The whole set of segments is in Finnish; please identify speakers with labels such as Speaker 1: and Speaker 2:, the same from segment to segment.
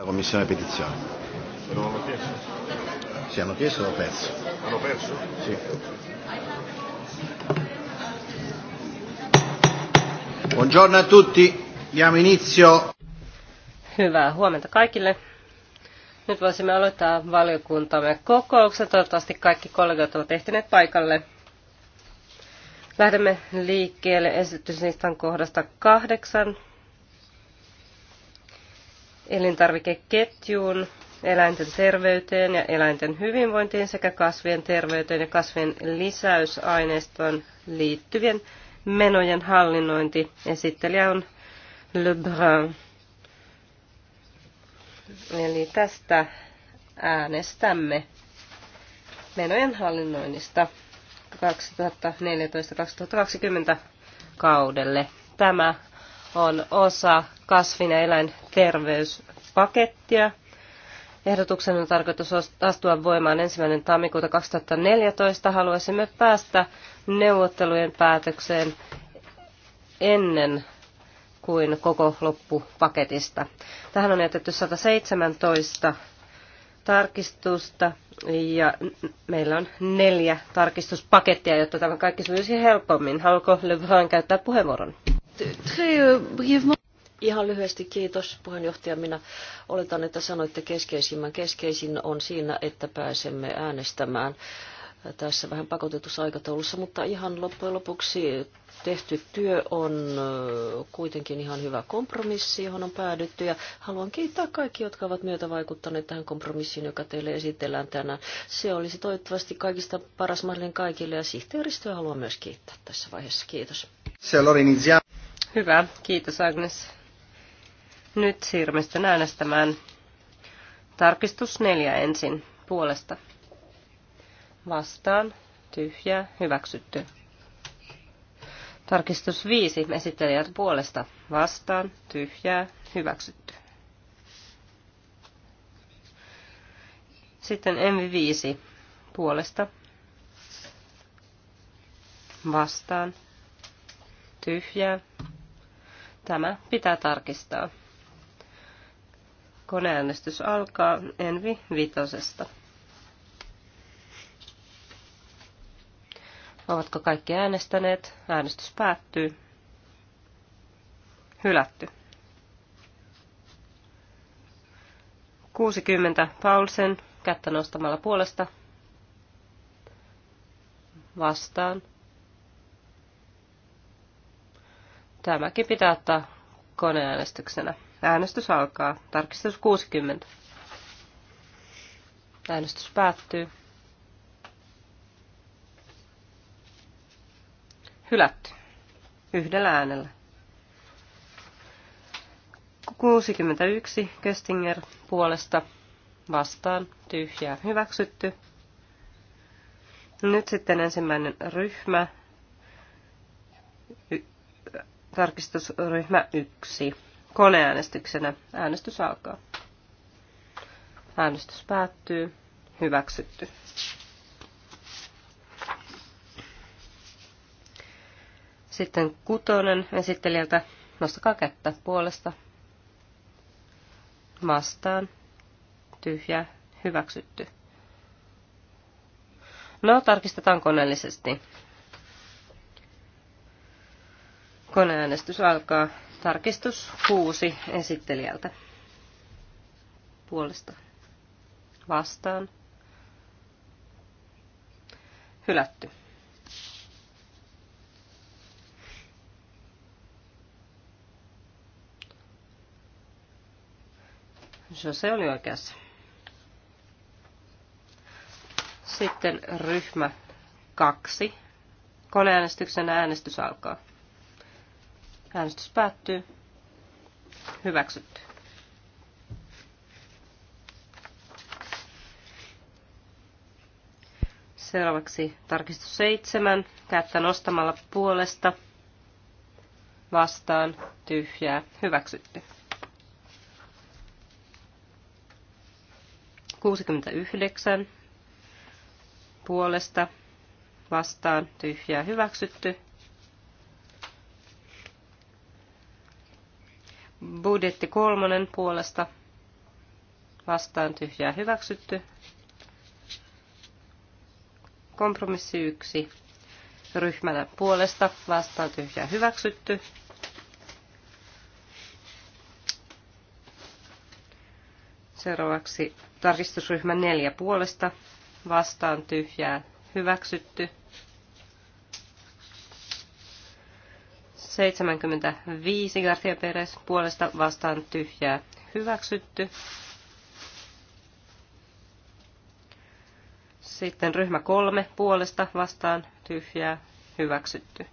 Speaker 1: La commissione petizione. Lo hanno chiesto? Sì, hanno chiesto e l'ho perso. Hanno perso? Sì. Buongiorno a tutti, diamo inizio.
Speaker 2: Hyvää huomenta kaikille. Nyt voisimme aloittaa valiokuntamme kokouksen. Toivottavasti kaikki kollegat ovat ehtineet paikalle. Lähdemme liikkeelle esityslistan kohdasta kahdeksan, elintarvikeketjuun, eläinten terveyteen ja eläinten hyvinvointiin sekä kasvien terveyteen ja kasvien lisäysaineistoon liittyvien menojen hallinnointi. Esittelijä on Lebrun. Eli tästä äänestämme menojen hallinnoinnista 2014-2020 kaudelle. Tämä on osa kasvin- ja eläinterveyspakettia. Ehdotuksen on tarkoitus astua voimaan ensimmäinen tammikuuta 2014. Haluaisimme päästä neuvottelujen päätökseen ennen kuin koko loppupaketista. Tähän on jätetty 117 tarkistusta ja meillä on neljä tarkistuspakettia, jotta tämä kaikki sujuisi helpommin. Haluatko Lebron käyttää puheenvuoron?
Speaker 1: Euh, ihan lyhyesti kiitos puheenjohtaja. Minä oletan, että sanoitte keskeisimmän. Keskeisin on siinä, että pääsemme äänestämään tässä vähän pakotetussa aikataulussa, mutta ihan loppujen lopuksi tehty työ on kuitenkin ihan hyvä kompromissi, johon on päädytty. Ja haluan kiittää kaikki, jotka ovat myötä vaikuttaneet tähän kompromissiin, joka teille esitellään tänään. Se olisi toivottavasti kaikista
Speaker 2: paras mahdollinen kaikille ja sihteeristöä haluan myös kiittää tässä vaiheessa. Kiitos. Se Hyvä, kiitos Agnes. Nyt siirrymme sitten äänestämään. Tarkistus neljä ensin puolesta. Vastaan, tyhjä, hyväksytty. Tarkistus viisi esittelijät puolesta. Vastaan, tyhjää, hyväksytty. Sitten MV5 puolesta. Vastaan, tyhjää, Tämä pitää tarkistaa. Koneäänestys alkaa Envi vitosesta. Ovatko kaikki äänestäneet? Äänestys päättyy. Hylätty. 60 Paulsen kättä nostamalla puolesta vastaan Tämäkin pitää ottaa koneäänestyksenä. Äänestys alkaa. Tarkistus 60. Äänestys päättyy. Hylätty. Yhdellä äänellä. 61 Köstinger puolesta vastaan tyhjää hyväksytty. Nyt sitten ensimmäinen ryhmä Tarkistusryhmä 1. Koneäänestyksenä. Äänestys alkaa. Äänestys päättyy. Hyväksytty. Sitten kutonen esittelijältä. Nostakaa kättä puolesta. Vastaan. Tyhjä. Hyväksytty. No, tarkistetaan koneellisesti. Koneäänestys alkaa. Tarkistus kuusi esittelijältä. Puolesta. Vastaan. Hylätty. se oli oikeassa. Sitten ryhmä kaksi. Koneäänestyksen äänestys alkaa. Äänestys päättyy. Hyväksytty. Seuraavaksi tarkistus seitsemän. Kättä nostamalla puolesta. Vastaan. Tyhjää. Hyväksytty. 69. Puolesta. Vastaan. Tyhjää. Hyväksytty. Budjetti kolmonen puolesta vastaan tyhjää hyväksytty. Kompromissi yksi ryhmänä puolesta vastaan tyhjää hyväksytty. Seuraavaksi tarkistusryhmä neljä puolesta vastaan tyhjää hyväksytty. 75 Garcia Perez puolesta vastaan tyhjää hyväksytty. Sitten ryhmä kolme puolesta vastaan tyhjää hyväksytty.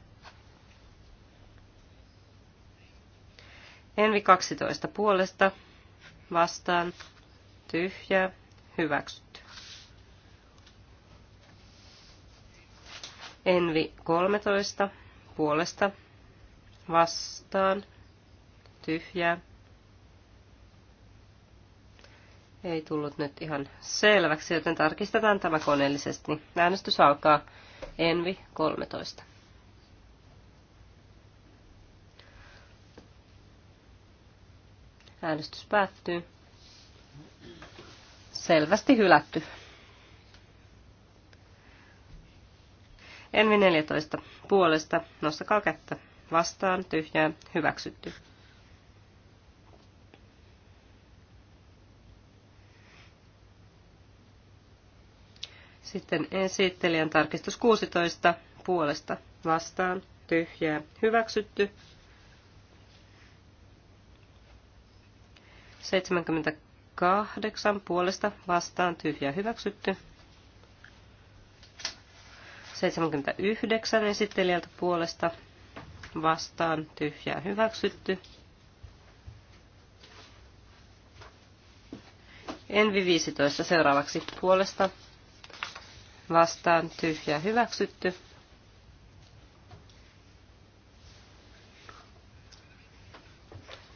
Speaker 2: Envi 12 puolesta vastaan tyhjää hyväksytty. Envi 13 puolesta vastaan, tyhjä Ei tullut nyt ihan selväksi, joten tarkistetaan tämä koneellisesti. Äänestys alkaa Envi 13. Äänestys päättyy. Selvästi hylätty. Envi 14. Puolesta. Nostakaa kättä vastaan tyhjää hyväksytty. Sitten esittelijän tarkistus 16 puolesta vastaan tyhjää hyväksytty. 78 puolesta vastaan tyhjää hyväksytty. 79 esittelijältä puolesta vastaan tyhjää hyväksytty. Envi 15 seuraavaksi puolesta vastaan tyhjää hyväksytty.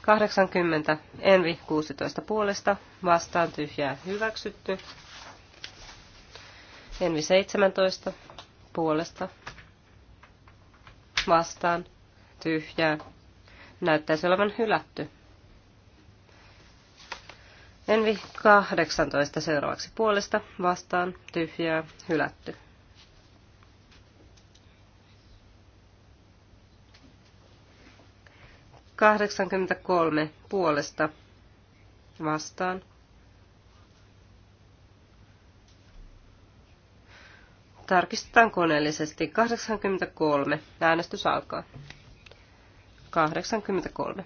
Speaker 2: Kahdeksankymmentä Envi 16 puolesta vastaan tyhjää hyväksytty. Envi 17 puolesta vastaan tyhjää. Näyttäisi olevan hylätty. Envi 18 seuraavaksi puolesta vastaan tyhjää hylätty. Kahdeksankymmentä kolme puolesta vastaan. Tarkistetaan koneellisesti. 83. Äänestys alkaa. 83.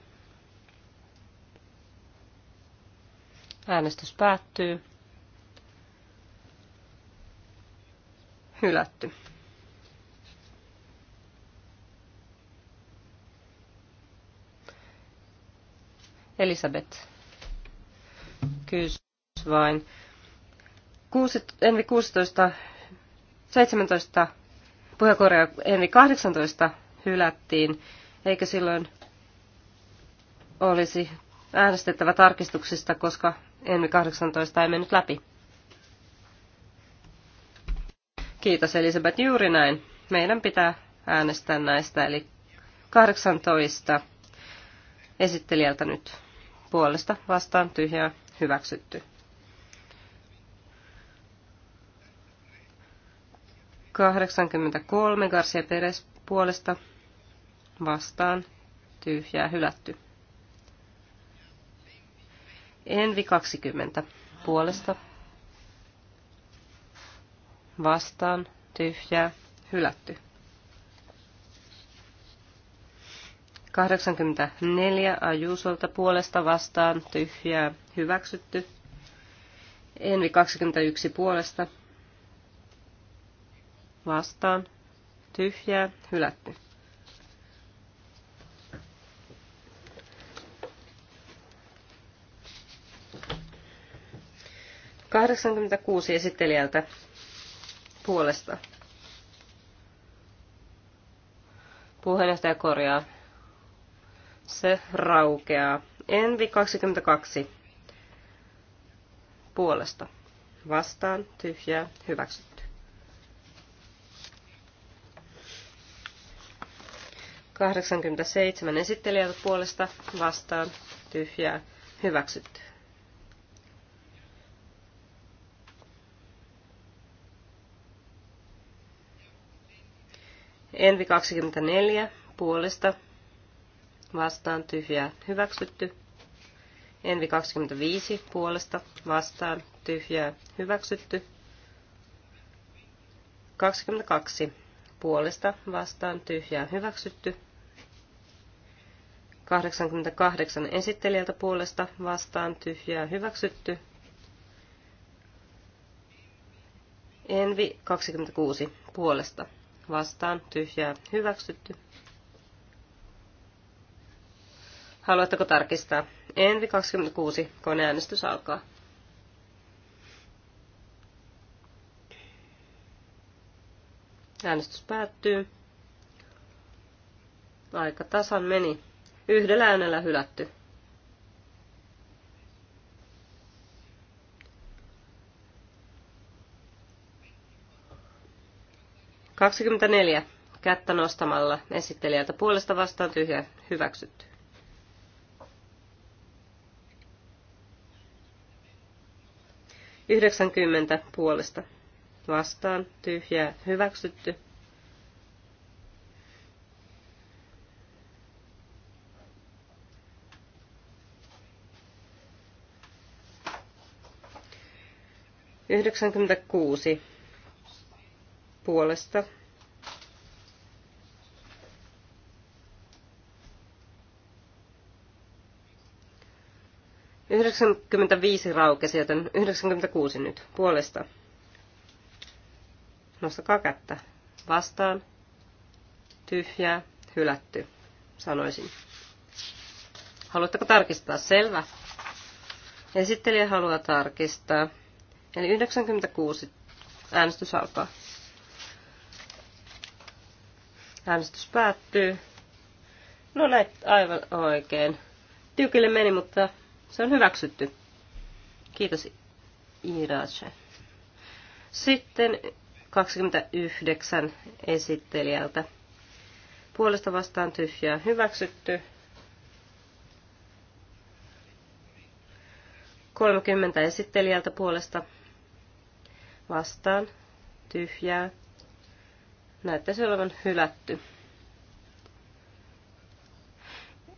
Speaker 2: Äänestys päättyy. Hylätty. Elisabeth. Kyys vain. Kuusi, Envi 16, 17, puheenkorja Envi 18 hylättiin eikä silloin olisi äänestettävä tarkistuksista, koska ENMI 18 ei mennyt läpi. Kiitos Elisabeth, juuri näin. Meidän pitää äänestää näistä, eli 18 esittelijältä nyt puolesta vastaan tyhjää hyväksytty. 83 Garcia Perez puolesta vastaan tyhjää hylätty. Envi 20 puolesta vastaan tyhjää hylätty. 84 Ajuusolta puolesta vastaan tyhjää hyväksytty. Envi 21 puolesta vastaan tyhjää hylätty. 86 esittelijältä puolesta. Puheenjohtaja korjaa. Se raukeaa. Envi 22 puolesta. Vastaan, tyhjää, hyväksytty. 87 esittelijältä puolesta vastaan, tyhjää, hyväksytty. Envi 24 puolesta vastaan tyhjää hyväksytty. Envi 25 puolesta vastaan tyhjää hyväksytty. 22 puolesta vastaan tyhjää hyväksytty. 88 esittelijältä puolesta vastaan tyhjää hyväksytty. Envi 26 puolesta vastaan tyhjää hyväksytty. Haluatteko tarkistaa? Envi 26, koneäänestys alkaa. Äänestys päättyy. Aika tasan meni. Yhdellä äänellä hylätty. 24. Kättä nostamalla esittelijältä puolesta vastaan tyhjä hyväksytty. Yhdeksänkymmentä puolesta vastaan tyhjää hyväksytty. Yhdeksänkymmentäkuusi puolesta. yhdeksänkymmentä viisi raukesi, joten yhdeksänkymmentä kuusi nyt puolesta. Nostakaa kättä. Vastaan. Tyhjää. Hylätty. Sanoisin. Haluatteko tarkistaa? Selvä. Esittelijä haluaa tarkistaa. Eli 96 äänestys alkaa. Äänestys päättyy. No näin aivan oikein. Tiukille meni, mutta se on hyväksytty. Kiitos Irache. Sitten 29 esittelijältä. Puolesta vastaan tyhjää hyväksytty. 30 esittelijältä puolesta vastaan tyhjää näyttäisi olevan hylätty.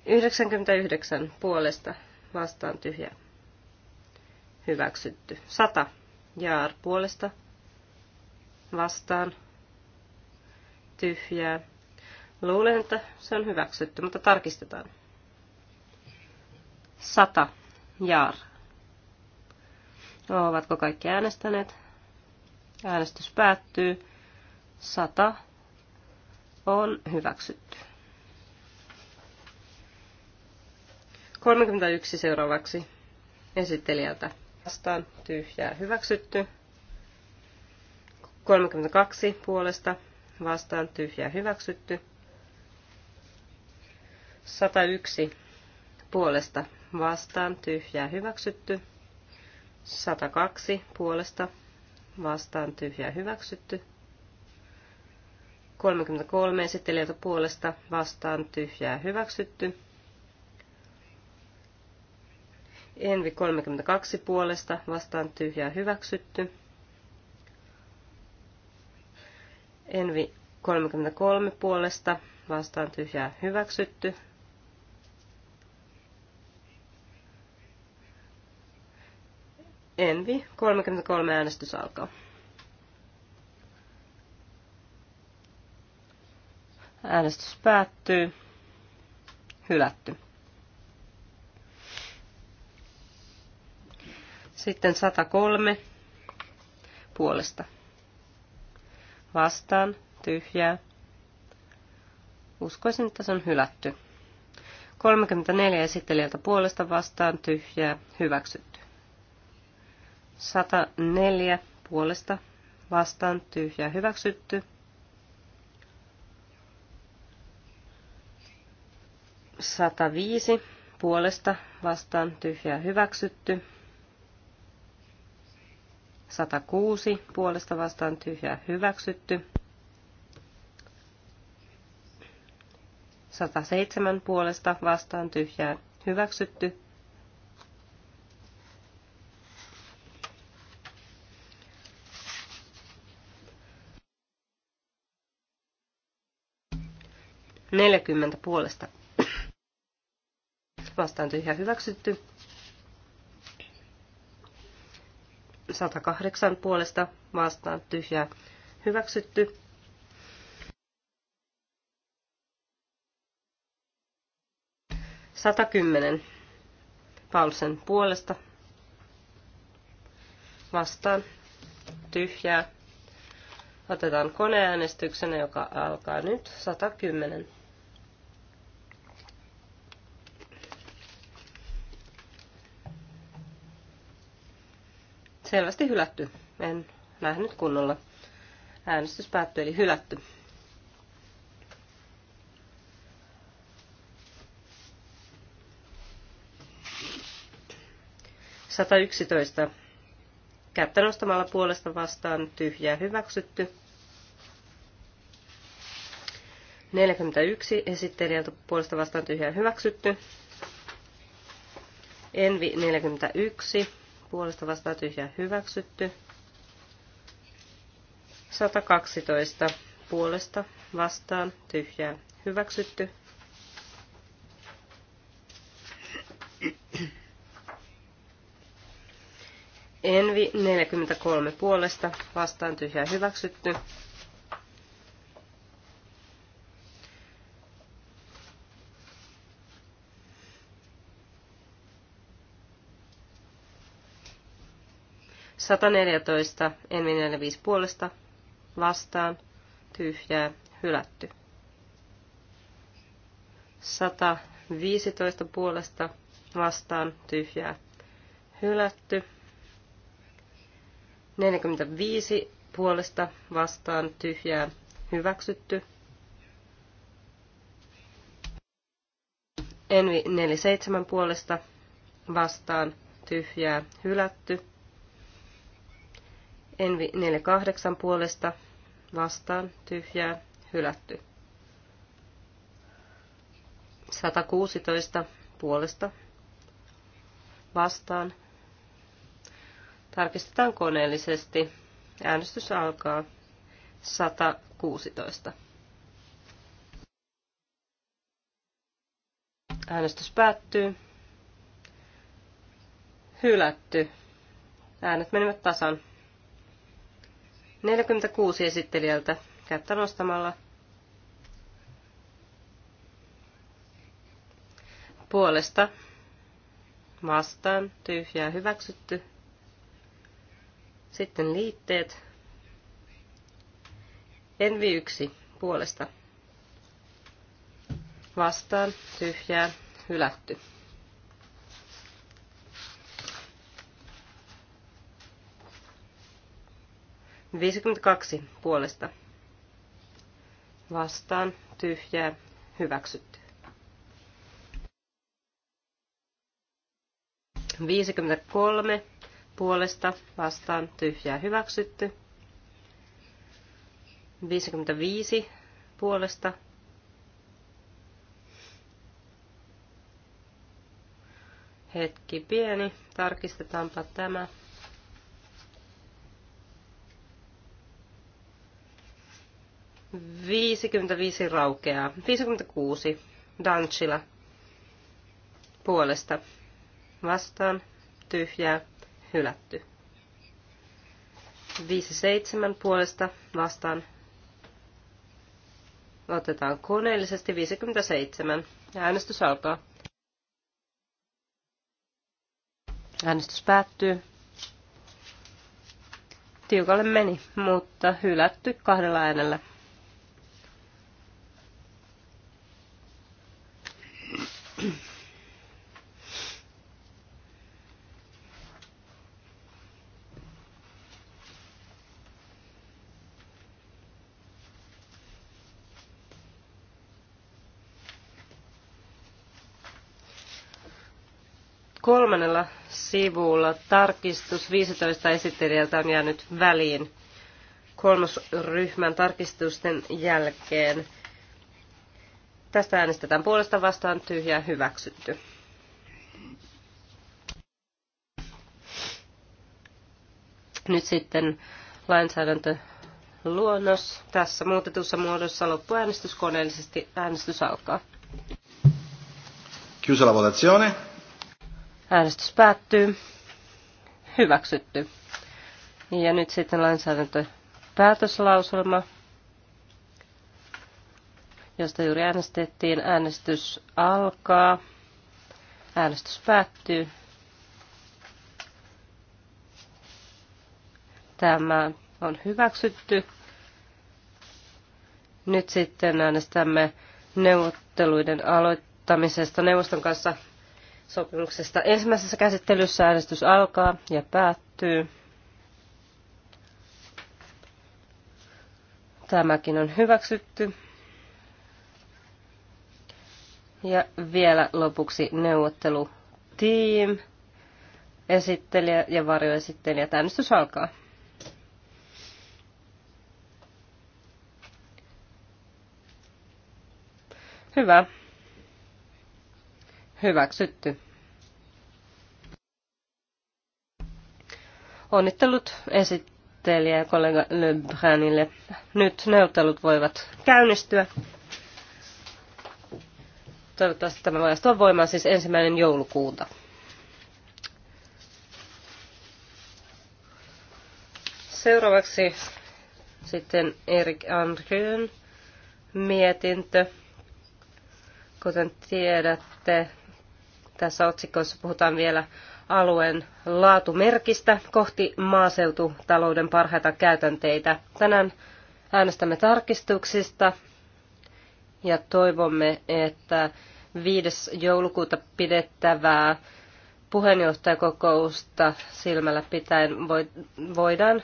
Speaker 2: 99 puolesta vastaan tyhjä. Hyväksytty. 100 jaar puolesta vastaan tyhjää. Luulen, että se on hyväksytty, mutta tarkistetaan. 100 jaar. Ovatko kaikki äänestäneet? Äänestys päättyy. 100 on hyväksytty. 31 seuraavaksi esittelijältä vastaan tyhjää hyväksytty. 32 puolesta vastaan tyhjää hyväksytty. 101 puolesta vastaan tyhjää hyväksytty. 102 puolesta vastaan tyhjää hyväksytty. 33 esittelijältä puolesta vastaan tyhjää hyväksytty. Envi 32 puolesta vastaan tyhjää hyväksytty. Envi 33 puolesta vastaan tyhjää hyväksytty. Envi 33 äänestys alkaa. Äänestys päättyy. Hylätty. Sitten 103 puolesta. Vastaan, tyhjää. Uskoisin, että se on hylätty. 34 esittelijältä puolesta vastaan, tyhjää, hyväksytty. 104 puolesta vastaan, tyhjää, hyväksytty. 105 puolesta vastaan tyhjää hyväksytty. 106 puolesta vastaan tyhjää hyväksytty. 107 puolesta vastaan tyhjää hyväksytty. 40 puolesta vastaan tyhjä hyväksytty. 108 puolesta vastaan tyhjä hyväksytty. Satakymmenen Paulsen puolesta vastaan tyhjää. Otetaan koneäänestyksenä, joka alkaa nyt 110. Selvästi hylätty. En nähnyt kunnolla. Äänestys päättyi, eli hylätty. Sata yksitoista. Kättä nostamalla puolesta vastaan tyhjää hyväksytty. 41 esittelijältä puolesta vastaan tyhjää hyväksytty. Envi 41 puolesta vastaan tyhjää hyväksytty. 112 puolesta vastaan tyhjää hyväksytty. 43 puolesta vastaan tyhjää hyväksytty. 114 Envi 45 puolesta vastaan tyhjää hylätty. 115 puolesta vastaan tyhjää hylätty. 45 puolesta vastaan tyhjää hyväksytty. Envi 47 puolesta vastaan tyhjää hylätty. Envi 48 puolesta vastaan tyhjää hylätty. 116 puolesta vastaan. Tarkistetaan koneellisesti. Äänestys alkaa 116. Äänestys päättyy. Hylätty. Äänet menivät tasan. 46 esittelijältä kättä nostamalla puolesta vastaan tyhjää hyväksytty. Sitten liitteet. Envi yksi puolesta vastaan tyhjää hylätty. 52 puolesta. Vastaan tyhjää hyväksytty. 53 puolesta vastaan tyhjää hyväksytty. 55 puolesta hetki pieni, tarkistetaanpa tämä. 55 raukeaa. 56 Danchila puolesta vastaan tyhjää hylätty. 57 puolesta vastaan otetaan koneellisesti 57. Äänestys alkaa. Äänestys päättyy. Tiukalle meni, mutta hylätty kahdella äänellä. kolmannella sivulla tarkistus 15 esittelijältä on jäänyt väliin kolmosryhmän tarkistusten jälkeen. Tästä äänestetään puolesta vastaan tyhjää hyväksytty. Nyt sitten lainsäädäntöluonnos tässä muutetussa muodossa loppuäänestys koneellisesti. Äänestys alkaa.
Speaker 1: Chiusa la votazione.
Speaker 2: Äänestys päättyy. Hyväksytty. Ja nyt sitten lainsäädäntöpäätöslauselma, josta juuri äänestettiin. Äänestys alkaa. Äänestys päättyy. Tämä on hyväksytty. Nyt sitten äänestämme neuvotteluiden aloittamisesta neuvoston kanssa sopimuksesta. Ensimmäisessä käsittelyssä äänestys alkaa ja päättyy. Tämäkin on hyväksytty. Ja vielä lopuksi neuvottelutiim, esittelijä ja varjoesittelijä. Äänestys alkaa. Hyvä. Hyväksytty. Onnittelut esittelijä ja kollega Lebrunille. Nyt neuvottelut voivat käynnistyä. Toivottavasti tämä voi astua voimaan siis ensimmäinen joulukuuta. Seuraavaksi sitten Erik Andrön mietintö. Kuten tiedätte, tässä otsikossa puhutaan vielä alueen laatumerkistä kohti maaseututalouden parhaita käytänteitä. Tänään äänestämme tarkistuksista ja toivomme, että 5. joulukuuta pidettävää puheenjohtajakokousta silmällä pitäen voidaan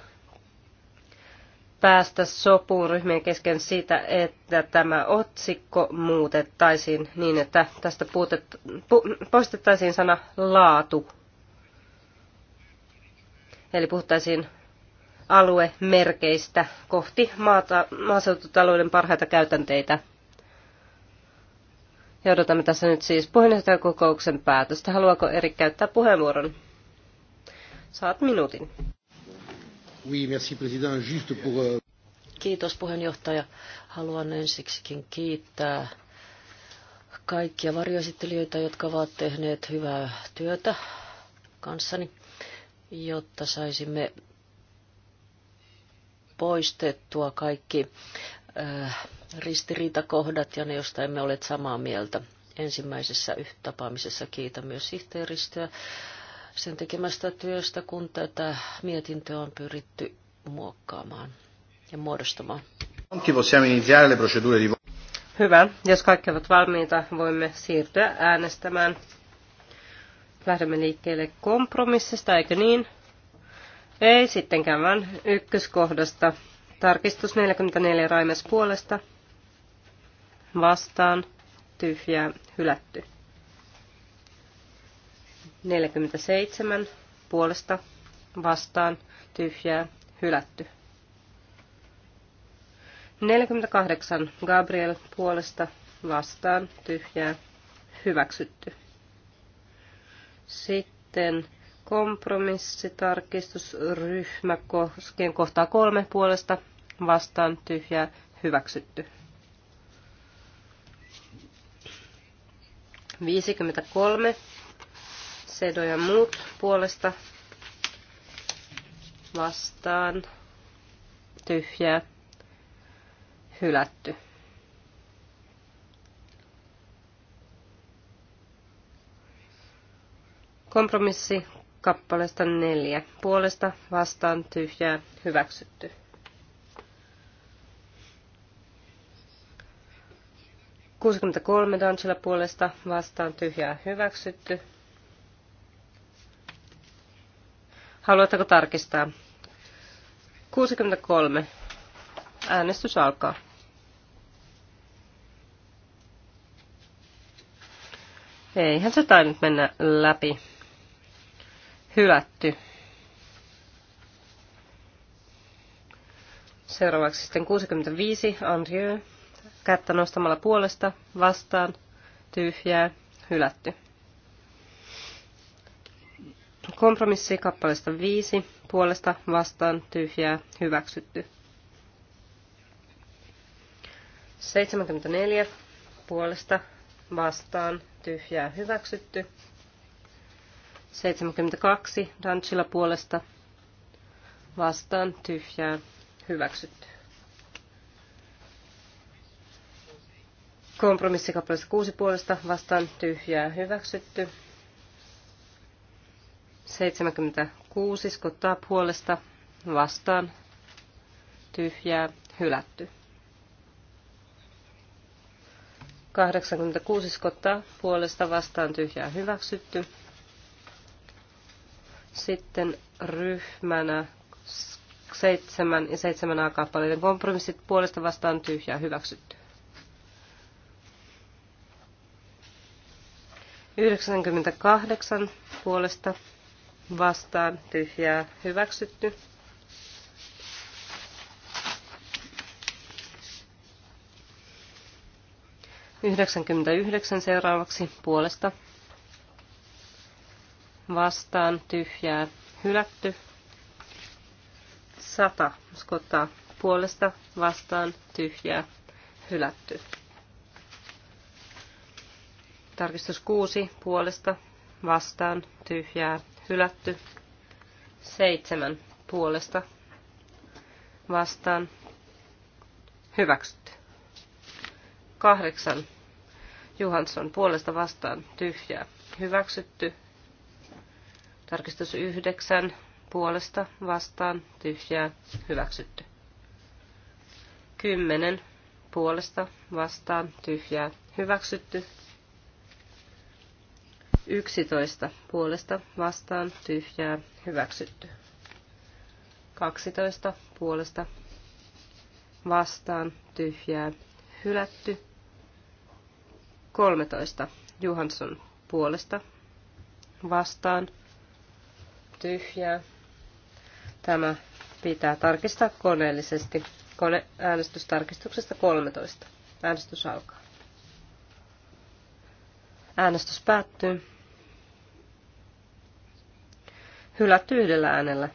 Speaker 2: päästä sopuun ryhmien kesken siitä, että tämä otsikko muutettaisiin niin, että tästä puutet, pu, poistettaisiin sana laatu. Eli puhuttaisiin aluemerkeistä kohti maata, maaseututalouden parhaita käytänteitä. Ja odotamme tässä nyt siis puheenjohtajakokouksen päätöstä. Haluaako Eri käyttää puheenvuoron? Saat minuutin. Oui, merci, euh, Kiitos puheenjohtaja.
Speaker 1: Haluan ensiksikin kiittää kaikkia varjoesittelijöitä, jotka ovat tehneet hyvää työtä kanssani, jotta saisimme poistettua kaikki äh, ristiriitakohdat ja ne, joista emme ole samaa mieltä. Ensimmäisessä tapaamisessa kiitän myös sihteeristöä sen tekemästä työstä, kun tätä
Speaker 2: mietintöä on pyritty muokkaamaan ja muodostamaan. Hyvä. Jos kaikki ovat valmiita, voimme siirtyä äänestämään. Lähdemme liikkeelle kompromissista, eikö niin? Ei sittenkään, vaan ykköskohdasta. Tarkistus 44 Raimes puolesta. Vastaan. Tyhjää. Hylätty. 47 puolesta vastaan tyhjää hylätty. 48 Gabriel puolesta vastaan tyhjää hyväksytty. Sitten kompromissitarkistusryhmä koskien kohtaa kolme puolesta vastaan tyhjää hyväksytty. 53 Sedo ja muut puolesta vastaan tyhjää hylätty. Kompromissi kappaleesta neljä. Puolesta vastaan tyhjää hyväksytty. Kuusikymmentäkolme Dancilla puolesta vastaan tyhjää hyväksytty. Haluatteko tarkistaa? 63. Äänestys alkaa. Eihän se tainnut mennä läpi. Hylätty. Seuraavaksi sitten 65, Andrieu. Kättä nostamalla puolesta, vastaan, tyhjää, hylätty. Kompromissi kappaleesta viisi puolesta vastaan tyhjää hyväksytty. 74 puolesta vastaan tyhjää hyväksytty. 72 Dantsilla puolesta vastaan tyhjää hyväksytty. Kompromissikappaleessa 6 puolesta vastaan tyhjää hyväksytty. 76 skottaa puolesta vastaan tyhjää hylätty. 86 skottaa puolesta vastaan tyhjää hyväksytty. Sitten ryhmänä 7 ja 7 a kappaleiden kompromissit puolesta vastaan tyhjää hyväksytty. 98 puolesta vastaan tyhjää hyväksytty. Yhdeksänkymmentäyhdeksän seuraavaksi puolesta vastaan tyhjää hylätty. Sata skottaa puolesta vastaan tyhjää hylätty. Tarkistus kuusi puolesta vastaan tyhjää hylätty. Seitsemän puolesta vastaan hyväksytty. Kahdeksan Johansson puolesta vastaan tyhjää hyväksytty. Tarkistus yhdeksän puolesta vastaan tyhjää hyväksytty. Kymmenen puolesta vastaan tyhjää hyväksytty. 11 puolesta vastaan tyhjää hyväksytty. 12 puolesta vastaan tyhjää hylätty. 13 Johansson puolesta vastaan tyhjää. Tämä pitää tarkistaa koneellisesti. Kone äänestystarkistuksesta 13. Äänestys alkaa. Äänestys päättyy. Hylätty yhdellä äänellä.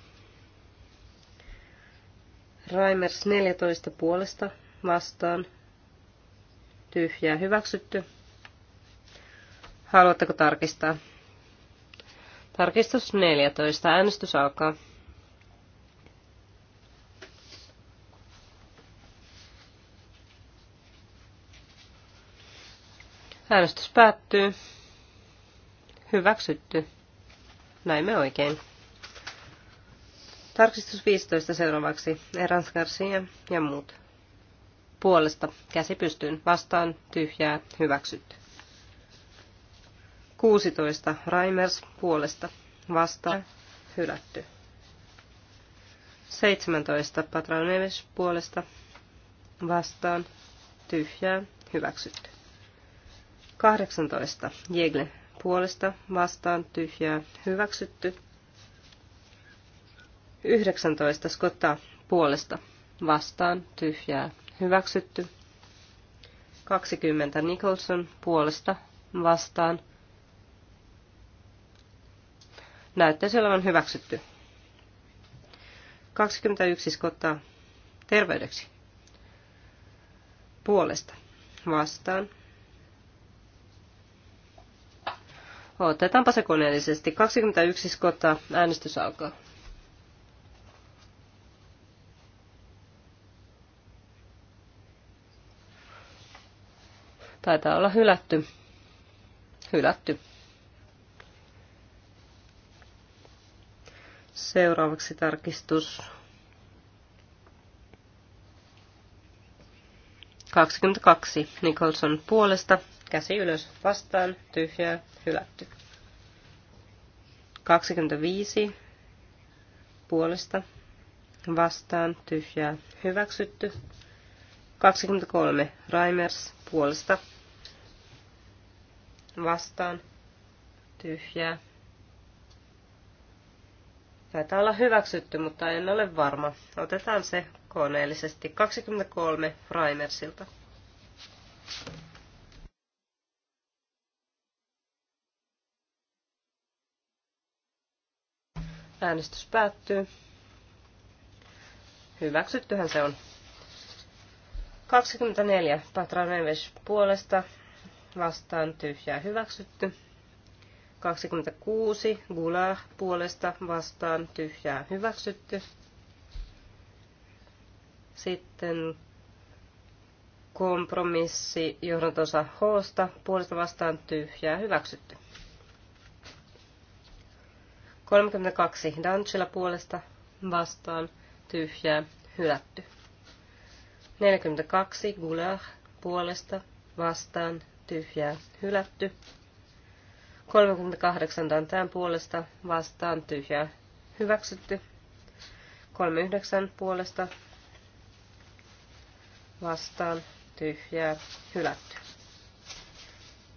Speaker 2: Raimers 14 puolesta vastaan. Tyhjää hyväksytty. Haluatteko tarkistaa? Tarkistus 14. Äänestys alkaa. Äänestys päättyy. Hyväksytty. Näimme oikein. Tarkistus 15 seuraavaksi. Erans Garcia ja muut. Puolesta käsi pystyyn vastaan tyhjää hyväksytty. 16. Raimers puolesta vastaan hylätty. 17. Patroneves puolesta vastaan tyhjää hyväksytty. 18. Jegle puolesta vastaan tyhjää hyväksytty. 19. Skotta puolesta vastaan tyhjää hyväksytty. 20. Nicholson puolesta vastaan. Näyttäisi olevan hyväksytty. 21. Skotta terveydeksi puolesta vastaan Otetaanpa se koneellisesti. 21 skota. Äänestys alkaa. Taitaa olla hylätty. Hylätty. Seuraavaksi tarkistus 22. Nicholson puolesta. Käsi ylös vastaan. Tyhjää hylätty. 25 puolesta vastaan tyhjää hyväksytty. 23 Raimers puolesta vastaan tyhjää. Taitaa olla hyväksytty, mutta en ole varma. Otetaan se koneellisesti. 23 Raimersilta. Äänestys päättyy. Hyväksyttyhän se on. 24. Patra Neves puolesta vastaan tyhjää hyväksytty. 26. Gular puolesta vastaan tyhjää hyväksytty. Sitten kompromissi johdantosa H puolesta vastaan tyhjää hyväksytty. 32 Danchilla puolesta vastaan tyhjää hylätty. 42 Gulag puolesta vastaan tyhjää hylätty. 38 Dantään puolesta vastaan tyhjää hyväksytty. 39 puolesta vastaan tyhjää hylätty.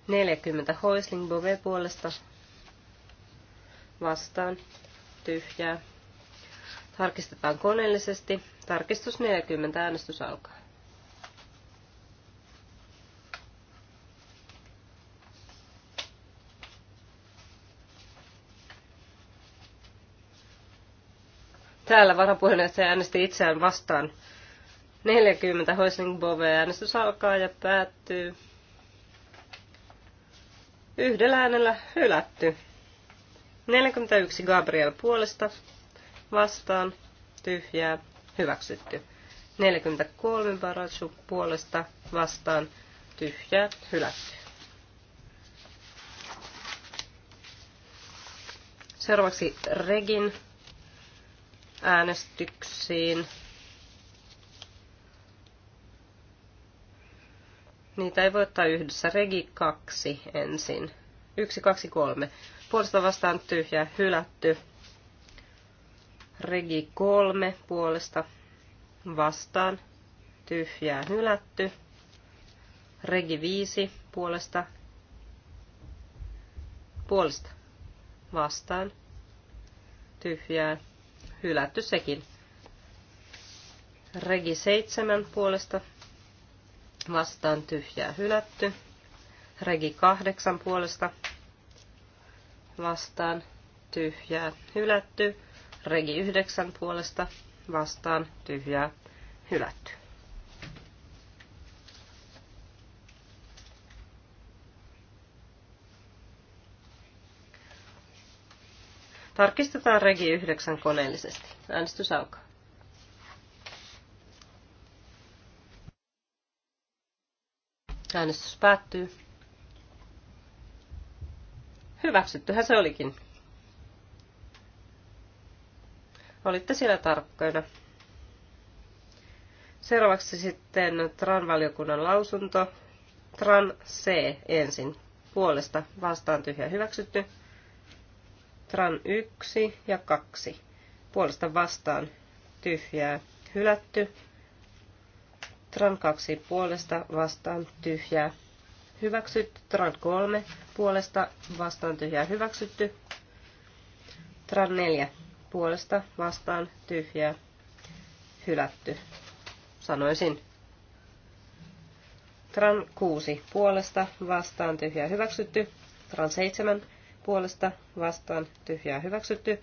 Speaker 2: 40 Hoisling Bove puolesta vastaan, tyhjää. Tarkistetaan koneellisesti. Tarkistus 40, äänestys alkaa. Täällä varapuheenjohtaja äänesti itseään vastaan. 40 Hoisling Bove äänestys alkaa ja päättyy. Yhdellä äänellä hylätty. 41 Gabriel puolesta vastaan tyhjää hyväksytty. 43 Baratsu puolesta vastaan tyhjää hylätty. Seuraavaksi Regin äänestyksiin. Niitä ei voi ottaa yhdessä. Regi 2 ensin. 1, 2, 3 puolesta vastaan tyhjää hylätty. Regi 3 puolesta vastaan tyhjää hylätty. Regi 5 puolesta puolesta vastaan tyhjää hylätty sekin. Regi 7 puolesta vastaan tyhjää hylätty. Regi 8 puolesta vastaan tyhjää hylätty. Regi 9 puolesta vastaan tyhjää hylätty. Tarkistetaan regi 9 koneellisesti. Äänestys alkaa. Äänestys päättyy. Hyväksyttyhän se olikin. Olitte siellä tarkkoina. Seuraavaksi sitten TRAN-valiokunnan lausunto. TRAN C ensin. Puolesta vastaan tyhjä hyväksytty. TRAN 1 ja 2. Puolesta vastaan tyhjää hylätty. TRAN 2 puolesta vastaan tyhjää hyväksytty. Tran 3 puolesta vastaan tyhjää hyväksytty. Tran 4 puolesta vastaan tyhjää hylätty. Sanoisin. Tran 6 puolesta vastaan tyhjää hyväksytty. Tran 7 puolesta vastaan tyhjää hyväksytty.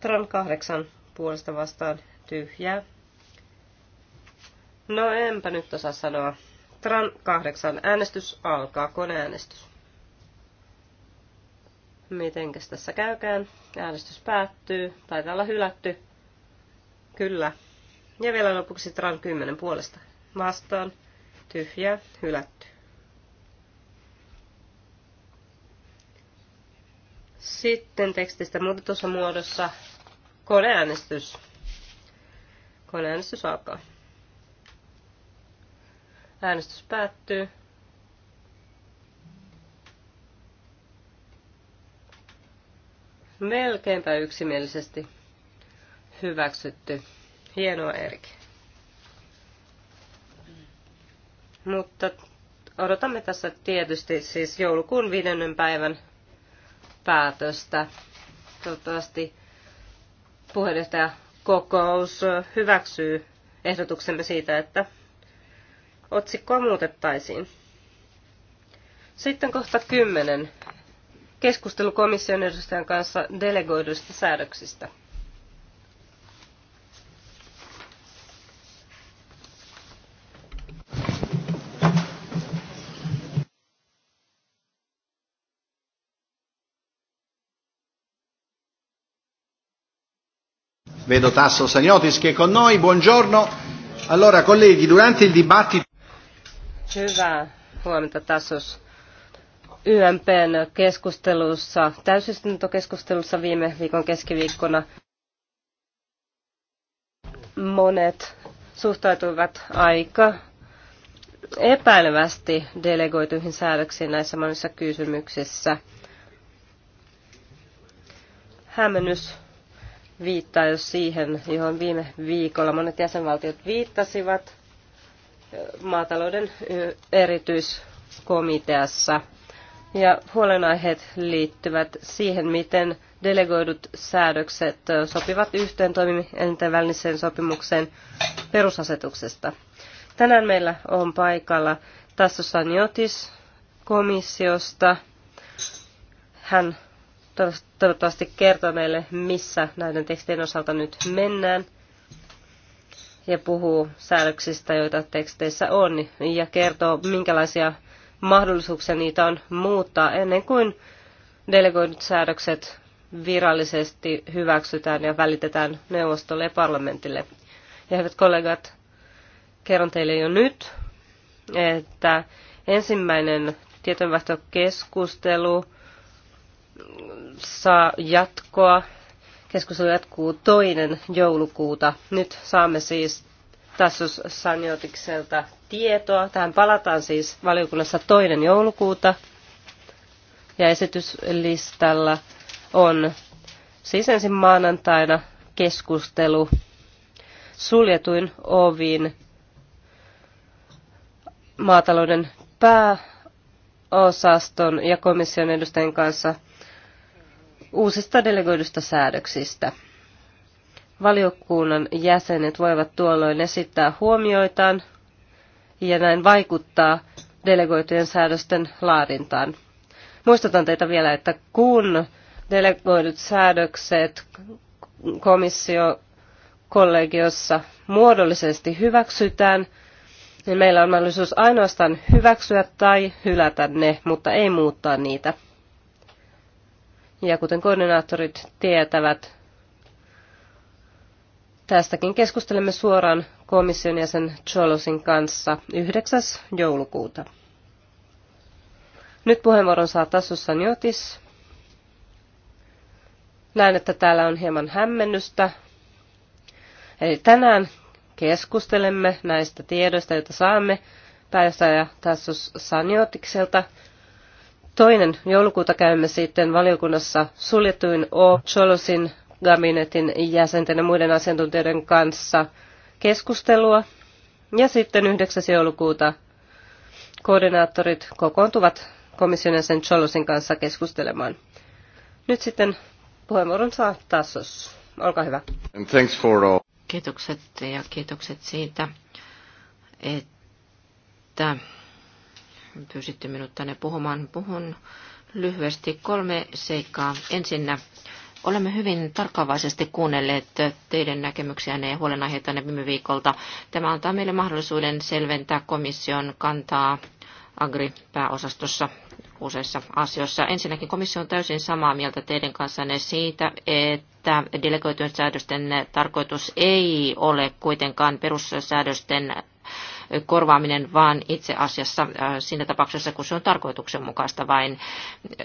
Speaker 2: Tran 8 puolesta vastaan tyhjää. No enpä nyt osaa sanoa. Tran 8. Äänestys alkaa. Koneäänestys. Mitenkäs tässä käykään? Äänestys päättyy. Taitaa olla hylätty. Kyllä. Ja vielä lopuksi Tran 10 puolesta. Vastaan. Tyhjä. Hylätty. Sitten tekstistä muutetussa muodossa koneäänestys. Koneäänestys alkaa. Äänestys päättyy. Melkeinpä yksimielisesti hyväksytty. Hienoa, Erik. Mutta odotamme tässä tietysti siis joulukuun viidennen päivän päätöstä. Toivottavasti puheenjohtaja kokous hyväksyy ehdotuksemme siitä, että otsikkoa muutettaisiin. Sitten kohta 10. Keskustelu komission edustajan kanssa delegoiduista säädöksistä.
Speaker 1: Vedo Tasso Sagnotis che è con noi. Buongiorno. Allora, colleghi, durante il dibattito.
Speaker 2: Hyvää huomenta tasos. YMPn keskustelussa, täysistuntokeskustelussa viime viikon keskiviikkona monet suhtautuivat aika epäilevästi delegoituihin säädöksiin näissä monissa kysymyksissä. Hämmennys viittaa jo siihen, johon viime viikolla monet jäsenvaltiot viittasivat – maatalouden erityiskomiteassa. Ja huolenaiheet liittyvät siihen, miten delegoidut säädökset sopivat yhteen toimielinten väliseen sopimukseen perusasetuksesta. Tänään meillä on paikalla Tasso Saniotis komissiosta. Hän toivottavasti kertoo meille, missä näiden tekstien osalta nyt mennään ja puhuu säädöksistä, joita teksteissä on, ja kertoo, minkälaisia mahdollisuuksia niitä on muuttaa ennen kuin delegoidut säädökset virallisesti hyväksytään ja välitetään neuvostolle ja parlamentille. Ja hyvät kollegat, kerron teille jo nyt, että ensimmäinen tietojenvaihtokeskustelu saa jatkoa Keskustelu jatkuu toinen joulukuuta. Nyt saamme siis Tassus Sanjotikselta tietoa. Tähän palataan siis valiokunnassa toinen joulukuuta. Ja esityslistalla on siis ensin maanantaina keskustelu suljetuin ovin maatalouden pääosaston ja komission edustajien kanssa uusista delegoidusta säädöksistä. Valiokunnan jäsenet voivat tuolloin esittää huomioitaan ja näin vaikuttaa delegoitujen säädösten laadintaan. Muistutan teitä vielä, että kun delegoidut säädökset komissio kollegiossa muodollisesti hyväksytään, niin meillä on mahdollisuus ainoastaan hyväksyä tai hylätä ne, mutta ei muuttaa niitä. Ja kuten koordinaattorit tietävät, tästäkin keskustelemme suoraan komission jäsen Cholosin kanssa 9. joulukuuta. Nyt puheenvuoron saa Tassu Sanjotis. Näen, että täällä on hieman hämmennystä. Eli tänään keskustelemme näistä tiedoista, joita saamme pääjohtaja Tassus Sanjotikselta – Toinen joulukuuta käymme sitten valiokunnassa suljetuin O. Cholosin gabinetin jäsenten ja muiden asiantuntijoiden kanssa keskustelua. Ja sitten 9. joulukuuta koordinaattorit kokoontuvat komission jäsen Cholosin kanssa keskustelemaan. Nyt sitten puheenvuoron saa Tassos. Olkaa hyvä. And thanks for all.
Speaker 3: Kiitokset ja kiitokset siitä, että pyysitte minut tänne puhumaan. Puhun lyhyesti kolme seikkaa. Ensinnä Olemme hyvin tarkkaavaisesti kuunnelleet teidän näkemyksiänne ja huolenaiheitanne viime viikolta. Tämä antaa meille mahdollisuuden selventää komission kantaa Agri-pääosastossa useissa asioissa. Ensinnäkin komissio on täysin samaa mieltä teidän kanssanne siitä, että delegoitujen säädösten tarkoitus ei ole kuitenkaan perussäädösten korvaaminen, vaan itse asiassa äh, siinä tapauksessa, kun se on tarkoituksenmukaista vain.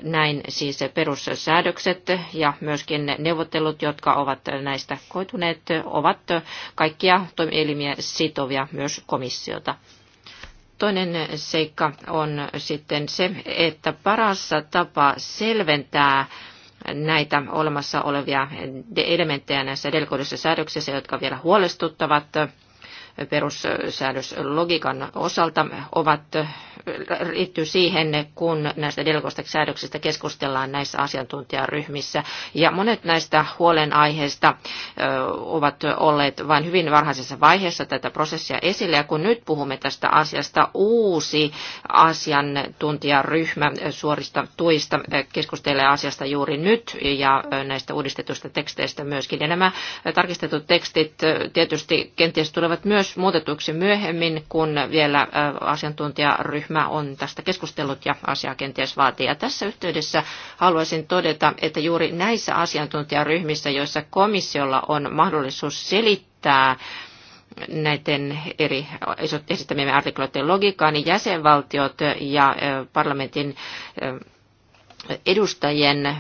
Speaker 3: Näin siis perussäädökset ja myöskin neuvottelut, jotka ovat näistä koituneet, ovat kaikkia toimielimiä sitovia myös komissiota. Toinen seikka on sitten se, että paras tapa selventää näitä olemassa olevia elementtejä näissä delegoiduissa säädöksissä, jotka vielä huolestuttavat, perussäädöslogiikan osalta ovat, liittyy siihen, kun näistä delegoista säädöksistä keskustellaan näissä asiantuntijaryhmissä. Ja monet näistä huolenaiheista ovat olleet vain hyvin varhaisessa vaiheessa tätä prosessia esille. Ja kun nyt puhumme tästä asiasta, uusi asiantuntijaryhmä suorista tuista keskustelee asiasta juuri nyt ja näistä uudistetuista teksteistä myöskin. Ja nämä tarkistetut tekstit tietysti kenties tulevat myös myös muutetuksi myöhemmin, kun vielä asiantuntijaryhmä on tästä keskustellut ja asiaa kenties vaatii. Ja tässä yhteydessä haluaisin todeta, että juuri näissä asiantuntijaryhmissä, joissa komissiolla on mahdollisuus selittää näiden eri esittämien artikloiden logiikkaa, niin jäsenvaltiot ja parlamentin edustajien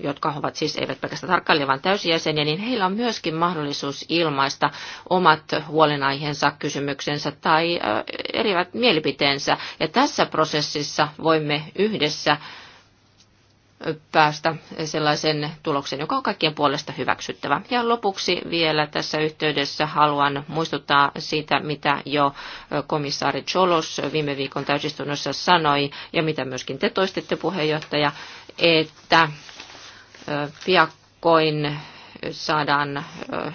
Speaker 3: jotka ovat siis eivät pelkästään tarkkailija, vaan täysjäseniä, niin heillä on myöskin mahdollisuus ilmaista omat huolenaiheensa, kysymyksensä tai erivät mielipiteensä. Ja tässä prosessissa voimme yhdessä päästä sellaisen tuloksen, joka on kaikkien puolesta hyväksyttävä. Ja lopuksi vielä tässä yhteydessä haluan muistuttaa siitä, mitä jo komissaari Cholos viime viikon täysistunnossa sanoi, ja mitä myöskin te toistitte puheenjohtaja, että piakkoin saadaan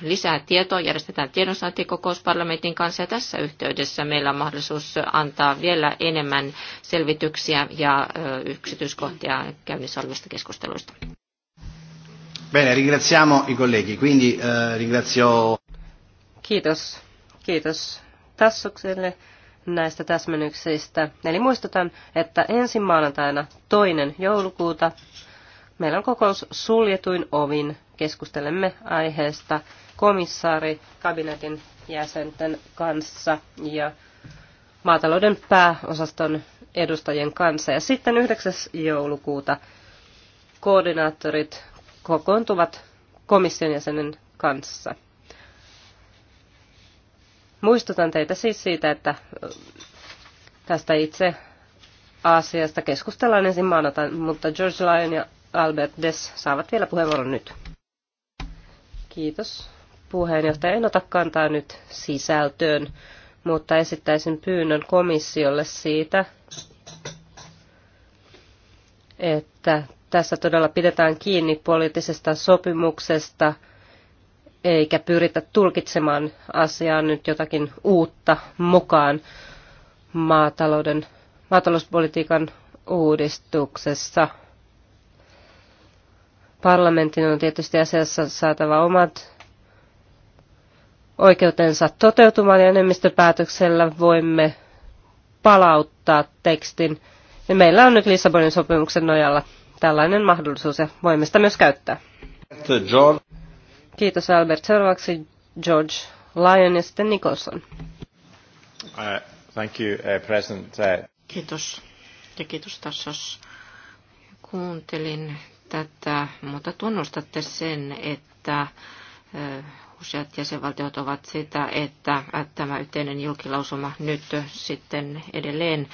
Speaker 3: lisää tietoa, järjestetään tiedonsaantikokous parlamentin kanssa ja tässä yhteydessä meillä on mahdollisuus antaa vielä enemmän selvityksiä ja yksityiskohtia käynnissä olevista keskusteluista.
Speaker 1: Bene, ringraziamo i colleghi, quindi eh, ringrazio...
Speaker 2: Kiitos, kiitos Tassukselle näistä täsmennyksistä. Eli muistutan, että ensi maanantaina toinen joulukuuta Meillä on kokous suljetuin ovin. Keskustelemme aiheesta komissaari kabinetin jäsenten kanssa ja maatalouden pääosaston edustajien kanssa. Ja sitten 9. joulukuuta koordinaattorit kokoontuvat komission jäsenen kanssa. Muistutan teitä siis siitä, että tästä itse asiasta keskustellaan ensin maanantaina, mutta George Lyon ja Albert Des saavat vielä puheenvuoron nyt. Kiitos. Puheenjohtaja, en ota kantaa nyt sisältöön, mutta esittäisin pyynnön komissiolle siitä, että tässä todella pidetään kiinni poliittisesta sopimuksesta, eikä pyritä tulkitsemaan asiaa nyt jotakin uutta mukaan maatalouden, maatalouspolitiikan uudistuksessa – Parlamentin on tietysti asiassa saatava omat oikeutensa toteutumaan ja enemmistöpäätöksellä voimme palauttaa tekstin. Ja meillä on nyt Lissabonin sopimuksen nojalla tällainen mahdollisuus ja voimme sitä myös käyttää. George. Kiitos Albert. Seuraavaksi George Lyon ja sitten Nicholson.
Speaker 1: Uh, thank you, uh,
Speaker 2: President. Uh...
Speaker 3: Kiitos. Ja kiitos tässä. Kuuntelin tätä, mutta tunnustatte sen, että useat jäsenvaltiot ovat sitä, että tämä yhteinen julkilausuma nyt sitten edelleen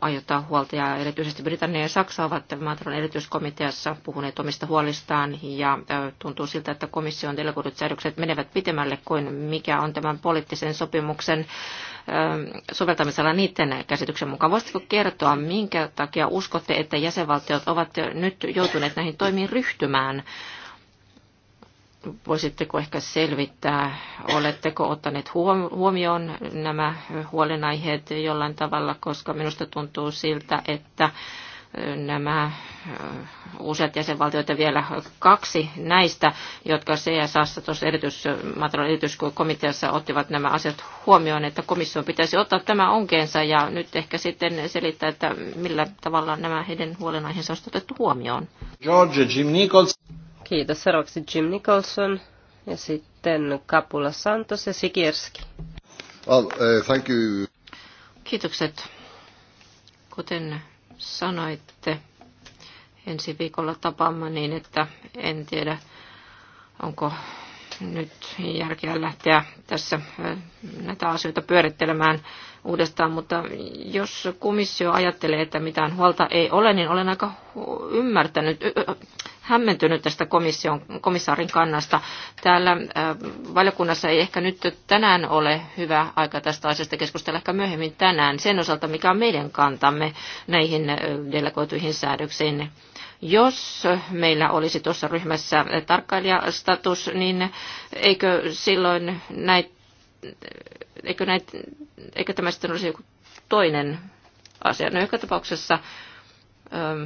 Speaker 3: aiottaa huolta. Ja erityisesti Britannia ja Saksa ovat Matron erityiskomiteassa puhuneet omista huolistaan ja tuntuu siltä, että komission delegoidut säädökset menevät pitemmälle kuin mikä on tämän poliittisen sopimuksen soveltamisella niiden käsityksen mukaan. Voisitko kertoa, minkä takia uskotte, että jäsenvaltiot ovat nyt joutuneet näihin toimiin ryhtymään? voisitteko ehkä selvittää, oletteko ottaneet huomioon nämä huolenaiheet jollain tavalla, koska minusta tuntuu siltä, että nämä useat jäsenvaltiot ja vielä kaksi näistä, jotka CSAssa tuossa erityis, erityiskomiteassa ottivat nämä asiat huomioon, että komissio pitäisi ottaa tämä onkeensa ja nyt ehkä sitten selittää, että millä tavalla nämä heidän huolenaiheensa on otettu huomioon.
Speaker 1: George Jim Nichols.
Speaker 3: Kiitos. Seuraavaksi Jim Nicholson ja sitten Kapula Santos ja Sikierski.
Speaker 2: Well, uh, thank you.
Speaker 3: Kiitokset. Kuten sanoitte, ensi viikolla tapaamme niin, että en tiedä, onko nyt järkeä lähteä tässä näitä asioita pyörittelemään uudestaan, mutta jos komissio ajattelee, että mitään huolta ei ole, niin olen aika ymmärtänyt, hämmentynyt tästä komission, komissaarin kannasta. Täällä äh, valiokunnassa ei ehkä nyt tänään ole hyvä aika tästä asiasta keskustella ehkä myöhemmin tänään sen osalta, mikä on meidän kantamme näihin äh, delegoituihin säädöksiin jos meillä olisi tuossa ryhmässä tarkkailijastatus, niin eikö silloin näitä, eikö, näitä, eikö tämä sitten olisi joku toinen asia? No joka tapauksessa ähm,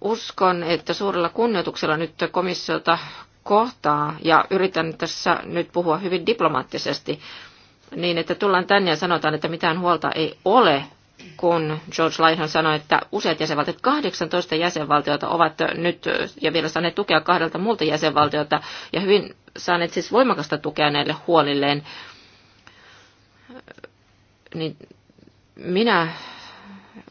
Speaker 3: uskon, että suurella kunnioituksella nyt komissiota kohtaa, ja yritän tässä nyt puhua hyvin diplomaattisesti, niin että tullaan tänne ja sanotaan, että mitään huolta ei ole, kun George Laihan sanoi, että useat jäsenvaltiot, 18 jäsenvaltiota ovat nyt ja vielä saaneet tukea kahdelta muulta jäsenvaltiota ja hyvin saaneet siis voimakasta tukea näille huolilleen, niin minä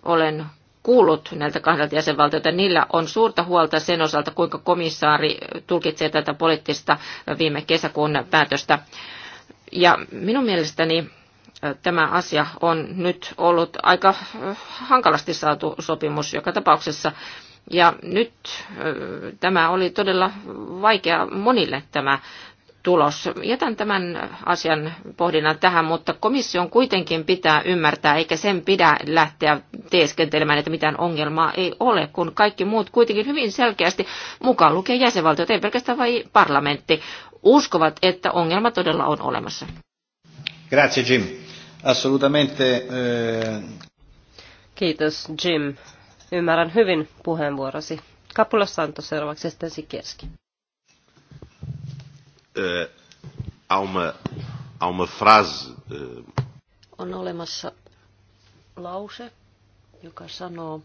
Speaker 3: olen kuullut näiltä kahdelta jäsenvaltiota, niillä on suurta huolta sen osalta, kuinka komissaari tulkitsee tätä poliittista viime kesäkuun päätöstä. Ja minun mielestäni äh, tämä asia on nyt ollut aika äh, hankalasti saatu sopimus joka tapauksessa. Ja nyt äh, tämä oli todella vaikea monille tämä tulos. Jätän tämän asian pohdinnan tähän, mutta komission kuitenkin pitää ymmärtää, eikä sen pidä lähteä teeskentelemään, että mitään ongelmaa ei ole, kun kaikki muut kuitenkin hyvin selkeästi, mukaan lukee jäsenvaltiot, ei pelkästään vain parlamentti, uskovat, että ongelma todella on olemassa.
Speaker 1: Grazie Jim. Assolutamente. Eh,
Speaker 2: Kiitos Jim. Ymmärrän hyvin puheenvuorosi. Kapula Santos seuraavaksi sitten Sikerski.
Speaker 1: Uh, há, uma, há uma frase. Uh...
Speaker 2: On olemassa
Speaker 1: lause, joka sanoo,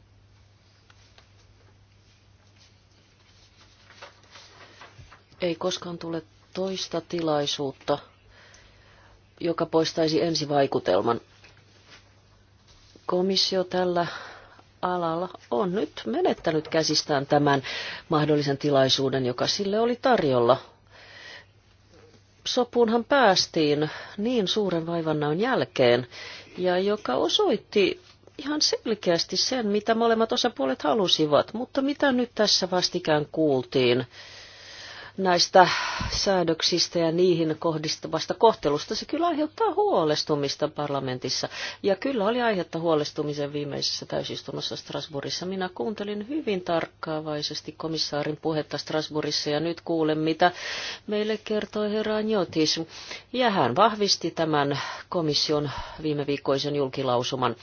Speaker 1: ei koskaan tule toista tilaisuutta, joka poistaisi ensivaikutelman. Komissio tällä alalla on nyt menettänyt käsistään tämän mahdollisen tilaisuuden, joka sille oli tarjolla sopuunhan päästiin niin suuren vaivannaun jälkeen, ja joka osoitti ihan selkeästi sen, mitä molemmat osapuolet halusivat, mutta mitä nyt tässä vastikään kuultiin näistä säädöksistä ja niihin kohdistuvasta kohtelusta, se kyllä aiheuttaa huolestumista parlamentissa. Ja kyllä oli aihetta huolestumisen viimeisessä täysistunnossa Strasbourgissa. Minä kuuntelin hyvin tarkkaavaisesti komissaarin puhetta Strasbourgissa ja nyt kuulen, mitä meille kertoi herra Njotis. Ja hän vahvisti tämän komission viime viikkoisen julkilausuman.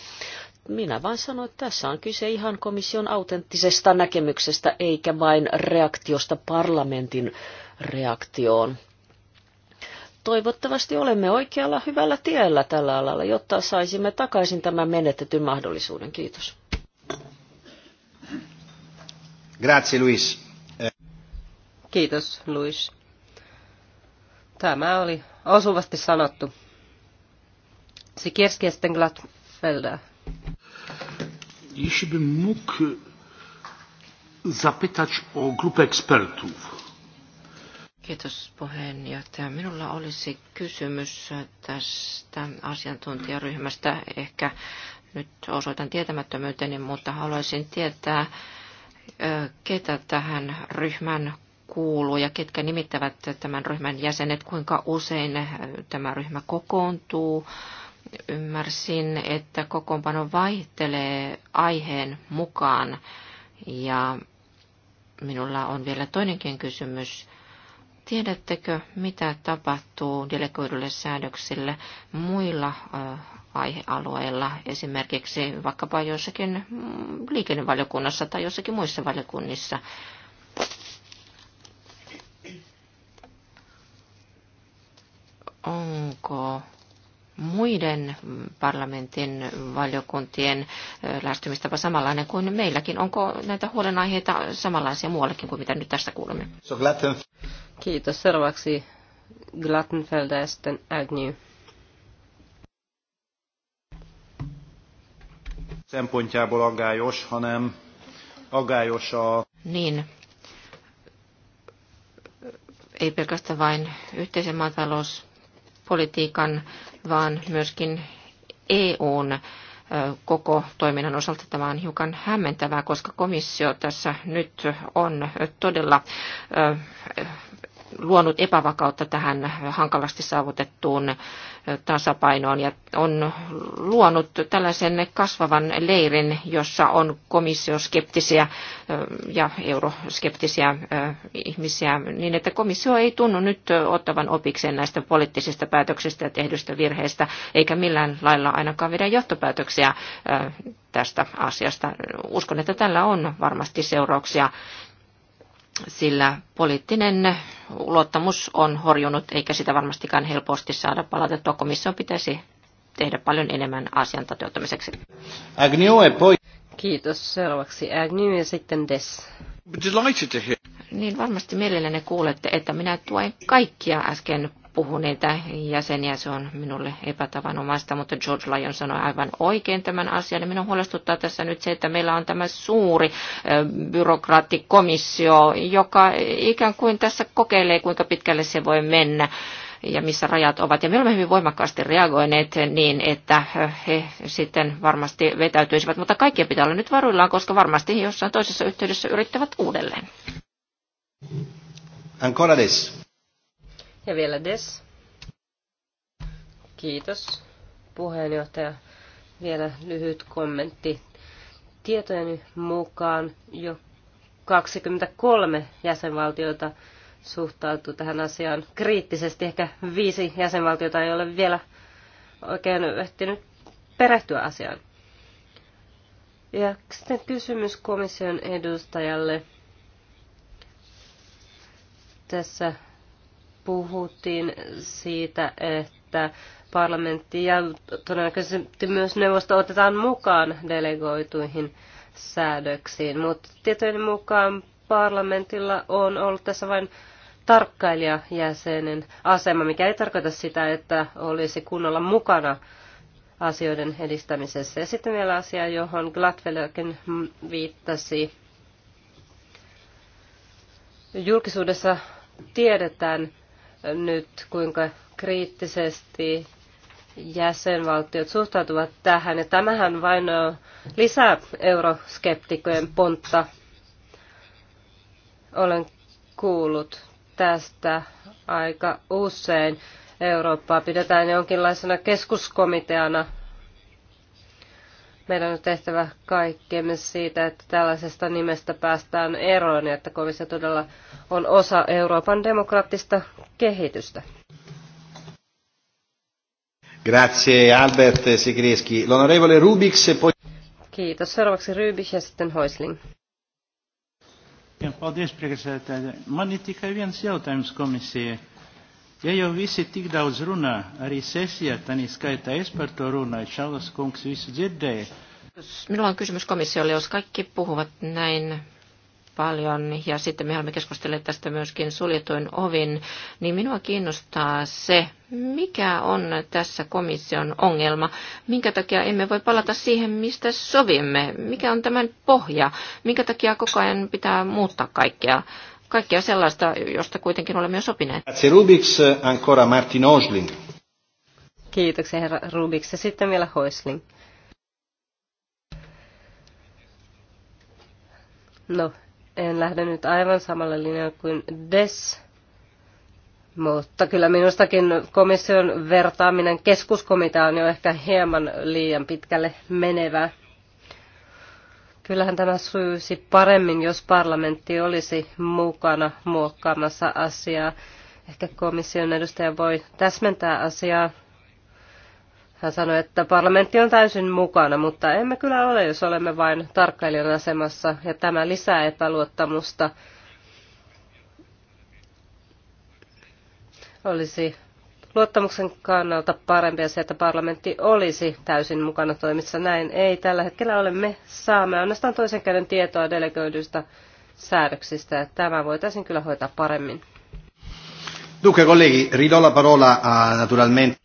Speaker 1: Minä vain sanon, että tässä on kyse ihan komission autenttisesta näkemyksestä, eikä vain reaktiosta parlamentin reaktioon. Toivottavasti olemme oikealla hyvällä tiellä tällä alalla, jotta saisimme takaisin tämän menetetyn mahdollisuuden. Kiitos. Grazie, Luis.
Speaker 2: Kiitos, Luis. Tämä oli osuvasti sanottu. Sikierski ja sitten
Speaker 1: jeśli bym mógł zapytać o grupę ekspertów.
Speaker 3: Kiitos puheenjohtaja. Minulla olisi kysymys tästä asiantuntijaryhmästä. Ehkä nyt osoitan tietämättömyyteni, mutta haluaisin tietää, ketä tähän ryhmän kuuluu ja ketkä nimittävät tämän ryhmän jäsenet, kuinka usein tämä ryhmä kokoontuu, ymmärsin, että kokoonpano vaihtelee aiheen mukaan. Ja minulla on vielä toinenkin kysymys. Tiedättekö, mitä tapahtuu delegoidulle säädöksille muilla aihealueilla, esimerkiksi vaikkapa jossakin mm, liikennevaliokunnassa tai jossakin muissa valiokunnissa? Onko muiden parlamentin valiokuntien lähestymistapa samanlainen kuin meilläkin? Onko näitä huolenaiheita samanlaisia muuallakin kuin mitä nyt tässä kuulemme? Kiitos. Seuraavaksi
Speaker 2: Glattenfeld ja sitten Agnew.
Speaker 1: hanem aggályos a...
Speaker 3: Niin. Ei pelkästään vain yhteisen maatalouspolitiikan vaan myöskin EUn koko toiminnan osalta tämä on hiukan hämmentävää, koska komissio tässä nyt on todella luonut epävakautta tähän hankalasti saavutettuun tasapainoon ja on luonut tällaisen kasvavan leirin, jossa on komissioskeptisiä ja euroskeptisiä ihmisiä, niin että komissio ei tunnu nyt ottavan opikseen näistä poliittisista päätöksistä ja tehdyistä virheistä, eikä millään lailla ainakaan vedä johtopäätöksiä tästä asiasta. Uskon, että tällä on varmasti seurauksia sillä poliittinen luottamus on horjunut, eikä sitä varmastikaan helposti saada palautettua. Komission pitäisi tehdä paljon enemmän asian toteuttamiseksi. Eh, Kiitos. Seuraavaksi Agnew ja sitten Des. Niin varmasti mielelläni kuulette, että minä tuen kaikkia äsken puhuneita jäseniä, se on minulle epätavanomaista, mutta George Lyon sanoi aivan oikein tämän asian. Ja minun huolestuttaa tässä nyt se, että meillä on tämä suuri byrokraattikomissio, joka ikään kuin tässä kokeilee, kuinka pitkälle se voi mennä ja missä rajat ovat. Ja me olemme hyvin voimakkaasti reagoineet niin, että he sitten varmasti vetäytyisivät, mutta kaikkien pitää olla nyt varuillaan, koska varmasti he jossain toisessa yhteydessä yrittävät uudelleen.
Speaker 1: Ancora adesso.
Speaker 2: Ja vielä Des. Kiitos puheenjohtaja. Vielä lyhyt kommentti. Tietojeni mukaan jo 23 jäsenvaltiota suhtautuu tähän asiaan kriittisesti. Ehkä viisi jäsenvaltiota ei ole vielä oikein ehtinyt perehtyä asiaan. Ja sitten kysymys komission edustajalle. Tässä puhuttiin siitä, että parlamentti ja todennäköisesti myös neuvosto otetaan mukaan delegoituihin säädöksiin, mutta tietojen mukaan parlamentilla on ollut tässä vain tarkkailijajäsenen asema, mikä ei tarkoita sitä, että olisi kunnolla mukana asioiden edistämisessä. Ja sitten vielä asia, johon Gladwellkin viittasi. Julkisuudessa tiedetään, nyt, kuinka kriittisesti jäsenvaltiot suhtautuvat tähän. Ja tämähän vain lisää euroskeptikojen pontta. Olen kuullut tästä aika usein. Eurooppaa pidetään jonkinlaisena keskuskomiteana, meidän on tehtävä kaikkemme siitä, että tällaisesta nimestä päästään eroon ja että komissio todella on osa Euroopan demokraattista kehitystä.
Speaker 1: Grazie Albert Sigreski. L'onorevole Rubix e poi...
Speaker 2: Kiitos. Seuraavaksi Rybik ja sitten Hoisling. Paldies, priekšsēdētāji. Man ir tikai viens jautājums ja jau visi tik daudz runā, arī sesijā, tani skaitā es par to runāju, Šalas kungs visu dzirdēja.
Speaker 3: Minulla on kysymys komissiolle, jos kaikki puhuvat näin paljon ja sitten me haluamme keskustella tästä myöskin suljetuin ovin, niin minua kiinnostaa se, mikä on tässä komission ongelma, minkä takia emme voi palata siihen, mistä sovimme, mikä on tämän pohja, minkä takia koko ajan pitää muuttaa kaikkea kaikkea sellaista, josta kuitenkin olemme jo sopineet.
Speaker 1: ancora Martin Osling.
Speaker 3: Kiitoksia herra Rubix Ja sitten vielä Hoisling.
Speaker 2: No, en lähde nyt aivan samalle linjalle kuin DES, mutta kyllä minustakin komission vertaaminen keskuskomiteaan on jo ehkä hieman liian pitkälle menevää. Kyllähän tämä sujuisi paremmin, jos parlamentti olisi mukana muokkaamassa asiaa. Ehkä komission edustaja voi täsmentää asiaa. Hän sanoi, että parlamentti on täysin mukana, mutta emme kyllä ole, jos olemme vain tarkkailijan asemassa, ja tämä lisää epäluottamusta. Olisi luottamuksen kannalta parempi se, että parlamentti olisi täysin mukana toimissa. Näin ei tällä hetkellä ole. Me saamme ainoastaan toisen käden tietoa delegoiduista säädöksistä ja tämä voitaisiin kyllä hoitaa paremmin.
Speaker 1: Dunque, colleghi, ridò la parola a, ah, naturalmente.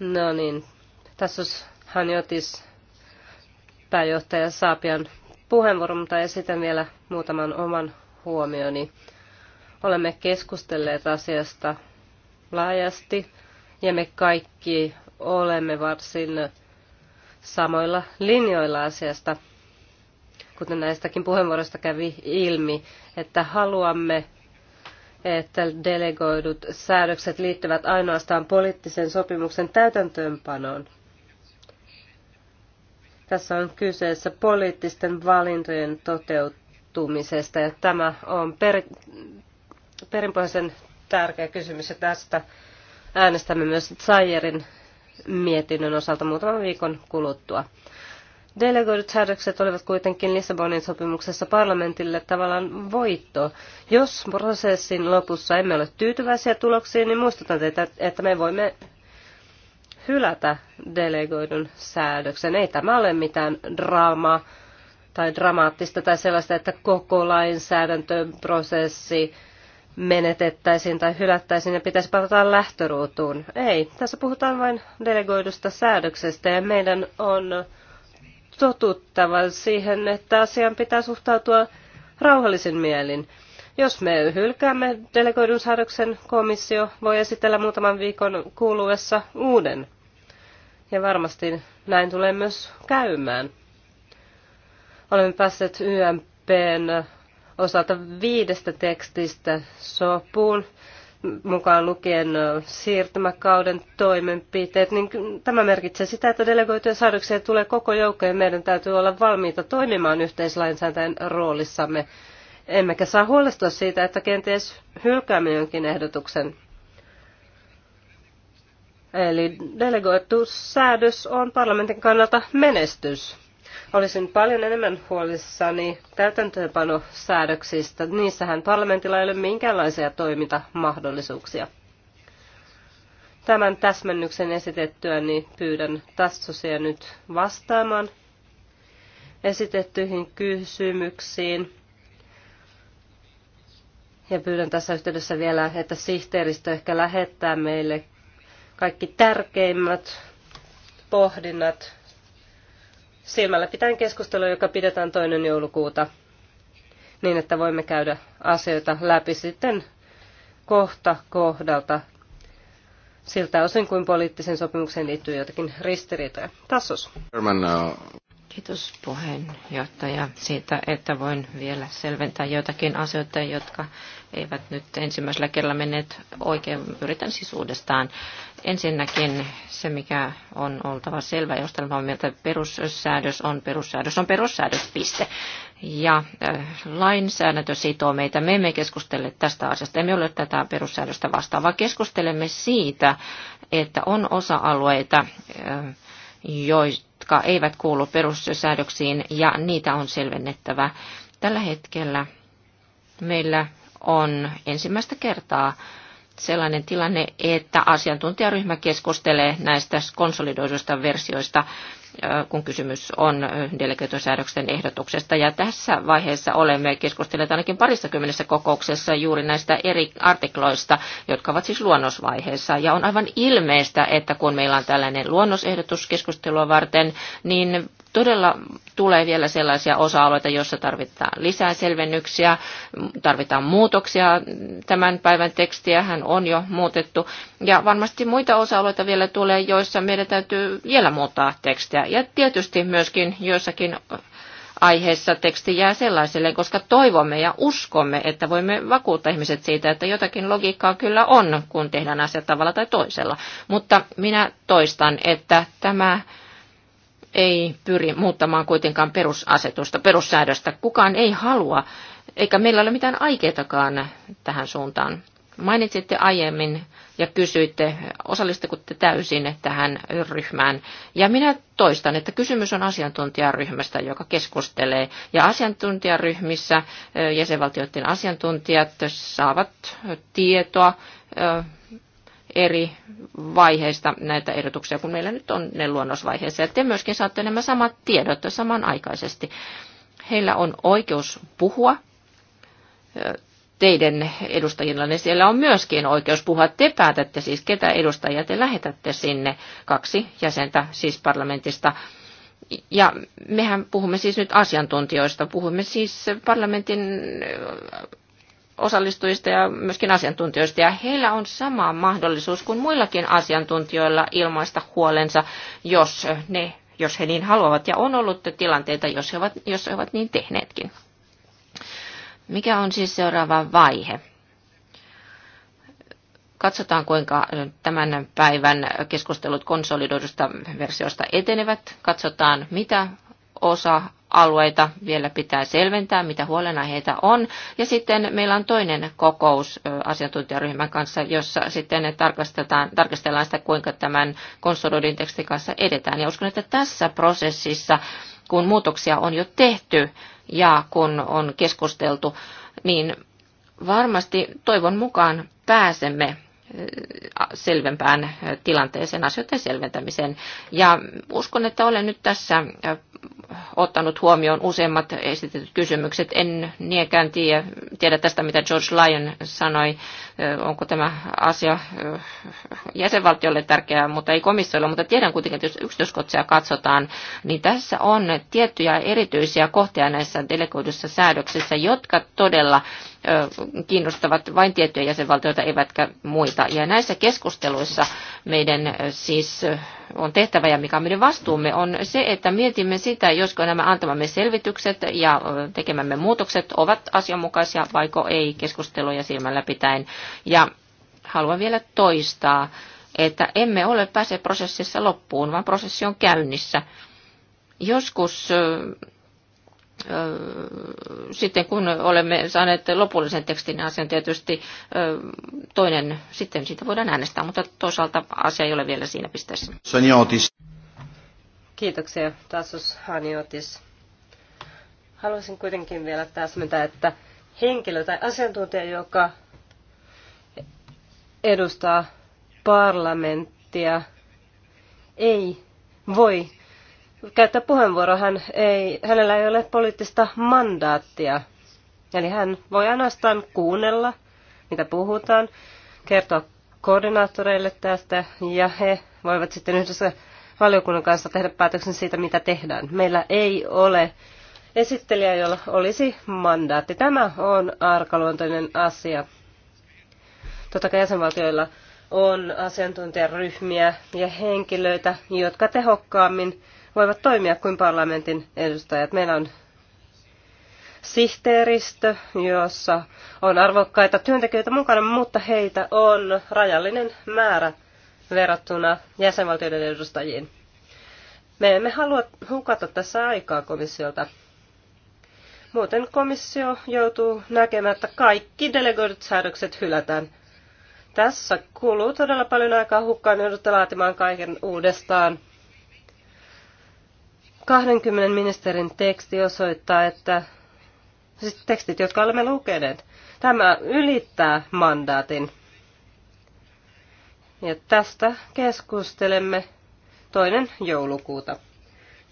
Speaker 2: No niin, Tassus Hanjotis, pääjohtaja Saapian puheenvuoro, mutta esitän vielä muutaman oman huomioni. Olemme keskustelleet asiasta laajasti ja me kaikki olemme varsin samoilla linjoilla asiasta, kuten näistäkin puheenvuoroista kävi ilmi, että haluamme, että delegoidut säädökset liittyvät ainoastaan poliittisen sopimuksen täytäntöönpanoon. Tässä on kyseessä poliittisten valintojen toteuttamisesta ja tämä on per, perinpohjaisen tärkeä kysymys ja tästä äänestämme myös Zayerin mietinnön osalta muutaman viikon kuluttua. Delegoidut säädökset olivat kuitenkin Lissabonin sopimuksessa parlamentille tavallaan voitto. Jos prosessin lopussa emme ole tyytyväisiä tuloksiin, niin muistutan teitä, että me voimme hylätä delegoidun säädöksen. Ei tämä ole mitään draamaa tai dramaattista tai sellaista, että koko lainsäädäntöprosessi menetettäisiin tai hylättäisiin ja pitäisi palata lähtöruutuun. Ei, tässä puhutaan vain delegoidusta säädöksestä ja meidän on totuttava siihen, että asiaan pitää suhtautua rauhallisin mielin. Jos me hylkäämme delegoidun säädöksen, komissio voi esitellä muutaman viikon kuuluessa uuden. Ja varmasti näin tulee myös käymään. Olemme päässeet YMPn osalta viidestä tekstistä sopuun mukaan lukien siirtymäkauden toimenpiteet, niin tämä merkitsee sitä, että delegoituja säädöksiä tulee koko joukko ja meidän täytyy olla valmiita toimimaan yhteislainsääntäjän roolissamme. Emmekä saa huolestua siitä, että kenties hylkäämme jonkin ehdotuksen. Eli delegoitu säädös on parlamentin kannalta menestys. Olisin paljon enemmän huolissani täytäntöönpanosäädöksistä. Niissähän parlamentilla ei ole minkäänlaisia toimintamahdollisuuksia. Tämän täsmennyksen esitettyä niin pyydän Tassosia nyt vastaamaan esitettyihin kysymyksiin. Ja pyydän tässä yhteydessä vielä, että sihteeristö ehkä lähettää meille kaikki tärkeimmät pohdinnat silmällä pitäen keskustelua, joka pidetään toinen joulukuuta, niin että voimme käydä asioita läpi sitten kohta kohdalta siltä osin kuin poliittisen sopimukseen liittyy jotakin ristiriitoja. Tassus.
Speaker 3: Kiitos puheenjohtaja siitä, että voin vielä selventää joitakin asioita, jotka eivät nyt ensimmäisellä kerralla menneet oikein. Yritän siis uudestaan. Ensinnäkin se, mikä on oltava selvä, jos olemme mieltä perussäädös on perussäädös, on perussäädös, piste. Ja äh, lainsäädäntö sitoo meitä. Me emme keskustele tästä asiasta, emme ole tätä perussäädöstä vastaan, vaan keskustelemme siitä, että on osa-alueita, äh, jotka eivät kuulu perussäädöksiin ja niitä on selvennettävä. Tällä hetkellä meillä on ensimmäistä kertaa sellainen tilanne, että asiantuntijaryhmä keskustelee näistä konsolidoiduista versioista kun kysymys on delegaatiosäädöksen ehdotuksesta. Ja tässä vaiheessa olemme keskustelleet ainakin parissa kymmenessä kokouksessa juuri näistä eri artikloista, jotka ovat siis luonnosvaiheessa. Ja on aivan ilmeistä, että kun meillä on tällainen luonnosehdotus keskustelua varten, niin todella tulee vielä sellaisia osa-alueita, joissa tarvitaan lisää selvennyksiä, tarvitaan muutoksia. Tämän päivän tekstiä, hän on jo muutettu. Ja varmasti muita osa-alueita vielä tulee, joissa meidän täytyy vielä muuttaa tekstiä. Ja tietysti myöskin joissakin aiheessa teksti jää sellaiselle, koska toivomme ja uskomme, että voimme vakuuttaa ihmiset siitä, että jotakin logiikkaa kyllä on, kun tehdään asiat tavalla tai toisella. Mutta minä toistan, että tämä ei pyri muuttamaan kuitenkaan perusasetusta, perussäädöstä. Kukaan ei halua, eikä meillä ole mitään aikeitakaan tähän suuntaan. Mainitsitte aiemmin ja kysyitte, osallistuko te täysin tähän ryhmään. Ja minä toistan, että kysymys on asiantuntijaryhmästä, joka keskustelee. Ja asiantuntijaryhmissä jäsenvaltioiden asiantuntijat saavat tietoa eri vaiheista näitä ehdotuksia, kun meillä nyt on ne luonnosvaiheessa. Ja te myöskin saatte nämä samat tiedot samanaikaisesti. Heillä on oikeus puhua teidän edustajillanne siellä on myöskin oikeus puhua. Te päätätte siis, ketä edustajia te lähetätte sinne, kaksi jäsentä siis parlamentista. Ja mehän puhumme siis nyt asiantuntijoista, puhumme siis parlamentin osallistujista ja myöskin asiantuntijoista, ja heillä on sama mahdollisuus kuin muillakin asiantuntijoilla ilmaista huolensa, jos, ne, jos he niin haluavat, ja on ollut tilanteita, jos he ovat, jos he ovat niin tehneetkin. Mikä on siis seuraava vaihe? Katsotaan, kuinka tämän päivän keskustelut konsolidoidusta versiosta etenevät. Katsotaan, mitä osa alueita vielä pitää selventää, mitä huolenaiheita on. Ja sitten meillä on toinen kokous asiantuntijaryhmän kanssa, jossa sitten tarkastetaan, tarkastellaan sitä, kuinka tämän konsolidin tekstin kanssa edetään. Ja uskon, että tässä prosessissa, kun muutoksia on jo tehty ja kun on keskusteltu, niin varmasti toivon mukaan pääsemme selvempään tilanteeseen, asioiden selventämiseen. Ja uskon, että olen nyt tässä ottanut huomioon useimmat esitetyt kysymykset. En niinkään tiedä, tiedä tästä, mitä George Lyon sanoi, onko tämä asia jäsenvaltiolle tärkeää, mutta ei komissiolle, mutta tiedän kuitenkin, että jos yksityiskotseja katsotaan, niin tässä on tiettyjä erityisiä kohtia näissä delegoidussa säädöksissä, jotka todella kiinnostavat vain tiettyjä jäsenvaltioita eivätkä muita. Ja näissä keskusteluissa meidän siis on tehtävä ja mikä on meidän vastuumme on se, että mietimme sitä, josko nämä antamamme selvitykset ja tekemämme muutokset ovat asianmukaisia vaiko ei keskusteluja silmällä pitäen. Ja haluan vielä toistaa, että emme ole pääse prosessissa loppuun, vaan prosessi on käynnissä. Joskus sitten kun olemme saaneet lopullisen tekstin, niin asia on tietysti toinen, sitten siitä voidaan äänestää, mutta toisaalta asia ei ole vielä siinä pisteessä.
Speaker 1: Saniotis.
Speaker 3: Kiitoksia,
Speaker 2: Tassus Haniotis. Haluaisin kuitenkin vielä täsmentää, että henkilö tai asiantuntija, joka edustaa parlamenttia, ei voi käyttää puheenvuoroa. Hän ei, hänellä ei ole poliittista mandaattia. Eli hän voi ainoastaan kuunnella, mitä puhutaan, kertoa koordinaattoreille tästä ja he voivat sitten yhdessä valiokunnan kanssa tehdä päätöksen siitä, mitä tehdään. Meillä ei ole esittelijä, jolla olisi mandaatti. Tämä on arkaluontoinen asia. Totta kai jäsenvaltioilla on asiantuntijaryhmiä ja henkilöitä, jotka tehokkaammin voivat toimia kuin parlamentin edustajat. Meillä on sihteeristö, jossa on arvokkaita työntekijöitä mukana, mutta heitä on rajallinen määrä verrattuna jäsenvaltioiden edustajiin. Me emme halua hukata tässä aikaa komissiolta. Muuten komissio joutuu näkemään, että kaikki delegoidut säädökset hylätään. Tässä kuluu todella paljon aikaa hukkaan joudutte laatimaan kaiken uudestaan. 20 ministerin teksti osoittaa, että siis tekstit, jotka olemme lukeneet, tämä ylittää mandaatin. Ja tästä keskustelemme toinen joulukuuta.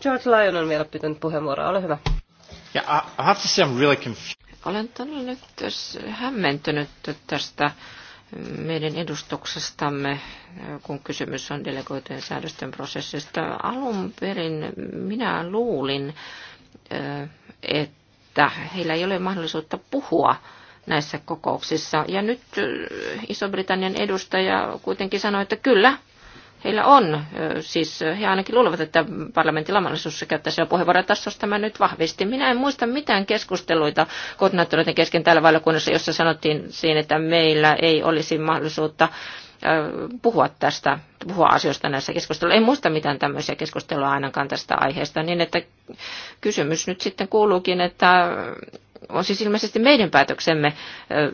Speaker 3: George Lyon on vielä pitänyt puheenvuoroa, ole hyvä.
Speaker 2: Yeah, I have to say I'm really confused.
Speaker 3: Olen todella nyt hämmentynyt tästä meidän edustuksestamme, kun kysymys on delegoitujen säädösten prosessista. Alun perin minä luulin, että heillä ei ole mahdollisuutta puhua näissä kokouksissa. Ja nyt Iso-Britannian edustaja kuitenkin sanoi, että kyllä, heillä on. Siis he ainakin luulevat, että parlamentin on mahdollisuus käyttää siellä puheenvuoroja. Tässä tämä nyt vahvisti. Minä en muista mitään keskusteluita koordinaattoreiden kesken täällä valiokunnassa, jossa sanottiin siinä, että meillä ei olisi mahdollisuutta puhua tästä, puhua asioista näissä keskusteluissa. En muista mitään tämmöisiä keskustelua ainakaan tästä aiheesta, niin että kysymys nyt sitten kuuluukin, että on siis ilmeisesti meidän päätöksemme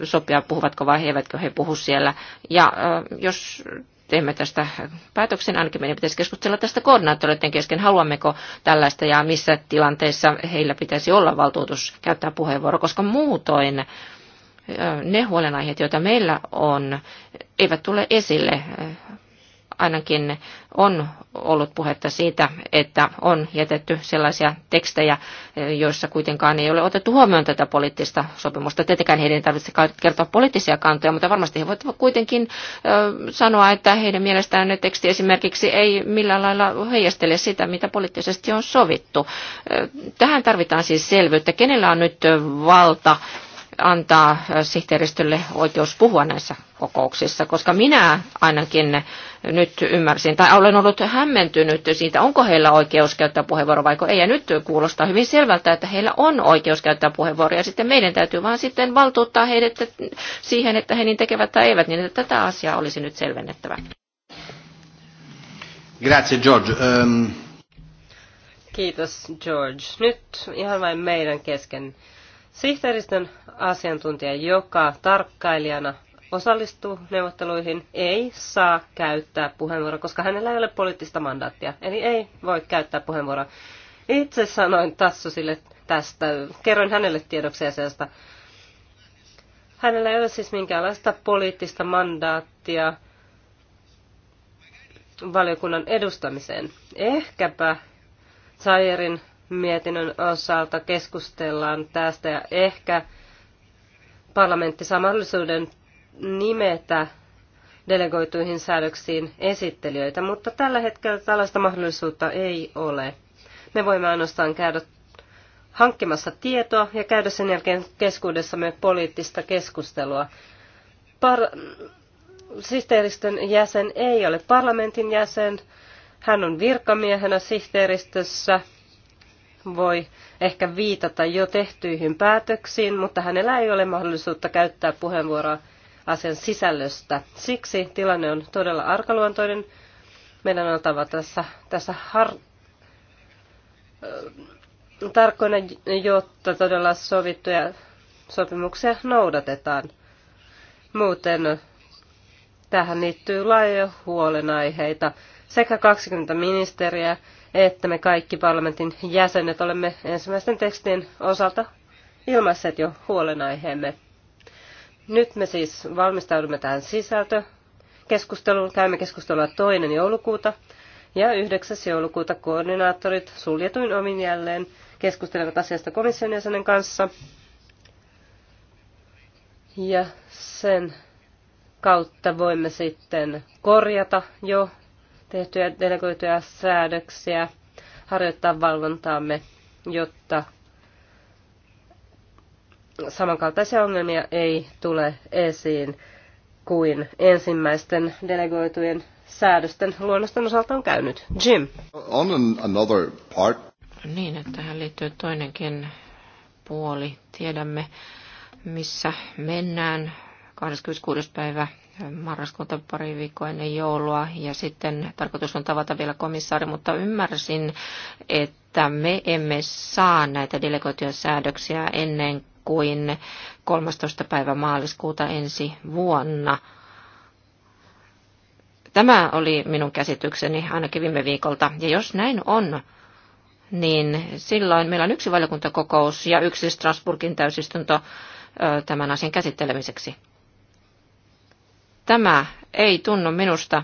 Speaker 3: sopia, puhuvatko vai he eivätkö he puhu siellä. Ja jos teemme tästä päätöksen, ainakin meidän pitäisi keskustella tästä koordinaattoreiden kesken, haluammeko tällaista ja missä tilanteissa heillä pitäisi olla valtuutus käyttää puheenvuoro, koska muutoin ne huolenaiheet, joita meillä on, eivät tule esille ainakin on ollut puhetta siitä, että on jätetty sellaisia tekstejä, joissa kuitenkaan ei ole otettu huomioon tätä poliittista sopimusta. Tietenkään heidän ei tarvitse kertoa poliittisia kantoja, mutta varmasti he voivat kuitenkin sanoa, että heidän mielestään ne teksti esimerkiksi ei millään lailla heijastele sitä, mitä poliittisesti on sovittu. Tähän tarvitaan siis selvyyttä, kenellä on nyt valta antaa sihteeristölle oikeus puhua näissä kokouksissa, koska minä ainakin nyt ymmärsin, tai olen ollut hämmentynyt siitä, onko heillä oikeus käyttää puheenvuoroa vai ei. Ja nyt kuulostaa hyvin selvältä, että heillä on oikeus käyttää puheenvuoroa, ja sitten meidän täytyy vaan sitten valtuuttaa heidät siihen, että he niin tekevät tai eivät, niin että tätä asiaa olisi nyt selvennettävä.
Speaker 1: Grazie George. Um...
Speaker 2: Kiitos George. Nyt ihan vain meidän kesken Sihteeristön asiantuntija, joka tarkkailijana osallistuu neuvotteluihin, ei saa käyttää puheenvuoroa, koska hänellä ei ole poliittista mandaattia. Eli ei voi käyttää puheenvuoroa. Itse sanoin sille tästä, kerroin hänelle tiedoksi asiasta. Hänellä ei ole siis minkäänlaista poliittista mandaattia valiokunnan edustamiseen. Ehkäpä Zairin mietinnön osalta keskustellaan tästä ja ehkä parlamentti saa mahdollisuuden nimetä delegoituihin säädöksiin esittelijöitä, mutta tällä hetkellä tällaista mahdollisuutta ei ole. Me voimme ainoastaan käydä hankkimassa tietoa ja käydä sen jälkeen keskuudessamme poliittista keskustelua. Par- sihteeristön jäsen ei ole parlamentin jäsen, hän on virkamiehenä sihteeristössä – voi ehkä viitata jo tehtyihin päätöksiin, mutta hänellä ei ole mahdollisuutta käyttää puheenvuoroa asian sisällöstä. Siksi tilanne on todella arkaluontoinen. Meidän on oltava tässä, tässä har- tarkkoina, jotta todella sovittuja sopimuksia noudatetaan. Muuten tähän liittyy laajoja huolenaiheita sekä 20 ministeriä että me kaikki parlamentin jäsenet olemme ensimmäisten tekstien osalta ilmaisseet jo huolenaiheemme. Nyt me siis valmistaudumme tähän sisältökeskusteluun. Käymme keskustelua toinen joulukuuta ja 9. joulukuuta koordinaattorit suljetuin omin jälleen keskustelevat asiasta komission jäsenen kanssa. Ja sen kautta voimme sitten korjata jo tehtyjä delegoituja säädöksiä, harjoittaa valvontaamme, jotta samankaltaisia ongelmia ei tule esiin kuin ensimmäisten delegoitujen säädösten luonnosten osalta on käynyt. Jim. On another part.
Speaker 3: Niin, että tähän liittyy toinenkin puoli. Tiedämme, missä mennään 26. päivä marraskuuta pari viikkoa ennen joulua ja sitten tarkoitus on tavata vielä komissaari, mutta ymmärsin, että me emme saa näitä delegoitiosäädöksiä ennen kuin 13. päivä maaliskuuta ensi vuonna. Tämä oli minun käsitykseni ainakin viime viikolta. Ja jos näin on, niin silloin meillä on yksi valiokuntakokous ja yksi Strasburgin täysistunto tämän asian käsittelemiseksi. Tämä ei tunnu minusta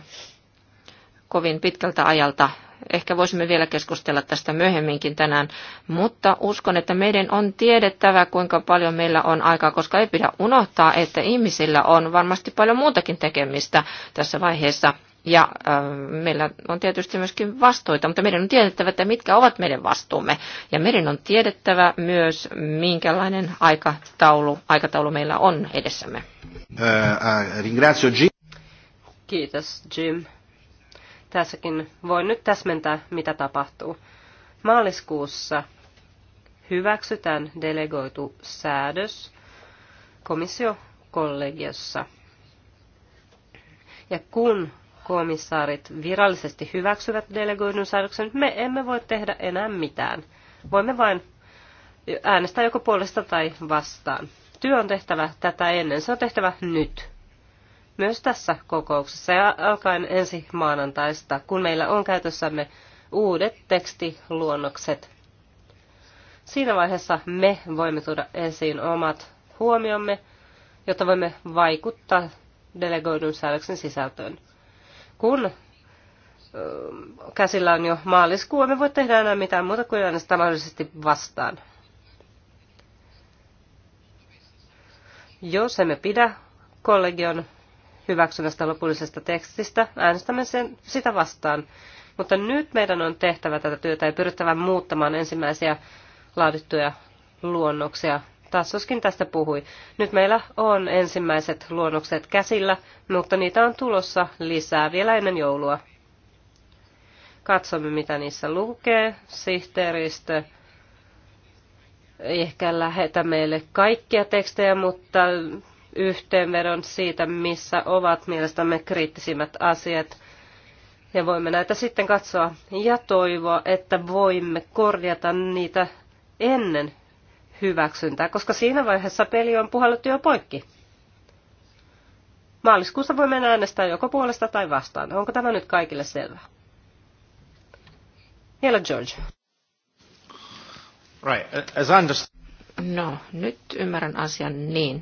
Speaker 3: kovin pitkältä ajalta. Ehkä voisimme vielä keskustella tästä myöhemminkin tänään, mutta uskon, että meidän on tiedettävä, kuinka paljon meillä on aikaa, koska ei pidä unohtaa, että ihmisillä on varmasti paljon muutakin tekemistä tässä vaiheessa ja äh, meillä on tietysti myöskin vastuita, mutta meidän on tiedettävä, että mitkä ovat meidän vastuumme. Ja meidän on tiedettävä myös, minkälainen aikataulu, aikataulu meillä on edessämme.
Speaker 1: Äh, äh, ringrazio Jim.
Speaker 2: Kiitos Jim. Tässäkin voi nyt täsmentää, mitä tapahtuu. Maaliskuussa hyväksytään delegoitu säädös komissiokollegiossa. Ja kun komissaarit virallisesti hyväksyvät delegoidun säädöksen, me emme voi tehdä enää mitään. Voimme vain äänestää joko puolesta tai vastaan. Työ on tehtävä tätä ennen, se on tehtävä nyt. Myös tässä kokouksessa ja alkaen ensi maanantaista, kun meillä on käytössämme uudet tekstiluonnokset. Siinä vaiheessa me voimme tuoda esiin omat huomiomme, jotta voimme vaikuttaa delegoidun säädöksen sisältöön kun käsillä on jo maaliskuu, emme voi tehdä enää mitään muuta kuin äänestää mahdollisesti vastaan. Jos emme pidä kollegion hyväksymästä lopullisesta tekstistä, äänestämme sen, sitä vastaan. Mutta nyt meidän on tehtävä tätä työtä ja pyrittävä muuttamaan ensimmäisiä laadittuja luonnoksia Tassuskin tästä puhui. Nyt meillä on ensimmäiset luonnokset käsillä, mutta niitä on tulossa lisää vielä ennen joulua. Katsomme, mitä niissä lukee. Sihteeristö ehkä lähetä meille kaikkia tekstejä, mutta yhteenvedon siitä, missä ovat mielestämme kriittisimmät asiat. Ja voimme näitä sitten katsoa ja toivoa, että voimme korjata niitä ennen hyväksyntää, koska siinä vaiheessa peli on puhallettu jo poikki. Maaliskuussa voi mennä äänestää joko puolesta tai vastaan. Onko tämä nyt kaikille selvää? Vielä George.
Speaker 3: Right, as I understand... No, nyt ymmärrän asian niin,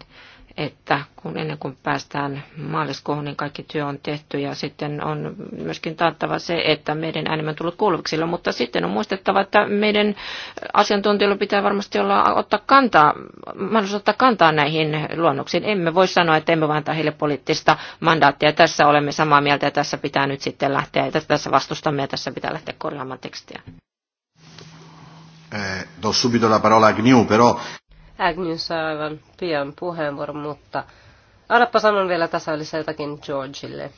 Speaker 3: että kun ennen kuin päästään maaliskuuhun, niin kaikki työ on tehty ja sitten on myöskin taattava se, että meidän äänemme on tullut kuuluviksilla, mutta sitten on muistettava, että meidän asiantuntijoilla pitää varmasti olla ottaa kantaa, mahdollisuus ottaa kantaa näihin luonnoksiin. Emme voi sanoa, että emme vaan antaa heille poliittista mandaattia. Tässä olemme samaa mieltä ja tässä pitää nyt sitten lähteä, ja tässä vastustamme ja tässä pitää lähteä korjaamaan tekstiä.
Speaker 1: Eh, do subito la parola a Gniu, però
Speaker 3: Agnew saa
Speaker 2: aivan pian puheenvuoron, mutta annappa sanon vielä tasaillisen jotakin Georgeille.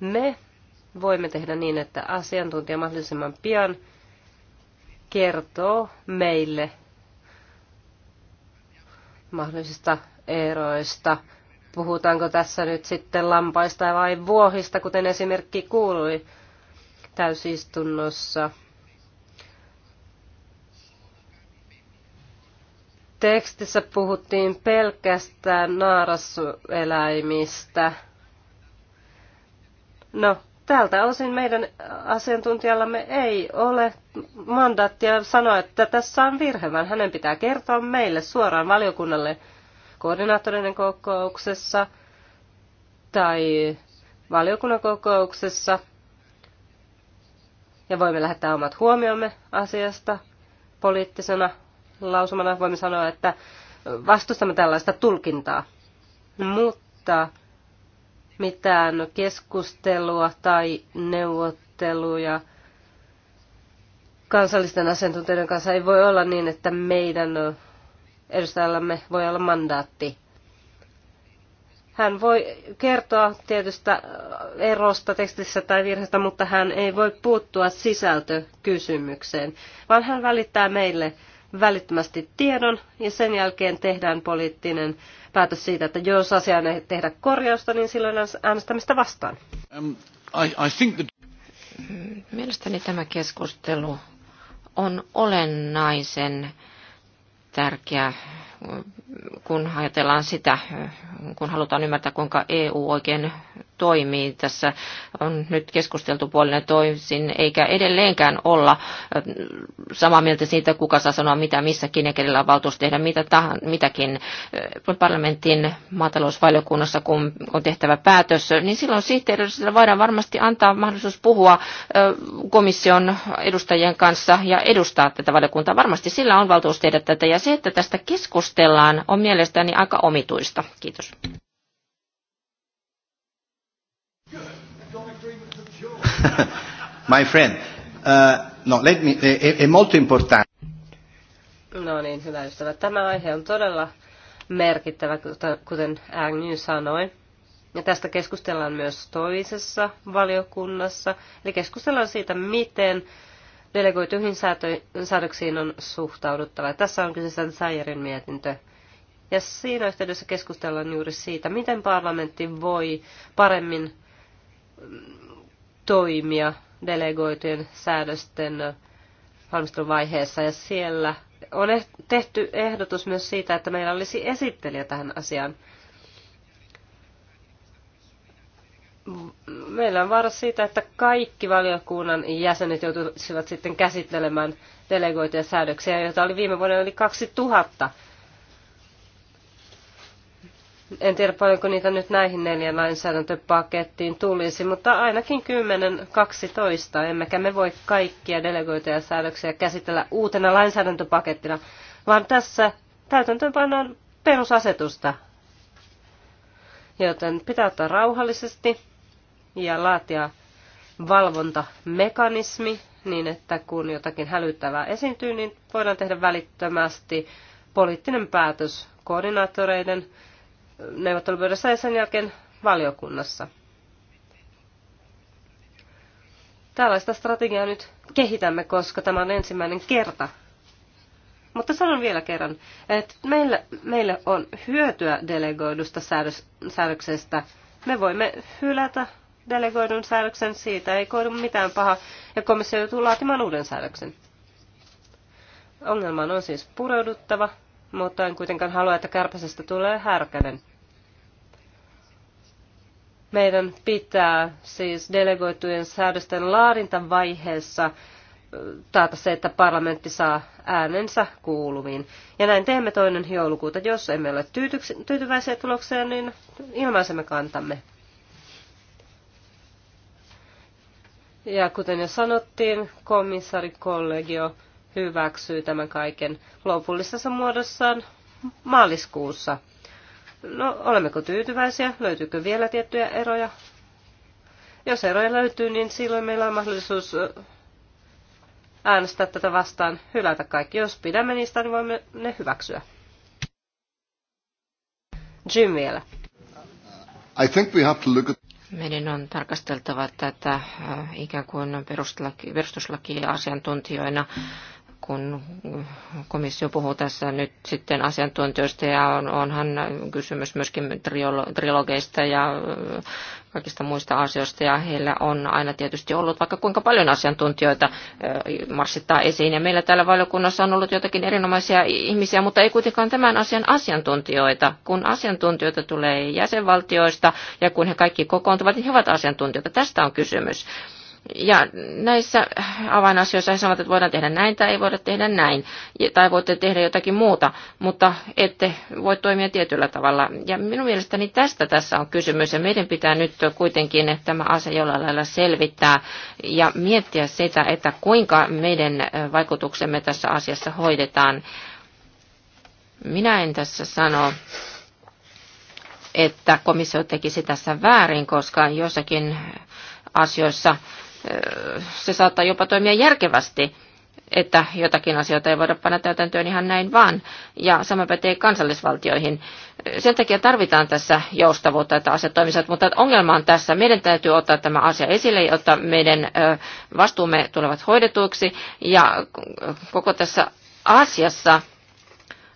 Speaker 2: Me voimme tehdä niin, että asiantuntija mahdollisimman pian kertoo meille mahdollisista eroista. Puhutaanko tässä nyt sitten lampaista vai vuohista, kuten esimerkki kuului täysistunnossa – tekstissä puhuttiin pelkästään naaraseläimistä. No, tältä osin meidän asiantuntijallamme ei ole mandaattia sanoa, että tässä on virhe, vaan hänen pitää kertoa meille suoraan valiokunnalle koordinaattorinen kokouksessa tai valiokunnan kokouksessa. Ja voimme lähettää omat huomiomme asiasta poliittisena lausumana voimme sanoa, että vastustamme tällaista tulkintaa. Mutta mitään keskustelua tai neuvotteluja kansallisten asiantuntijoiden kanssa ei voi olla niin, että meidän edustajallamme voi olla mandaatti. Hän voi kertoa tietystä erosta tekstissä tai virheestä, mutta hän ei voi puuttua sisältökysymykseen, vaan hän välittää meille välittömästi tiedon ja sen jälkeen tehdään poliittinen päätös siitä, että jos asiaan ei tehdä korjausta, niin silloin äänestämistä vastaan. Um, I, I think that...
Speaker 3: Mielestäni tämä keskustelu on olennaisen tärkeä kun ajatellaan sitä, kun halutaan ymmärtää, kuinka EU oikein toimii. Tässä on nyt keskusteltu puolinen toisin, eikä edelleenkään olla samaa mieltä siitä, kuka saa sanoa mitä missäkin ja kenellä on valtuus tehdä mitä tahan, mitäkin. Parlamentin maatalousvaliokunnassa, kun on tehtävä päätös, niin silloin sihteeristöllä voidaan varmasti antaa mahdollisuus puhua komission edustajien kanssa ja edustaa tätä valiokuntaa. Varmasti sillä on valtuus tehdä tätä ja se, että tästä keskustelusta perustellaan, on mielestäni aika omituista. Kiitos.
Speaker 1: My friend, uh, no, let me, a, a molto important.
Speaker 2: No niin, hyvä ystävä. Tämä aihe on todella merkittävä, kuten Agnew sanoi. Ja tästä keskustellaan myös toisessa valiokunnassa. Eli keskustellaan siitä, miten delegoituihin säädöksiin on suhtauduttava. Tässä on kyseessä Sajerin mietintö. Ja siinä yhteydessä keskustellaan juuri siitä, miten parlamentti voi paremmin mm, toimia delegoitujen säädösten valmisteluvaiheessa. Ja siellä on eh-, tehty ehdotus myös siitä, että meillä olisi esittelijä tähän asiaan meillä on vaara siitä, että kaikki valiokunnan jäsenet joutuisivat sitten käsittelemään delegoituja säädöksiä, joita oli viime vuonna yli 2000. En tiedä paljonko niitä nyt näihin neljän lainsäädäntöpakettiin tulisi, mutta ainakin 10-12, emmekä me voi kaikkia delegoituja säädöksiä käsitellä uutena lainsäädäntöpakettina, vaan tässä täytäntöönpannaan perusasetusta. Joten pitää ottaa rauhallisesti ja laatia valvontamekanismi niin, että kun jotakin hälyttävää esiintyy, niin voidaan tehdä välittömästi poliittinen päätös koordinaattoreiden neuvottelupöydässä ja sen jälkeen valiokunnassa. Tällaista strategiaa nyt kehitämme, koska tämä on ensimmäinen kerta. Mutta sanon vielä kerran, että meillä, meillä on hyötyä delegoidusta säädöksestä. Me voimme hylätä delegoidun säädöksen, siitä ei koidu mitään pahaa, ja komissio joutuu laatimaan uuden säädöksen. Ongelman on siis pureuduttava, mutta en kuitenkaan halua, että kärpäsestä tulee härkänen. Meidän pitää siis delegoitujen säädösten laadintavaiheessa taata se, että parlamentti saa äänensä kuuluviin. Ja näin teemme toinen joulukuuta. Jos emme ole tyytyväisiä tulokseen, niin ilmaisemme kantamme. Ja kuten jo sanottiin, kollegio hyväksyy tämän kaiken lopullisessa muodossaan maaliskuussa. No, olemmeko tyytyväisiä? Löytyykö vielä tiettyjä eroja? Jos eroja löytyy, niin silloin meillä on mahdollisuus äänestää tätä vastaan, hylätä kaikki. Jos pidämme niistä, niin voimme ne
Speaker 3: hyväksyä. Jim vielä. I think we have to look at... Meidän on tarkasteltava tätä äh, ikään kuin perustuslaki, perustuslakiasiantuntijoina. asiantuntijoina kun komissio puhuu tässä nyt sitten asiantuntijoista ja on, onhan kysymys myöskin trilogeista ja kaikista muista asioista ja heillä on aina tietysti ollut vaikka kuinka paljon asiantuntijoita marssittaa esiin ja meillä täällä valiokunnassa on ollut jotakin erinomaisia ihmisiä, mutta ei kuitenkaan tämän asian asiantuntijoita. Kun asiantuntijoita tulee jäsenvaltioista ja kun he kaikki kokoontuvat, niin he ovat asiantuntijoita. Tästä on kysymys. Ja näissä avainasioissa he sanovat, että voidaan tehdä näin tai ei voida tehdä näin, tai voitte tehdä jotakin muuta, mutta ette voi toimia tietyllä tavalla. Ja minun mielestäni tästä tässä on kysymys, ja meidän pitää nyt kuitenkin tämä asia jollain lailla selvittää ja miettiä sitä, että kuinka meidän vaikutuksemme tässä asiassa hoidetaan. Minä en tässä sano, että komissio tekisi tässä väärin, koska jossakin asioissa se saattaa jopa toimia järkevästi että jotakin asioita ei voida panna täytäntöön ihan näin vaan. Ja sama pätee kansallisvaltioihin. Sen takia tarvitaan tässä joustavuutta, että asiat toimisivat, mutta ongelma on tässä. Meidän täytyy ottaa tämä asia esille, jotta meidän vastuumme tulevat hoidetuiksi. Ja koko tässä asiassa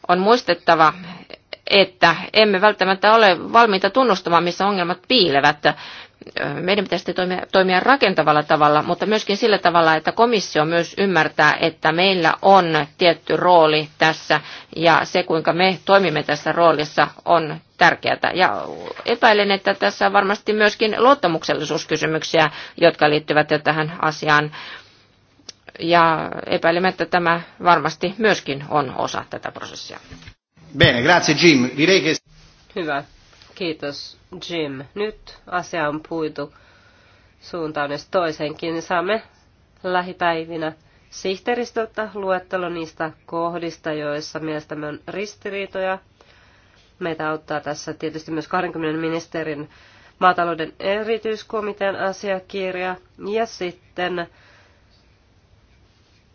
Speaker 3: on muistettava, että emme välttämättä ole valmiita tunnustamaan, missä ongelmat piilevät meidän pitäisi toimia, toimia rakentavalla tavalla, mutta myöskin sillä tavalla, että komissio myös ymmärtää, että meillä on tietty rooli tässä ja se, kuinka me toimimme tässä roolissa, on tärkeää. Ja epäilen, että tässä on varmasti myöskin luottamuksellisuuskysymyksiä, jotka liittyvät jo tähän asiaan. Ja epäilemättä tämä varmasti myöskin on osa tätä prosessia.
Speaker 1: Bene, grazie Jim. Direi che...
Speaker 2: Hyvä. Kiitos, Jim. Nyt asia on puitu suuntaan edes toisenkin, niin saamme lähipäivinä sihteeristöltä luettelo niistä kohdista, joissa mielestämme on ristiriitoja. Meitä auttaa tässä tietysti myös 20 ministerin maatalouden erityiskomitean asiakirja ja sitten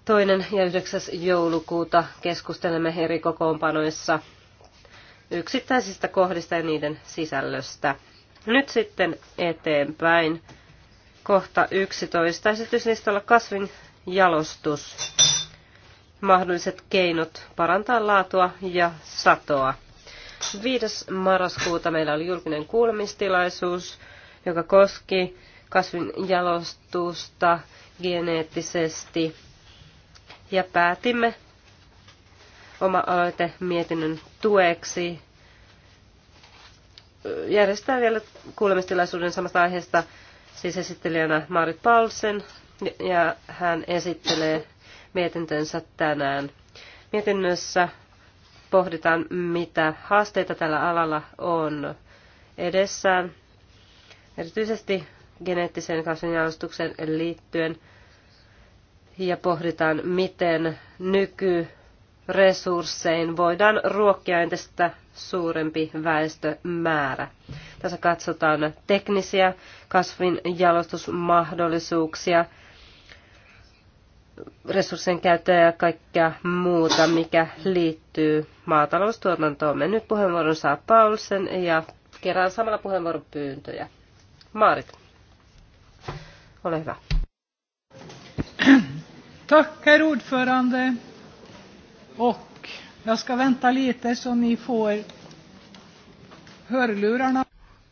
Speaker 2: toinen ja 9. joulukuuta keskustelemme eri kokoonpanoissa yksittäisistä kohdista ja niiden sisällöstä. Nyt sitten eteenpäin. Kohta 11. Esityslistalla kasvin jalostus. Mahdolliset keinot parantaa laatua ja satoa. 5. marraskuuta meillä oli julkinen kuulemistilaisuus, joka koski kasvin jalostusta geneettisesti. Ja päätimme oma aloite mietinnön tueksi järjestää vielä kuulemistilaisuuden samasta aiheesta siis esittelijänä Marit Paulsen ja hän esittelee mietintönsä tänään. Mietinnössä pohditaan, mitä haasteita tällä alalla on edessään, erityisesti geneettiseen kasvinjalostukseen liittyen, ja pohditaan, miten nyky- resurssein voidaan ruokkia entistä suurempi väestömäärä. Tässä katsotaan teknisiä kasvin jalostusmahdollisuuksia, resurssien käyttöä ja kaikkea muuta, mikä liittyy maataloustuotantoomme. Nyt puheenvuoron saa Paulsen ja kerään samalla puheenvuoron pyyntöjä. Maarit, ole hyvä. Tack, herr ordförande. Och jag ska vänta
Speaker 3: lite så ni får hörlurarna.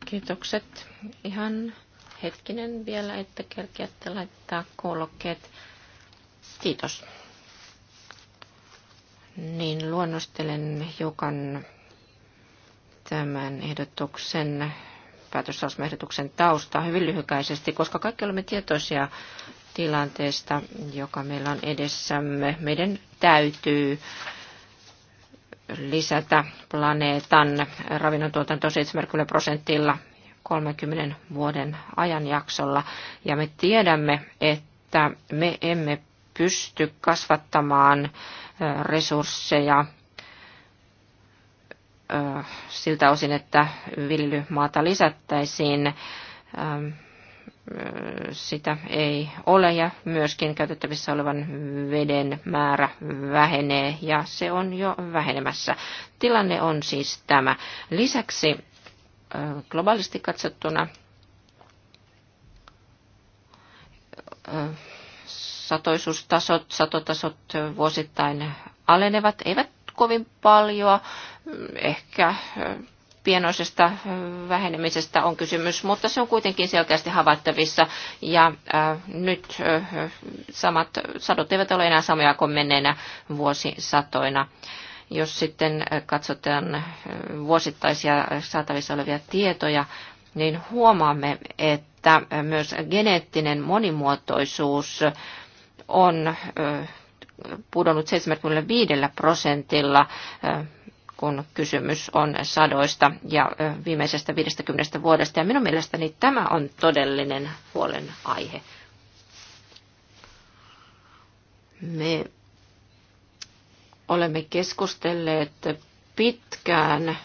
Speaker 3: Kiitokset. Ihan hetkinen vielä, että kerkeätte laittaa kuulokkeet. Kiitos. Niin luonnostelen hiukan tämän ehdotuksen päätösasmehdotuksen taustaa hyvin lyhykäisesti, koska kaikki olemme tietoisia tilanteesta, joka meillä on edessämme. Meidän täytyy lisätä planeetan ravinnontuotanto 70 prosentilla 30 vuoden ajanjaksolla. Ja me tiedämme, että me emme pysty kasvattamaan resursseja siltä osin, että viljelymaata lisättäisiin sitä ei ole ja myöskin käytettävissä olevan veden määrä vähenee ja se on jo vähenemässä. Tilanne on siis tämä. Lisäksi globaalisti katsottuna satoisuustasot, satotasot vuosittain alenevat, eivät kovin paljon, ehkä pienoisesta vähenemisestä on kysymys, mutta se on kuitenkin selkeästi havaittavissa. Ja äh, nyt äh, samat sadot eivät ole enää samoja kuin menneenä vuosisatoina. Jos sitten katsotaan vuosittaisia saatavissa olevia tietoja, niin huomaamme, että myös geneettinen monimuotoisuus on pudonnut 75 prosentilla kun kysymys on sadoista ja viimeisestä 50 vuodesta. Ja minun mielestäni tämä on todellinen huolen aihe. Me olemme keskustelleet pitkään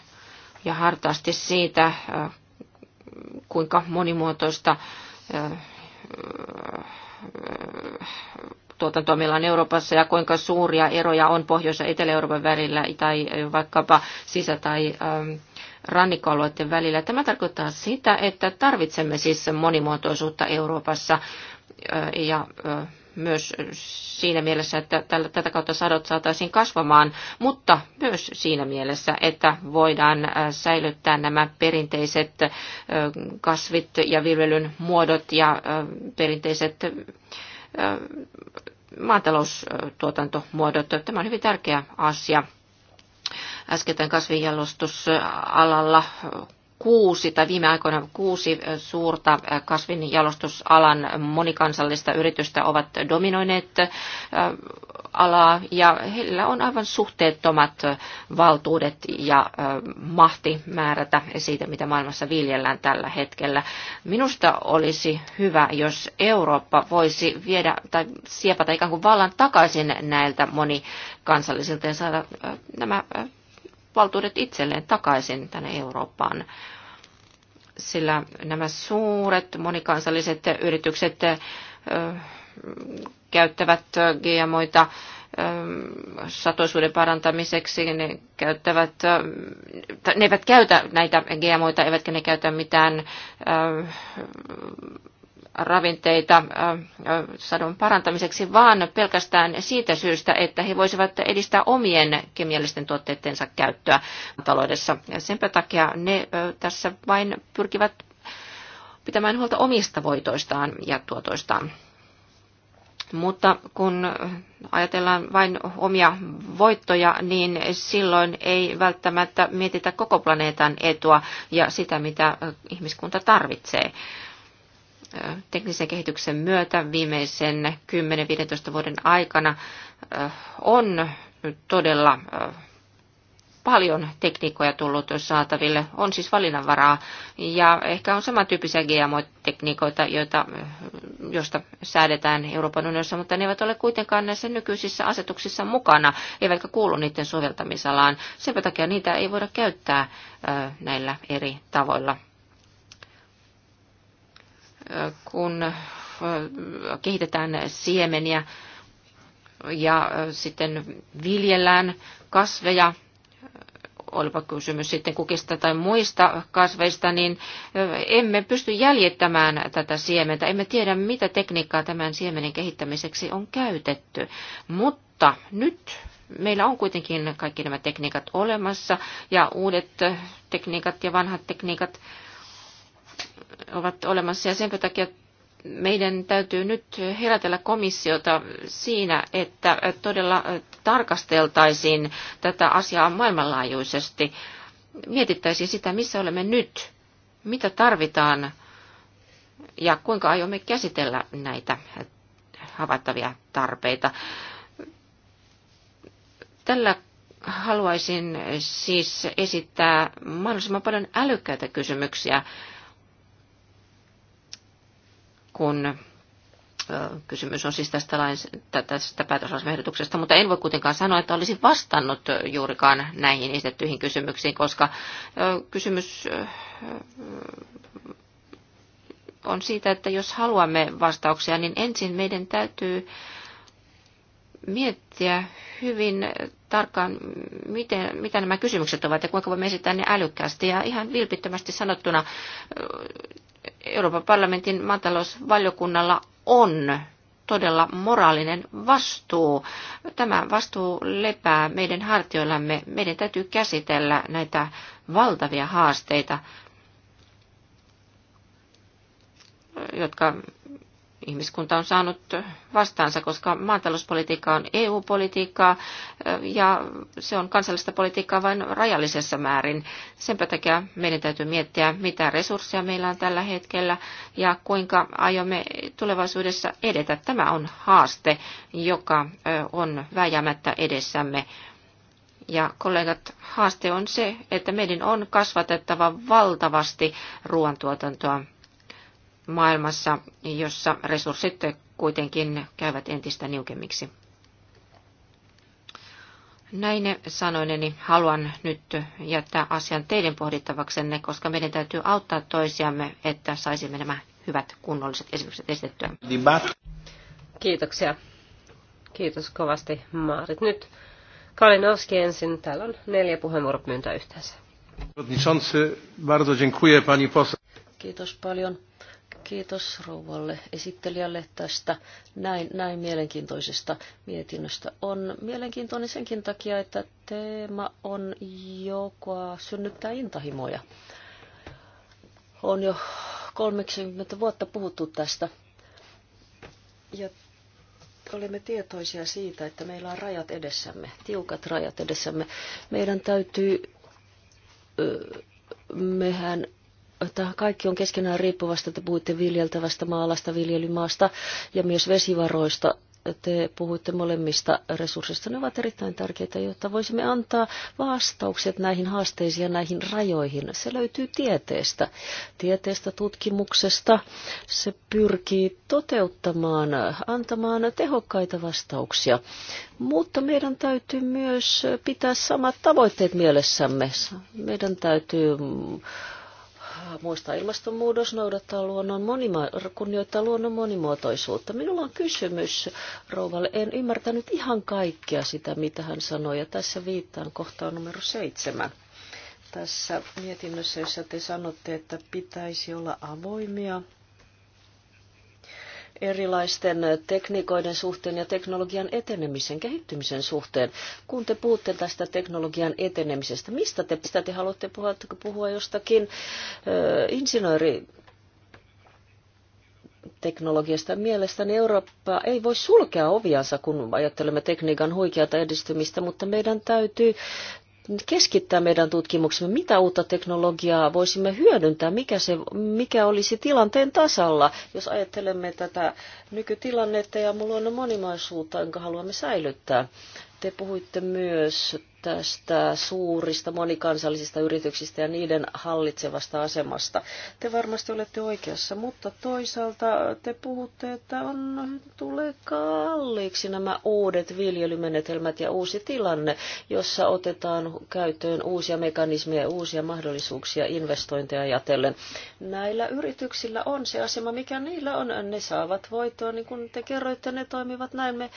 Speaker 3: ja hartaasti siitä, kuinka monimuotoista tuotantoa meillä on Euroopassa ja kuinka suuria eroja on Pohjois- ja Etelä-Euroopan välillä tai vaikkapa sisä- tai rannikkoalueiden välillä. Tämä tarkoittaa sitä, että tarvitsemme siis monimuotoisuutta Euroopassa ja myös siinä mielessä, että tätä kautta sadot saataisiin kasvamaan, mutta myös siinä mielessä, että voidaan säilyttää nämä perinteiset kasvit ja viljelyn muodot ja perinteiset maataloustuotantomuodot. Tämä on hyvin tärkeä asia. Äskettäin kasvinjalostusalalla kuusi tai viime aikoina kuusi suurta kasvinjalostusalan monikansallista yritystä ovat dominoineet äh, alaa ja heillä on aivan suhteettomat valtuudet ja äh, mahti määrätä siitä, mitä maailmassa viljellään tällä hetkellä. Minusta olisi hyvä, jos Eurooppa voisi viedä tai siepata ikään kuin vallan takaisin näiltä monikansallisilta ja saada äh, nämä valtuudet itselleen takaisin tänne Eurooppaan sillä nämä suuret monikansalliset yritykset käyttävät GMOita satoisuuden parantamiseksi, ne, käyttävät, ne eivät käytä näitä GMOita, eivätkä ne käytä mitään ravinteita äh, äh, sadon parantamiseksi, vaan pelkästään siitä syystä, että he voisivat edistää omien kemiallisten tuotteidensa käyttöä taloudessa. Ja senpä takia ne äh, tässä vain pyrkivät pitämään huolta omista voitoistaan ja tuotoistaan. Mutta kun ajatellaan vain omia voittoja, niin silloin ei välttämättä mietitä koko planeetan etua ja sitä, mitä ihmiskunta tarvitsee teknisen kehityksen myötä viimeisen 10-15 vuoden aikana on todella paljon tekniikkoja tullut saataville. On siis valinnanvaraa ja ehkä on samantyyppisiä GMO-tekniikoita, joita, josta säädetään Euroopan unionissa, mutta ne eivät ole kuitenkaan näissä nykyisissä asetuksissa mukana, eivätkä kuulu niiden soveltamisalaan. Sen takia niitä ei voida käyttää näillä eri tavoilla kun kehitetään siemeniä ja sitten viljellään kasveja, olipa kysymys sitten kukista tai muista kasveista, niin emme pysty jäljittämään tätä siementä. Emme tiedä, mitä tekniikkaa tämän siemenen kehittämiseksi on käytetty. Mutta nyt meillä on kuitenkin kaikki nämä tekniikat olemassa ja uudet tekniikat ja vanhat tekniikat ovat olemassa ja sen takia meidän täytyy nyt herätellä komissiota siinä, että todella tarkasteltaisiin tätä asiaa maailmanlaajuisesti. Mietittäisiin sitä, missä olemme nyt, mitä tarvitaan ja kuinka aiomme käsitellä näitä havaittavia tarpeita. Tällä haluaisin siis esittää mahdollisimman paljon älykkäitä kysymyksiä kun kysymys on siis tästä, lain, tästä päätöslausmehdotuksesta, mutta en voi kuitenkaan sanoa, että olisin vastannut juurikaan näihin esitettyihin kysymyksiin, koska kysymys on siitä, että jos haluamme vastauksia, niin ensin meidän täytyy miettiä hyvin tarkkaan, miten, mitä nämä kysymykset ovat ja kuinka voimme esittää ne älykkäästi. Ja ihan vilpittömästi sanottuna Euroopan parlamentin maatalousvaliokunnalla on todella moraalinen vastuu. Tämä vastuu lepää meidän hartioillamme. Meidän täytyy käsitellä näitä valtavia haasteita, jotka ihmiskunta on saanut vastaansa, koska maatalouspolitiikka on EU-politiikkaa ja se on kansallista politiikkaa vain rajallisessa määrin. Sen takia meidän täytyy miettiä, mitä resursseja meillä on tällä hetkellä ja kuinka aiomme tulevaisuudessa edetä. Tämä on haaste, joka on väjämättä edessämme. Ja kollegat, haaste on se, että meidän on kasvatettava valtavasti ruoantuotantoa maailmassa, jossa resurssit kuitenkin käyvät entistä niukemmiksi. Näin sanoineni haluan nyt jättää asian teidän pohdittavaksenne, koska meidän täytyy auttaa toisiamme, että saisimme nämä hyvät kunnolliset esitykset esitettyä. Kiitoksia.
Speaker 2: Kiitos kovasti Maarit. Nyt Kalinowski ensin. Täällä on neljä puheenvuoropyyntöä yhteensä. Kiitos
Speaker 1: paljon Kiitos rouvalle esittelijälle tästä näin, näin mielenkiintoisesta mietinnöstä. On mielenkiintoinen senkin takia, että teema on joka synnyttää intahimoja. On jo 30 vuotta puhuttu tästä. Ja olemme tietoisia siitä, että meillä on rajat edessämme, tiukat rajat edessämme. Meidän täytyy, mehän että kaikki on keskenään riippuvasta, että puhuitte viljeltävästä maalasta, viljelymaasta ja myös vesivaroista. Te puhuitte molemmista resursseista. Ne ovat erittäin tärkeitä, jotta voisimme antaa vastaukset näihin haasteisiin ja näihin rajoihin. Se löytyy tieteestä, tieteestä tutkimuksesta. Se pyrkii toteuttamaan, antamaan tehokkaita vastauksia. Mutta meidän täytyy myös pitää samat tavoitteet mielessämme. Meidän täytyy Ah, muista ilmastonmuutos, noudattaa luonnon monima- kunnioittaa luonnon monimuotoisuutta. Minulla on kysymys rouvalle. En ymmärtänyt ihan kaikkea sitä, mitä hän sanoi, ja tässä viittaan kohtaan numero seitsemän. Tässä mietinnössä, jossa te sanotte, että pitäisi olla avoimia erilaisten tekniikoiden suhteen ja teknologian etenemisen, kehittymisen suhteen. Kun te puhutte tästä teknologian etenemisestä, mistä te, mistä te haluatte puhua, puhua jostakin äh, insinööri teknologiasta. Mielestäni Eurooppa ei voi sulkea oviansa, kun ajattelemme tekniikan huikeata edistymistä, mutta meidän täytyy keskittää meidän tutkimuksemme, mitä uutta teknologiaa voisimme hyödyntää, mikä, se, mikä olisi tilanteen tasalla, jos ajattelemme tätä nykytilannetta ja luonnon monimaisuutta, jonka haluamme säilyttää. Te puhuitte myös tästä suurista monikansallisista yrityksistä ja niiden hallitsevasta asemasta. Te varmasti olette oikeassa, mutta toisaalta te puhutte, että on, tulee kalliiksi nämä uudet viljelymenetelmät ja uusi tilanne, jossa otetaan käyttöön uusia mekanismeja uusia mahdollisuuksia investointeja ajatellen. Näillä yrityksillä on se asema, mikä niillä on. Ne saavat voittoa, niin kuin te kerroitte, ne toimivat näin. Me,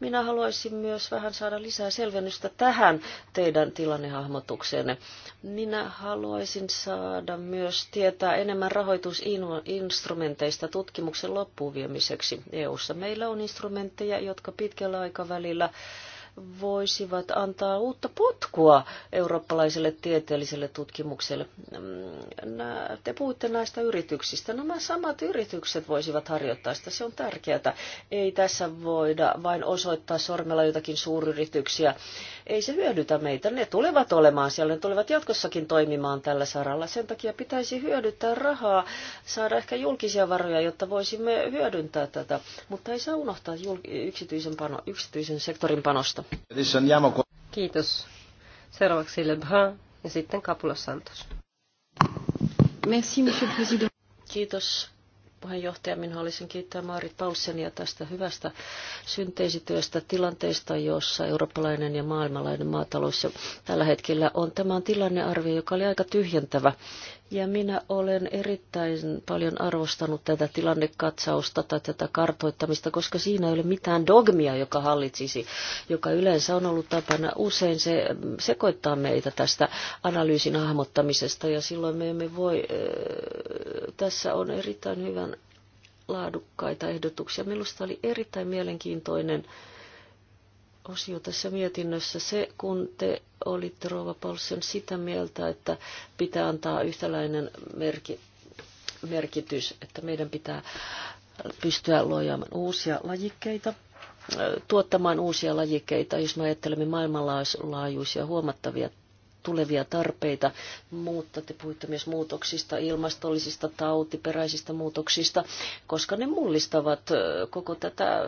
Speaker 1: minä haluaisin myös vähän saada lisää selvennystä tähän teidän tilannehahmotuksenne. Minä haluaisin saada myös tietää enemmän rahoitusinstrumenteista tutkimuksen loppuviemiseksi EU-ssa. Meillä on instrumentteja, jotka pitkällä aikavälillä voisivat antaa uutta
Speaker 3: potkua
Speaker 1: eurooppalaiselle tieteelliselle tutkimukselle. Mm, te puhutte näistä yrityksistä. Nämä samat yritykset voisivat harjoittaa sitä. Se on tärkeää. Ei tässä voida vain osoittaa sormella jotakin suuryrityksiä. Ei se hyödytä meitä. Ne tulevat olemaan siellä. Ne tulevat jatkossakin toimimaan tällä saralla. Sen takia pitäisi hyödyttää rahaa, saada ehkä julkisia varoja, jotta voisimme hyödyntää tätä. Mutta ei saa unohtaa yksityisen,
Speaker 2: pano, yksityisen sektorin panosta neuvosto. Kiitos. Seuraavaksi Lebrun ja sitten Kapula Santos. Merci, monsieur président.
Speaker 1: Kiitos puheenjohtaja. Minä haluaisin kiittää Maarit Paulsenia tästä hyvästä synteesityöstä tilanteesta, jossa eurooppalainen ja maailmanlainen maatalous tällä hetkellä on. Tämä on tilannearvio, joka oli aika tyhjentävä ja minä olen erittäin paljon arvostanut tätä tilannekatsausta tai tätä kartoittamista, koska siinä ei ole mitään dogmia, joka hallitsisi, joka yleensä on ollut tapana. Usein se sekoittaa meitä tästä analyysin hahmottamisesta ja silloin me emme voi, tässä on erittäin hyvän laadukkaita ehdotuksia. Minusta oli erittäin mielenkiintoinen äh, osio tässä mietinnössä se, kun te olitte Rova Paulsen sitä mieltä, että pitää antaa yhtäläinen merki, merkitys, että meidän pitää pystyä luojaamaan uusia lajikkeita, tuottamaan uusia lajikkeita, jos me ajattelemme maailmanlaajuisia huomattavia tulevia tarpeita, mutta te puhuitte myös muutoksista, ilmastollisista, tautiperäisistä muutoksista, koska ne mullistavat äh, koko tätä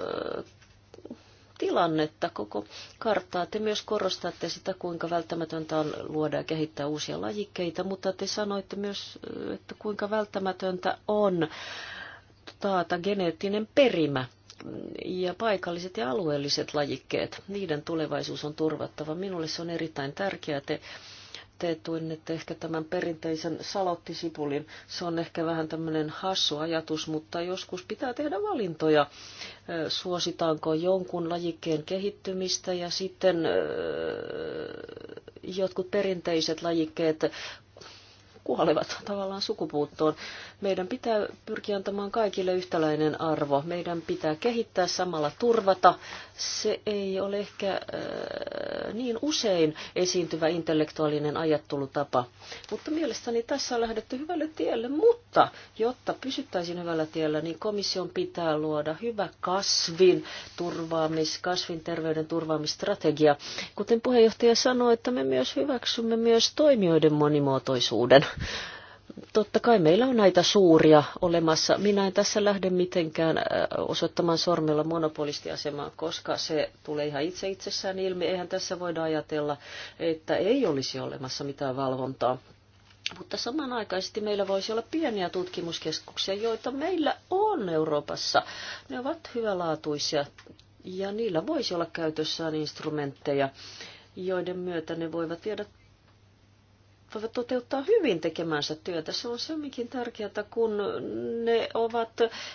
Speaker 1: tilannetta, koko karttaa. Te myös korostatte sitä, kuinka välttämätöntä on luoda ja kehittää uusia lajikkeita, mutta te sanoitte myös, että kuinka välttämätöntä on taata geneettinen perimä ja paikalliset ja alueelliset lajikkeet. Niiden tulevaisuus on turvattava. Minulle se on erittäin tärkeää. Te teetuin että ehkä tämän perinteisen salottisipulin. Se on ehkä vähän tämmöinen hassu ajatus, mutta joskus pitää tehdä valintoja. Suositaanko jonkun lajikkeen kehittymistä ja sitten jotkut perinteiset lajikkeet kuolevat tavallaan sukupuuttoon. Meidän pitää pyrkiä antamaan kaikille yhtäläinen arvo. Meidän pitää kehittää samalla turvata. Se ei ole ehkä äh, niin usein esiintyvä intellektuaalinen ajattelutapa. Mutta mielestäni tässä on lähdetty hyvälle tielle, mutta jotta pysyttäisiin hyvällä tiellä, niin komission pitää luoda hyvä kasvin turvaamis, kasvin terveyden turvaamistrategia. Kuten puheenjohtaja sanoi, että me myös hyväksymme myös toimijoiden monimuotoisuuden. Totta kai meillä on näitä suuria olemassa. Minä en tässä lähde mitenkään äh, osoittamaan sormella monopolistiasemaa, koska se tulee ihan itse itsessään ilmi. Eihän tässä voida ajatella, että ei olisi olemassa mitään valvontaa. Mutta samanaikaisesti meillä voisi olla pieniä tutkimuskeskuksia, joita meillä on Euroopassa. Ne ovat hyvälaatuisia ja niillä voisi olla käytössään instrumentteja, joiden myötä ne voivat viedä voivat toteuttaa hyvin tekemänsä työtä. Se on semminkin tärkeää, kun ne ovat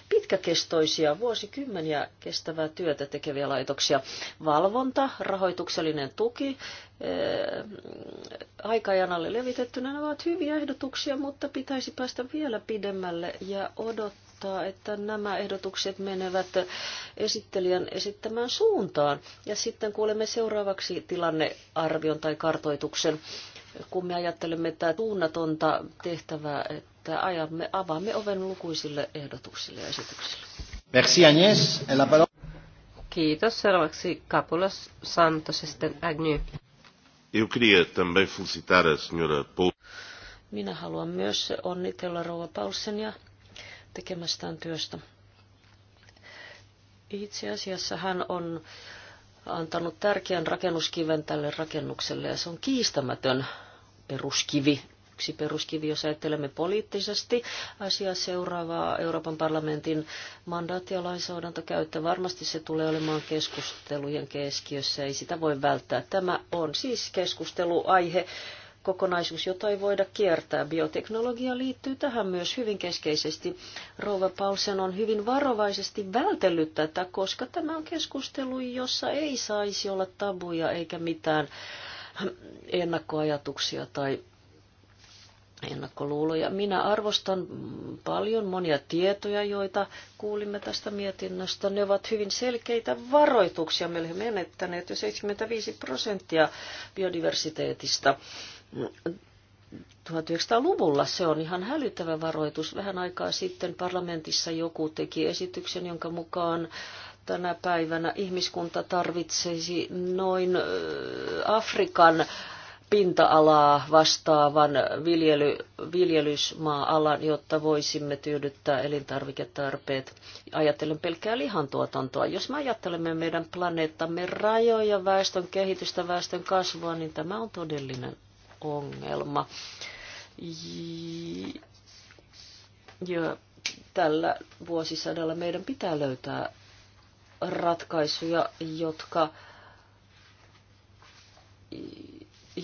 Speaker 1: pitkäkestoisia, vuosikymmeniä kestävää työtä tekeviä laitoksia. Valvonta, rahoituksellinen tuki, eh, aikajanalle levitettynä ne ovat hyviä ehdotuksia, mutta pitäisi päästä vielä pidemmälle ja odottaa odottaa, että nämä ehdotukset menevät esittelijän esittämään suuntaan. Ja sitten kuulemme seuraavaksi tilannearvion tai kartoituksen kun me ajattelemme tätä tuunnatonta tehtävää, että ajamme, avaamme oven
Speaker 2: lukuisille ehdotuksille ja esityksille.
Speaker 1: Merci Agnès.
Speaker 2: Kiitos. Seuraavaksi Kapulas Santos sitten Agnew. Eu queria também felicitar a senhora Paul. Minä haluan myös onnitella rouva Paulsenia
Speaker 1: tekemästään työstä. Itse asiassa hän on antanut tärkeän rakennuskiven tälle rakennukselle ja se on kiistämätön peruskivi yksi peruskivi, jos ajattelemme poliittisesti asiaa seuraavaa Euroopan parlamentin mandaatti- käyttää. Varmasti se tulee olemaan keskustelujen keskiössä, ei sitä voi välttää. Tämä on siis keskusteluaihe kokonaisuus, jota ei voida kiertää. Bioteknologia liittyy tähän myös hyvin keskeisesti. Rouva Paulsen on hyvin varovaisesti vältellyt tätä, koska tämä on keskustelu, jossa ei saisi olla tabuja eikä mitään äh, ennakkoajatuksia tai ennakkoluuloja. Minä arvostan paljon monia tietoja, joita kuulimme tästä mietinnöstä. Ne ovat hyvin selkeitä varoituksia. Me olemme menettäneet jo 75 prosenttia biodiversiteetista. 1900-luvulla se on ihan hälyttävä varoitus. Vähän aikaa sitten parlamentissa joku teki esityksen, jonka mukaan tänä päivänä ihmiskunta tarvitsisi noin Afrikan pinta-alaa vastaavan viljely, viljelysmaa-alan, jotta voisimme tyydyttää elintarviketarpeet. Ajattelen pelkkää lihantuotantoa. Jos me ajattelemme meidän planeettamme rajoja, väestön kehitystä, väestön kasvua, niin tämä on todellinen ongelma. Ja tällä vuosisadalla meidän pitää löytää ratkaisuja, jotka,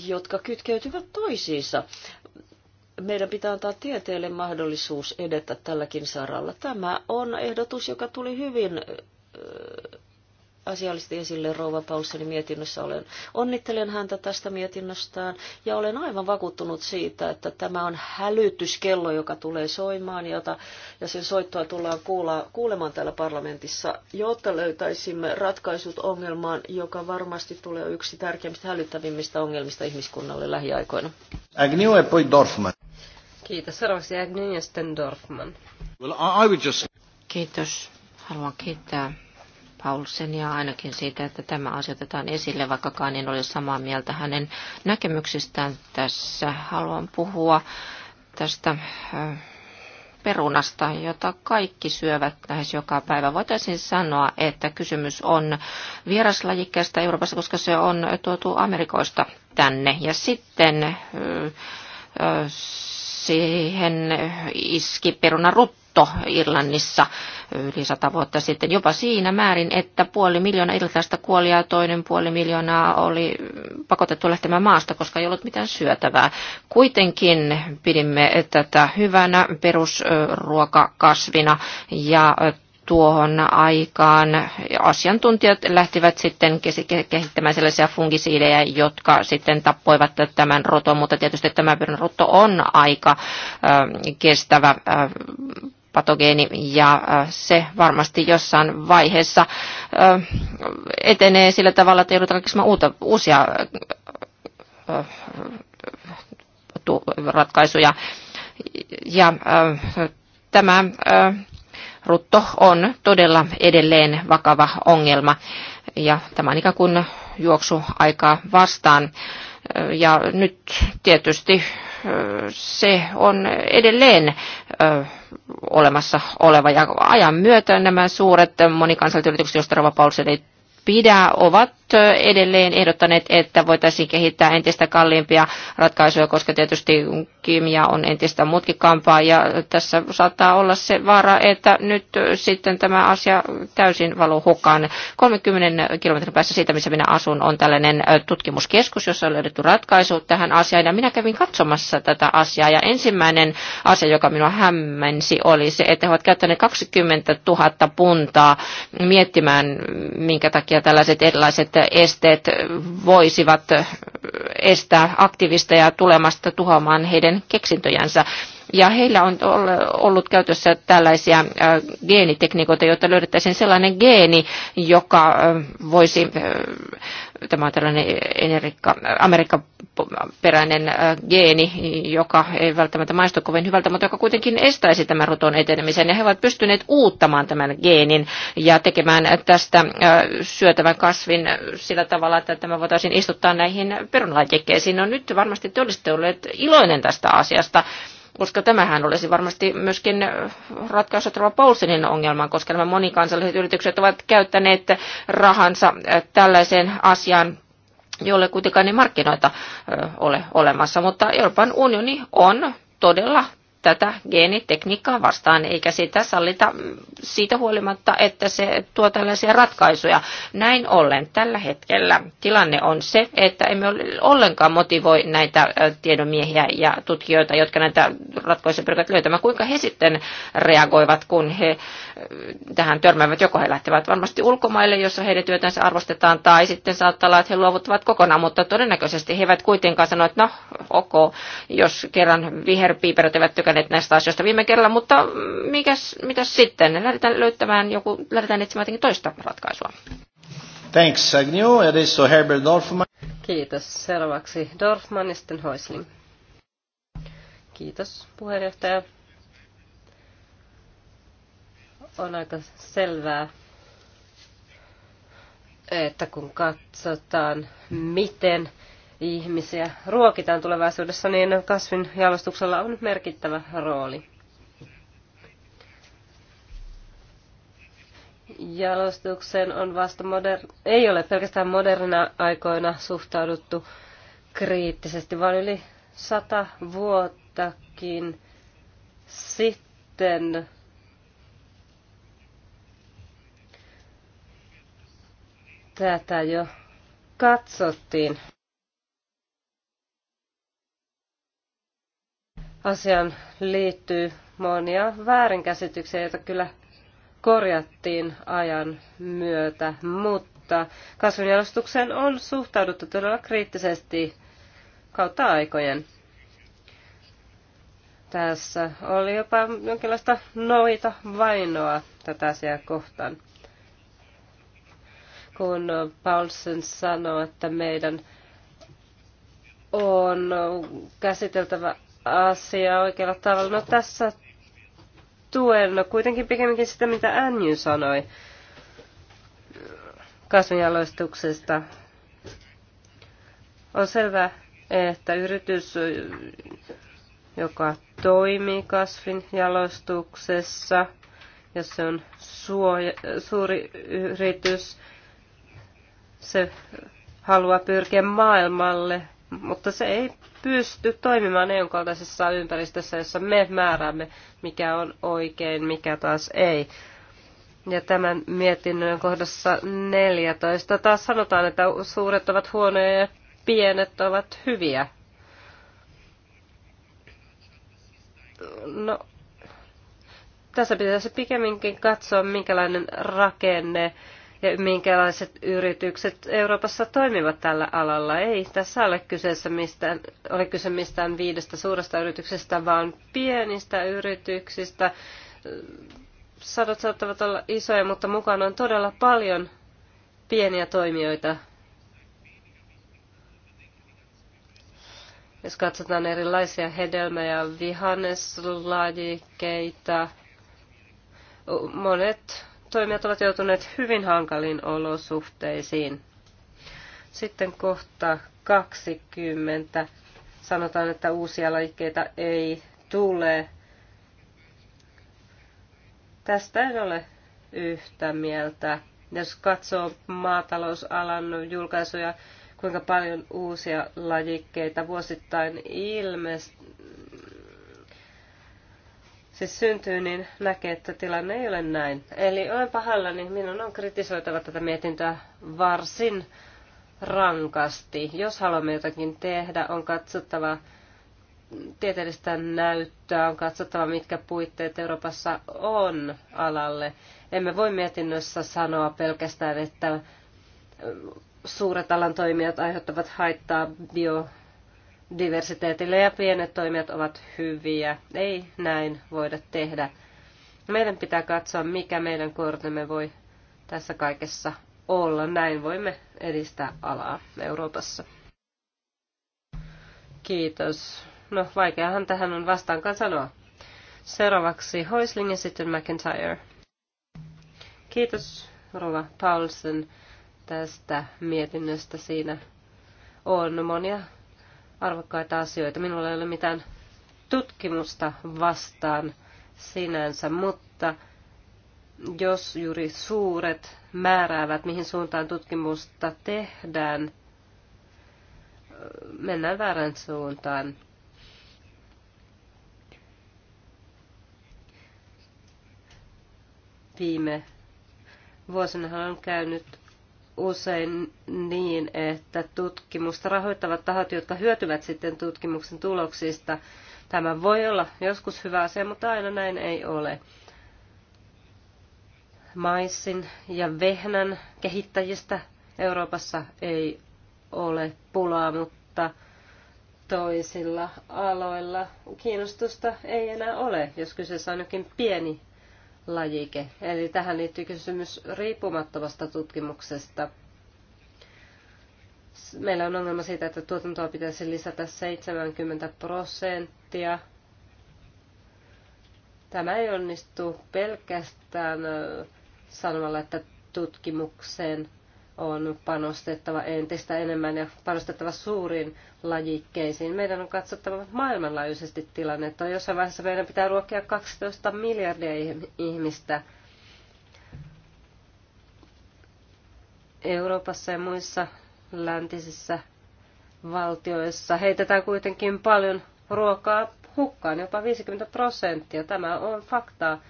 Speaker 1: jotka kytkeytyvät toisiinsa. Meidän pitää antaa tieteelle mahdollisuus edetä tälläkin saralla. Tämä on ehdotus, joka tuli hyvin asiallisesti esille Rouva Paulsenin mietinnössä. Olen, onnittelen häntä tästä mietinnöstään ja olen aivan vakuuttunut siitä, että tämä on hälytyskello, joka tulee soimaan jota, ja sen soittoa tullaan kuulla, kuulemaan täällä parlamentissa, jotta löytäisimme ratkaisut ongelmaan, joka varmasti tulee yksi tärkeimmistä hälyttävimmistä ongelmista ihmiskunnalle lähiaikoina. Agnew poi Dorfman.
Speaker 3: Kiitos. Seuraavaksi Agnew ja Dorfman. Well, I would just... Kiitos. Haluan kiittää Paulsenia ainakin siitä, että tämä asetetaan esille, vaikkakaan en ole samaa mieltä hänen näkemyksistään tässä. Haluan puhua tästä perunasta, jota kaikki syövät lähes joka päivä. Voitaisiin sanoa, että kysymys on vieraslajikkeesta Euroopassa, koska se on tuotu Amerikoista tänne. Ja sitten siihen iski perunan muutto Irlannissa yli sata vuotta sitten, jopa siinä määrin, että puoli miljoonaa irlantilaista kuoli ja toinen puoli miljoonaa oli pakotettu lähtemään maasta, koska ei ollut mitään syötävää. Kuitenkin pidimme tätä hyvänä perusruokakasvina ja tuohon aikaan asiantuntijat lähtivät sitten kehittämään sellaisia fungisiidejä, jotka sitten tappoivat tämän roton, mutta tietysti tämä roto on aika ähm, kestävä äh, patogeeni ja äh, se varmasti jossain vaiheessa äh, etenee sillä tavalla, että joudutaan keksimään uusia äh, ratkaisuja. Ja tämä rutto on todella edelleen vakava ongelma ja tämä on ikään kuin juoksuaikaa vastaan. Ja nyt tietysti se on edelleen olemassa oleva. Ja ajan myötä nämä suuret monikansalliset yritykset, joista Rova Paulsen ei pidä, ovat edelleen ehdottaneet, että voitaisiin kehittää entistä kalliimpia ratkaisuja, koska tietysti kimia on entistä mutkikampaa ja tässä saattaa olla se vaara, että nyt sitten tämä asia täysin valuu hukkaan. 30 kilometrin päässä siitä, missä minä asun, on tällainen tutkimuskeskus, jossa on löydetty ratkaisu tähän asiaan ja minä kävin katsomassa tätä asiaa ja ensimmäinen asia, joka minua hämmensi, oli se, että he ovat käyttäneet 20 000 puntaa miettimään, minkä takia tällaiset erilaiset esteet voisivat estää aktivisteja tulemasta tuhoamaan heidän keksintöjänsä. Ja heillä on ollut käytössä tällaisia äh, geenitekniikoita, jotta löydettäisiin sellainen geeni, joka äh, voisi äh, tämä on tällainen Amerikka, peräinen geeni, joka ei välttämättä maistu kovin hyvältä, mutta joka kuitenkin estäisi tämän ruton etenemisen. Ja he ovat pystyneet uuttamaan tämän geenin ja tekemään tästä syötävän kasvin sillä tavalla, että tämä voitaisiin istuttaa näihin perunalajikkeisiin. No nyt varmasti te olisitte olleet iloinen tästä asiasta, koska tämähän olisi varmasti myöskin ratkaisu Rova Paulsenin ongelmaan, koska nämä monikansalliset yritykset ovat käyttäneet rahansa tällaiseen asiaan, jolle kuitenkaan ei markkinoita ole olemassa. Mutta Euroopan unioni on todella tätä geenitekniikkaa vastaan, eikä sitä sallita mm, siitä huolimatta, että se tuo tällaisia ratkaisuja. Näin ollen tällä hetkellä tilanne on se, että emme ollenkaan motivoi näitä tiedomiehiä ja tutkijoita, jotka näitä ratkaisuja pyrkivät löytämään. Kuinka he sitten reagoivat, kun he tähän törmäävät? Joko he lähtevät varmasti ulkomaille, jossa heidän työtänsä arvostetaan, tai sitten saattaa olla, että he luovuttavat kokonaan, mutta todennäköisesti he eivät kuitenkaan sano, että no, ok, jos kerran viherpiiperät eivät tykkää päättäneet näistä asioista viime kerralla, mutta mikäs, mitäs sitten? Lähdetään löytämään joku, lähdetään etsimään jotenkin toista ratkaisua.
Speaker 1: Thanks, Agnew. Adesso uh, Herbert Dorfman.
Speaker 3: Kiitos. Seuraavaksi Dorfman ja sitten Häusling.
Speaker 2: Kiitos, puheenjohtaja. On aika selvää, että kun katsotaan, miten ihmisiä ruokitaan tulevaisuudessa, niin kasvin jalostuksella on merkittävä rooli. Jalostukseen on vasta moder- ei ole pelkästään modernina aikoina suhtauduttu kriittisesti, vaan yli sata vuottakin sitten tätä jo katsottiin. asiaan liittyy monia väärinkäsityksiä, joita kyllä korjattiin ajan myötä, mutta kasvinjalostukseen on suhtauduttu todella kriittisesti kautta aikojen. Tässä oli jopa jonkinlaista noita vainoa tätä asiaa kohtaan. Kun Paulsen sanoo, että meidän on käsiteltävä asiaa oikealla tavalla. No tässä tuen no, kuitenkin pikemminkin sitä, mitä Anny sanoi kasvinjalostuksesta. On selvää, että yritys, joka toimii kasvinjalostuksessa, ja se on suoja, suuri yritys, se haluaa pyrkiä maailmalle mutta se ei pysty toimimaan eu kaltaisessa ympäristössä, jossa me määräämme, mikä on oikein, mikä taas ei. Ja tämän mietinnön kohdassa 14 taas sanotaan, että suuret ovat huonoja ja pienet ovat hyviä. No, tässä pitäisi pikemminkin katsoa, minkälainen rakenne ja minkälaiset yritykset Euroopassa toimivat tällä alalla. Ei tässä ole, kyseessä mistään, ole kyse mistään viidestä suuresta yrityksestä, vaan pienistä yrityksistä. Sadot saattavat olla isoja, mutta mukana on todella paljon pieniä toimijoita. Jos katsotaan erilaisia hedelmä- ja vihanneslajikeita, monet toimijat ovat joutuneet hyvin hankaliin olosuhteisiin. Sitten kohta 20 sanotaan, että uusia lajikkeita ei tule. Tästä en ole yhtä mieltä. Jos katsoo maatalousalan julkaisuja, kuinka paljon uusia lajikkeita vuosittain ilmestyy, konflikti syntyy, niin näkee, että tilanne ei ole näin. Eli olen pahalla, niin minun on kritisoitava tätä mietintöä varsin rankasti. Jos haluamme jotakin tehdä, on katsottava tieteellistä näyttöä, on katsottava, mitkä puitteet Euroopassa on alalle. Emme voi mietinnössä sanoa pelkästään, että suuret alan toimijat aiheuttavat haittaa bio diversiteetille ja pienet toimijat ovat hyviä. Ei näin voida tehdä. Meidän pitää katsoa, mikä meidän kortemme voi tässä kaikessa olla. Näin voimme edistää alaa Euroopassa. Kiitos. No, vaikeahan tähän on vastaankaan sanoa. Seuraavaksi Hoisling ja sitten McIntyre. Kiitos Rova Paulsen tästä mietinnöstä. Siinä on monia arvokkaita asioita. Minulla ei ole mitään tutkimusta vastaan sinänsä, mutta jos juuri suuret määräävät, mihin suuntaan tutkimusta tehdään, mennään väärän suuntaan. Viime vuosina on käynyt usein niin, että tutkimusta rahoittavat tahot, jotka hyötyvät sitten tutkimuksen tuloksista. Tämä voi olla joskus hyvä asia, mutta aina näin ei ole. Maissin ja vehnän kehittäjistä Euroopassa ei ole pulaa, mutta toisilla aloilla kiinnostusta ei enää ole, jos kyseessä on jokin pieni lajike. Eli tähän liittyy kysymys riippumattomasta tutkimuksesta. Meillä on ongelma siitä, että tuotantoa pitäisi lisätä 70 prosenttia. Tämä ei onnistu pelkästään sanomalla, että tutkimukseen on panostettava entistä enemmän ja panostettava suuriin lajikkeisiin. Meidän on katsottava maailmanlaajuisesti tilannetta. Jossain vaiheessa meidän pitää ruokkia 12 miljardia ihmistä. Euroopassa ja muissa läntisissä valtioissa heitetään kuitenkin paljon ruokaa hukkaan, jopa 50 prosenttia. Tämä on faktaa.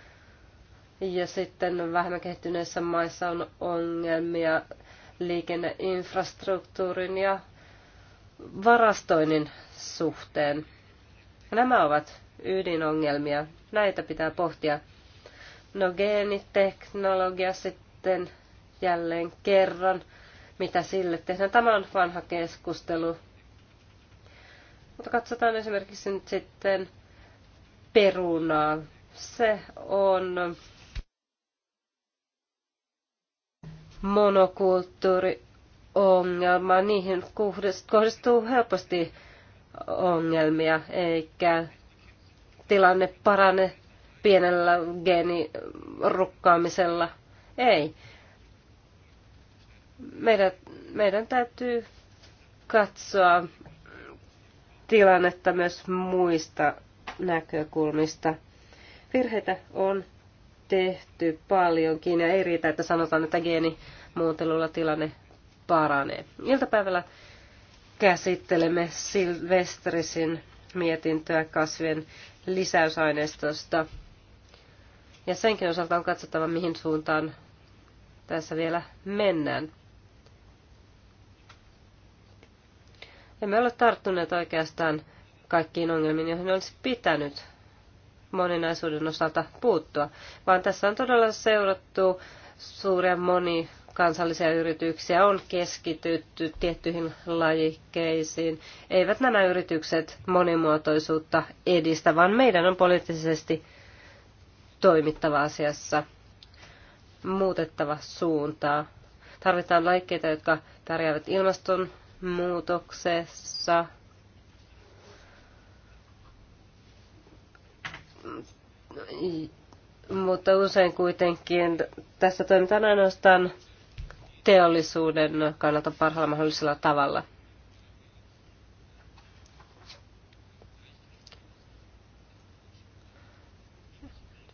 Speaker 2: Ja sitten vähemmän kehittyneissä maissa on ongelmia liikenneinfrastruktuurin ja varastoinnin suhteen. Nämä ovat ydinongelmia. Näitä pitää pohtia. No geeniteknologia sitten jälleen kerran. Mitä sille tehdään? Tämä on vanha keskustelu. Mutta katsotaan esimerkiksi nyt sitten perunaa. Se on monokulttuuriongelma, niihin kohdistuu helposti ongelmia, eikä tilanne parane pienellä geenirukkaamisella. Ei. Meidän, meidän täytyy katsoa tilannetta myös muista näkökulmista. Virheitä on tehty paljonkin ja ei riitä, että sanotaan, että geenimuuntelulla tilanne paranee. Iltapäivällä käsittelemme Silvestrisin mietintöä kasvien lisäysaineistosta. Ja senkin osalta on katsottava, mihin suuntaan tässä vielä mennään. Emme ole tarttuneet oikeastaan kaikkiin ongelmiin, joihin olisi pitänyt moninaisuuden osalta puuttua, vaan tässä on todella seurattu suuria moni kansallisia yrityksiä on keskitytty tiettyihin lajikkeisiin. Eivät nämä yritykset monimuotoisuutta edistä, vaan meidän on poliittisesti toimittava asiassa muutettava suuntaa. Tarvitaan lajikkeita, jotka pärjäävät ilmastonmuutoksessa, mutta usein kuitenkin tässä toimitaan ainoastaan teollisuuden kannalta parhaalla mahdollisella tavalla.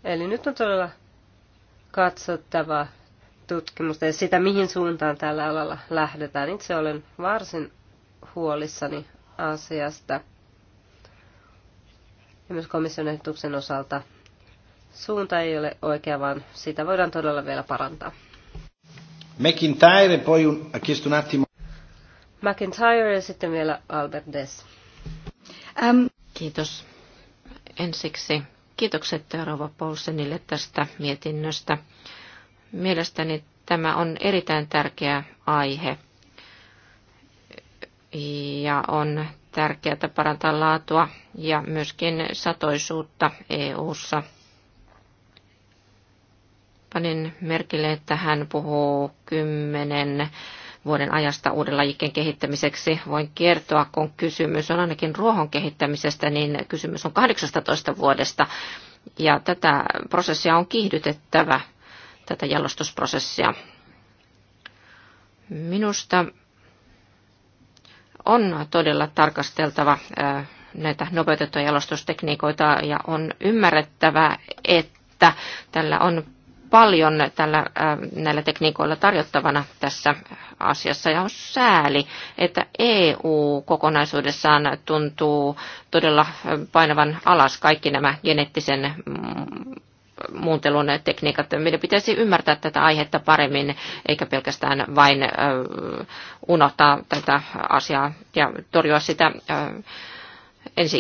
Speaker 2: Eli nyt on todella katsottava tutkimusta ja sitä, mihin suuntaan tällä alalla lähdetään. Itse olen varsin huolissani asiasta ja myös komission ehdotuksen osalta suunta ei ole oikea, vaan sitä voidaan todella vielä parantaa.
Speaker 1: McIntyre, poi un, ha
Speaker 2: chiesto un attimo. McIntyre ja sitten vielä Albert Des.
Speaker 3: Um, kiitos. Ensiksi kiitokset Rova Paulsenille tästä mietinnöstä. Mielestäni tämä on erittäin tärkeä aihe ja on tärkeää parantaa laatua ja myöskin satoisuutta EU-ssa – Panin merkille, että hän puhuu kymmenen vuoden ajasta uuden lajikkeen kehittämiseksi. Voin kertoa, kun kysymys on ainakin ruohon kehittämisestä, niin kysymys on 18 vuodesta. Ja tätä prosessia on kiihdytettävä, tätä jalostusprosessia. Minusta on todella tarkasteltava näitä nopeutettuja jalostustekniikoita ja on ymmärrettävä, että tällä on paljon tällä, äh, näillä tekniikoilla tarjottavana tässä asiassa. Ja on sääli, että EU kokonaisuudessaan tuntuu todella painavan alas kaikki nämä geneettisen mm, muuntelun tekniikat. Meidän pitäisi ymmärtää tätä aihetta paremmin, eikä pelkästään vain äh, unohtaa tätä asiaa ja torjua sitä äh,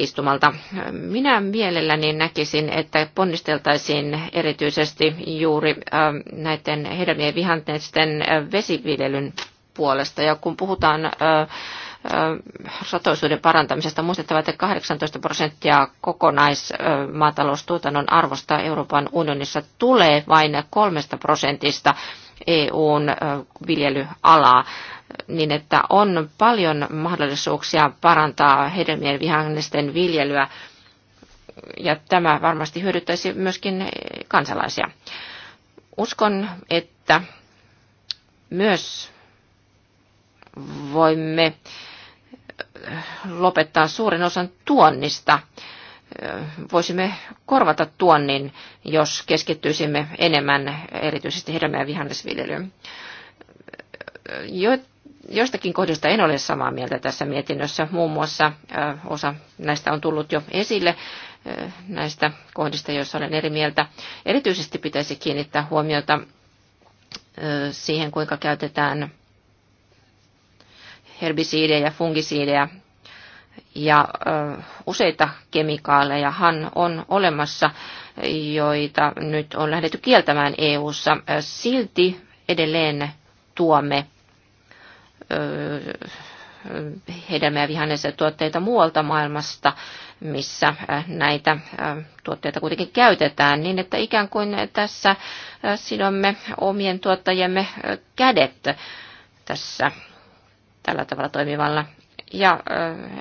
Speaker 3: istumalta. Minä mielelläni näkisin, että ponnisteltaisiin erityisesti juuri äh, näiden hedelmien vihanteisten äh, vesiviljelyn puolesta. Ja kun puhutaan äh, satoisuuden parantamisesta. Muistettava, että 18 prosenttia kokonaismaataloustuotannon arvosta Euroopan unionissa tulee vain kolmesta prosentista EUn viljelyalaa niin että on paljon mahdollisuuksia parantaa hedelmien vihannesten viljelyä ja tämä varmasti hyödyttäisi myöskin kansalaisia. Uskon, että myös voimme lopettaa suuren osan tuonnista voisimme korvata tuonnin, jos keskittyisimme enemmän erityisesti hedelmä- ja vihannesviljelyyn. Jo, joistakin kohdista en ole samaa mieltä tässä mietinnössä. Muun muassa osa näistä on tullut jo esille näistä kohdista, joissa olen eri mieltä. Erityisesti pitäisi kiinnittää huomiota siihen, kuinka käytetään herbisiidejä ja fungisiidejä ja useita kemikaalejahan on olemassa, joita nyt on lähdetty kieltämään EU:ssa. Silti edelleen tuomme hedelmä- ja tuotteita muualta maailmasta, missä näitä tuotteita kuitenkin käytetään, niin että ikään kuin tässä sidomme omien tuottajiemme kädet tässä tällä tavalla toimivalla ja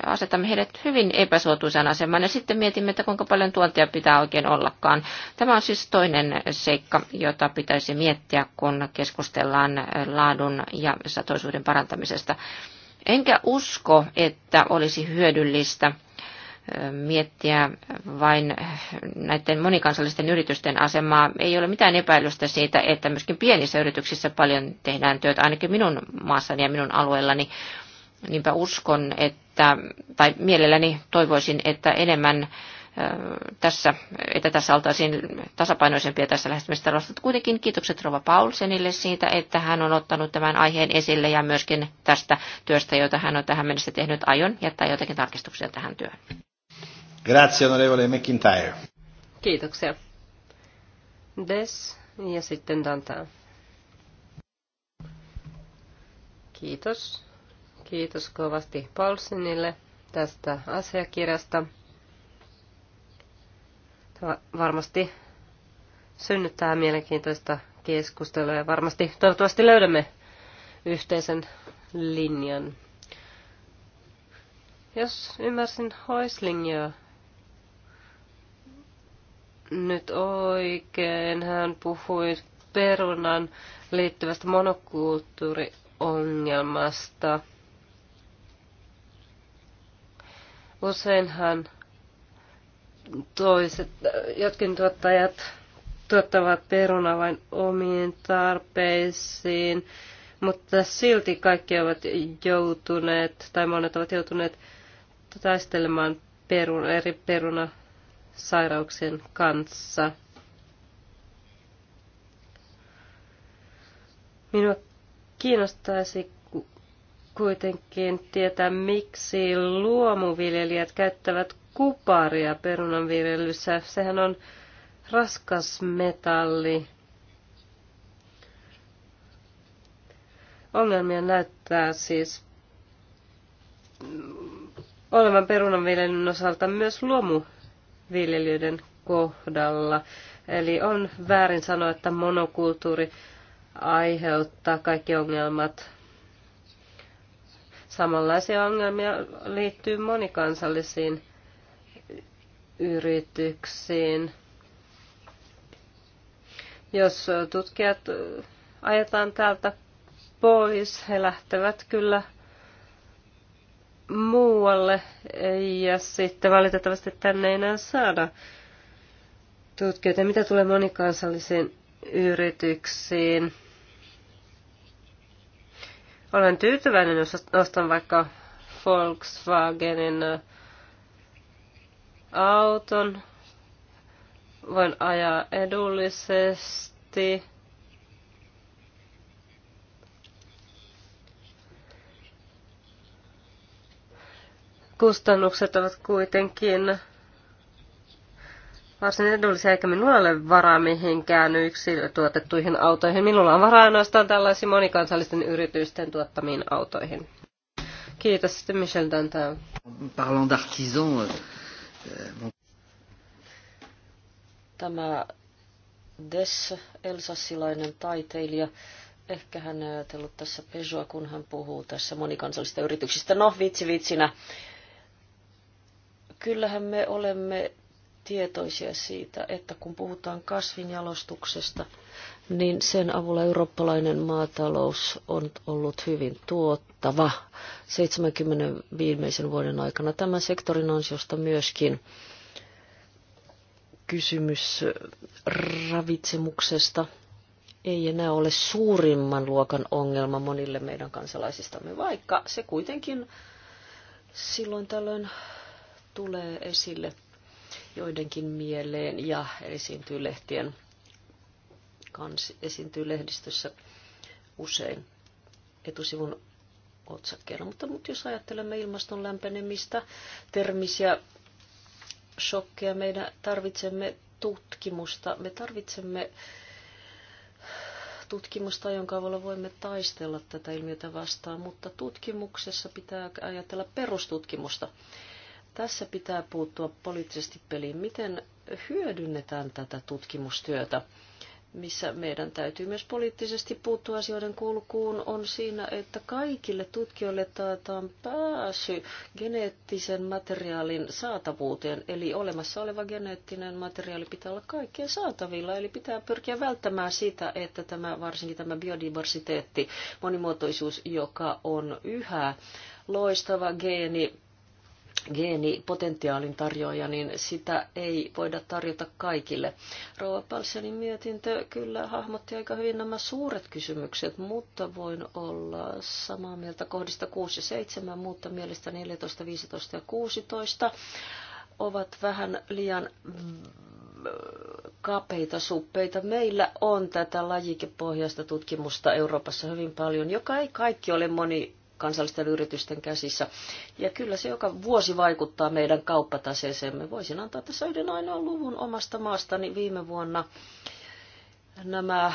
Speaker 3: asetamme heidät hyvin epäsuotuisen asemaan. Ja sitten mietimme, että kuinka paljon tuontia pitää oikein ollakaan. Tämä on siis toinen seikka, jota pitäisi miettiä, kun keskustellaan laadun ja satoisuuden parantamisesta. Enkä usko, että olisi hyödyllistä miettiä vain näiden monikansallisten yritysten asemaa. Ei ole mitään epäilystä siitä, että myöskin pienissä yrityksissä paljon tehdään työtä, ainakin minun maassani ja minun alueellani Niinpä uskon, että, tai mielelläni toivoisin, että enemmän tässä, että tässä oltaisiin tasapainoisempia tässä lähestymistavassa. Kuitenkin kiitokset Rova Paulsenille siitä, että hän on ottanut tämän aiheen esille ja myöskin tästä työstä, jota hän on tähän mennessä tehnyt. Aion jättää jotakin tarkistuksia tähän työhön.
Speaker 1: Grazie, onorevole McIntyre.
Speaker 3: Kiitoksia.
Speaker 2: Des ja sitten Dantaa. Kiitos. Kiitos kovasti Paulsinille tästä asiakirjasta. Tämä varmasti synnyttää mielenkiintoista keskustelua ja varmasti toivottavasti löydämme yhteisen linjan. Jos ymmärsin Hoislingia nyt oikein, hän puhui perunan liittyvästä monokulttuuriongelmasta – Useinhan toiset, jotkin tuottajat tuottavat peruna vain omiin tarpeisiin, mutta silti kaikki ovat joutuneet, tai monet ovat joutuneet taistelemaan perun, eri perunasairauksien kanssa. Minua kiinnostaisi kuitenkin tietää, miksi luomuviljelijät käyttävät kuparia perunanviljelyssä. Sehän on raskas metalli. Ongelmia näyttää siis olevan perunanviljelyn osalta myös luomuviljelyiden kohdalla. Eli on väärin sanoa, että monokulttuuri aiheuttaa kaikki ongelmat Samanlaisia ongelmia liittyy monikansallisiin yrityksiin. Jos tutkijat ajetaan täältä pois, he lähtevät kyllä muualle ja sitten valitettavasti tänne ei enää saada tutkijoita. Mitä tulee monikansallisiin yrityksiin? Olen tyytyväinen, jos ostan vaikka Volkswagenin äh, auton. Voin ajaa edullisesti. Kustannukset ovat kuitenkin varsin edullisia, eikä minulla ole varaa mihinkään yksilötuotettuihin autoihin. Minulla on varaa ainoastaan tällaisiin monikansallisten yritysten tuottamiin autoihin. Kiitos sitten Michel Dantin. Parlant d'artisan. Euh, Tämä Des,
Speaker 1: elsassilainen taiteilija, ehkä hän on äh, ajatellut tässä pesua kun hän puhuu tässä monikansallisista yrityksistä. No, vitsi vitsinä. Kyllähän me olemme tietoisia siitä, että kun puhutaan kasvinjalostuksesta, niin sen avulla eurooppalainen maatalous on ollut hyvin tuottava 70 viimeisen vuoden aikana. Tämän sektorin ansiosta myöskin kysymys ravitsemuksesta ei enää ole suurimman luokan ongelma monille meidän kansalaisistamme, vaikka se kuitenkin silloin tällöin tulee esille – joidenkin mieleen ja esiintyy lehtien kansi, esiintyy lehdistössä usein etusivun otsakkeena. Mutta, mutta jos ajattelemme ilmaston lämpenemistä, termisiä shokkeja, meidän tarvitsemme tutkimusta. Me tarvitsemme tutkimusta, jonka avulla voimme taistella tätä ilmiötä vastaan, mutta tutkimuksessa pitää ajatella perustutkimusta. Tässä pitää puuttua poliittisesti peliin. Miten hyödynnetään tätä tutkimustyötä, missä meidän täytyy myös poliittisesti puuttua asioiden kulkuun, on siinä, että kaikille tutkijoille taataan pääsy geneettisen materiaalin saatavuuteen. Eli olemassa oleva geneettinen materiaali pitää olla kaikkien saatavilla, eli pitää pyrkiä välttämään sitä, että tämä, varsinkin tämä biodiversiteetti, monimuotoisuus, joka on yhä loistava geeni geenipotentiaalin tarjoaja, niin sitä ei voida tarjota kaikille. Rouva Palsenin mietintö kyllä hahmotti aika hyvin nämä suuret kysymykset, mutta voin olla samaa mieltä kohdista 6 ja 7, mutta mielestä 14, 15 ja 16 ovat vähän liian kapeita, suppeita. Meillä on tätä lajikepohjaista tutkimusta Euroopassa hyvin paljon, joka ei kaikki ole moni kansallisten yritysten käsissä. Ja kyllä se joka vuosi vaikuttaa meidän kauppataseeseemme. Voisin antaa tässä yhden ainoan luvun omasta maastani viime vuonna. Nämä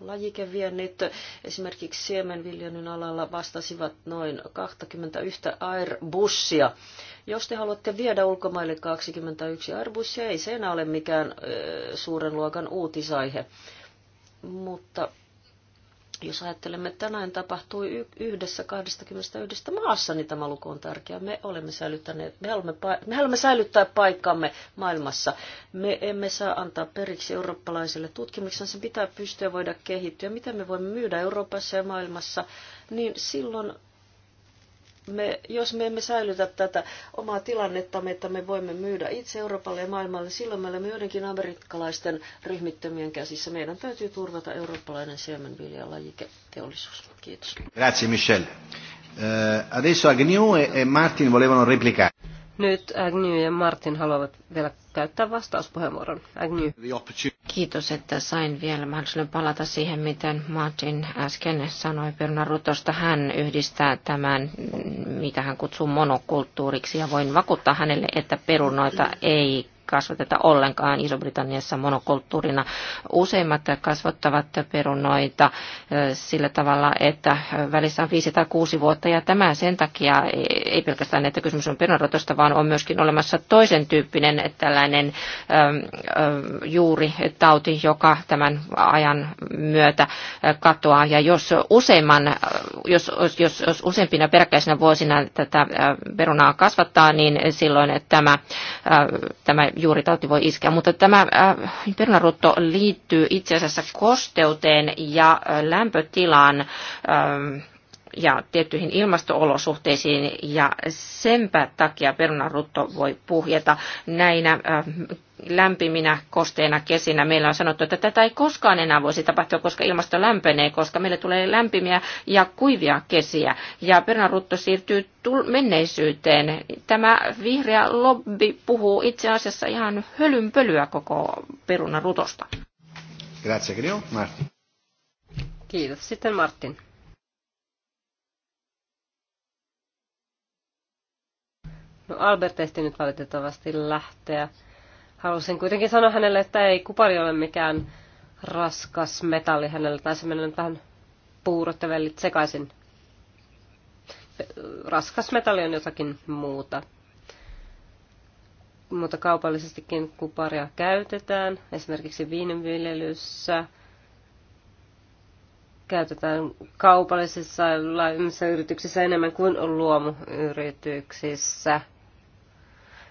Speaker 1: lajikeviennit esimerkiksi siemenviljelyn alalla vastasivat noin 21 Airbussia. Jos te haluatte viedä ulkomaille 21 Airbusia, ei se enää ole mikään suuren luokan uutisaihe. Mutta jos ajattelemme, että tänään tapahtui yhdessä 21 maassa, niin tämä luku on tärkeä. Me olemme säilyttäneet, me haluamme, me haluamme säilyttää paikkamme maailmassa. Me emme saa antaa periksi eurooppalaisille tutkimuksensa, Sen pitää pystyä voida kehittyä. Mitä me voimme myydä Euroopassa ja maailmassa, niin silloin me, jos me emme säilytä tätä omaa tilannettamme, että me voimme myydä itse Euroopalle ja maailmalle, silloin me olemme joidenkin amerikkalaisten ryhmittömien käsissä. Meidän täytyy turvata eurooppalainen siemenviljalajiketeollisuus. Kiitos. Grazie Michel. Uh, adesso Agnew e, e Martin volevano replicare.
Speaker 2: Nyt Agnew
Speaker 3: ja Martin haluavat vielä käyttää vastauspuheenvuoron. Agnew. Kiitos, että sain vielä mahdollisuuden palata siihen, miten Martin äsken sanoi Pirna Rutosta. Hän yhdistää tämän, mitä hän kutsuu monokulttuuriksi, ja voin vakuuttaa hänelle, että perunoita ei kasvateta ollenkaan Iso-Britanniassa monokulttuurina. Useimmat kasvattavat perunoita sillä tavalla, että välissä on viisi tai kuusi vuotta ja tämä sen takia ei pelkästään, että kysymys on perunarotosta, vaan on myöskin olemassa toisen tyyppinen tällainen juuritauti, joka tämän ajan myötä katoaa. Ja jos useimman, jos, jos, jos useimpina peräkkäisinä vuosina tätä perunaa kasvattaa, niin silloin tämä, tämä juuri tauti voi iskeä. Mutta tämä äh, perunarutto liittyy itse asiassa kosteuteen ja äh, lämpötilaan. Äh, ja tiettyihin ilmastoolosuhteisiin ja senpä takia perunarutto voi puhjeta näinä äh, lämpiminä kosteina kesinä. Meillä on sanottu, että tätä ei koskaan enää voisi tapahtua, koska ilmasto lämpenee, koska meille tulee lämpimiä ja kuivia kesiä. Ja perunarutto siirtyy menneisyyteen. Tämä vihreä lobby puhuu itse asiassa ihan hölynpölyä koko perunarutosta.
Speaker 1: Grazie, Grio. Martin.
Speaker 3: Kiitos. Sitten Martin.
Speaker 2: No Albert ehti nyt valitettavasti lähteä. Halusin kuitenkin sanoa hänelle, että ei kupari ole mikään raskas metalli hänelle, tai se vähän puurot ja vellit sekaisin. Raskas metalli on jotakin muuta. Mutta kaupallisestikin kuparia käytetään, esimerkiksi viininviljelyssä. Käytetään kaupallisissa yrityksissä enemmän kuin luomuyrityksissä.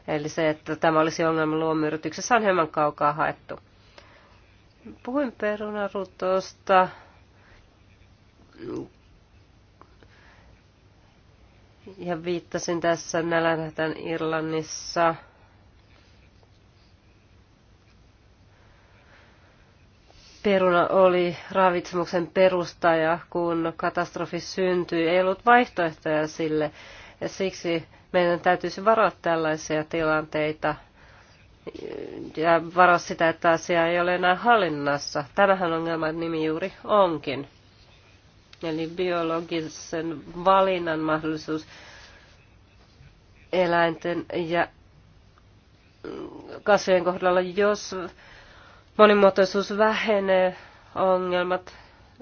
Speaker 2: Eli se, että tämä olisi ongelma luomuyrityksessä, on hieman kaukaa haettu. Puhuin perunarutosta. Ja viittasin tässä nälänhätän Irlannissa. peruna oli ravitsemuksen perustaja, kun katastrofi syntyi. Ei ollut vaihtoehtoja sille ja siksi meidän täytyisi varoa tällaisia tilanteita ja varoa sitä, että asia ei ole enää hallinnassa. Tämähän ongelman nimi juuri onkin. Eli biologisen valinnan mahdollisuus eläinten ja kasvien kohdalla, jos monimuotoisuus vähenee, ongelmat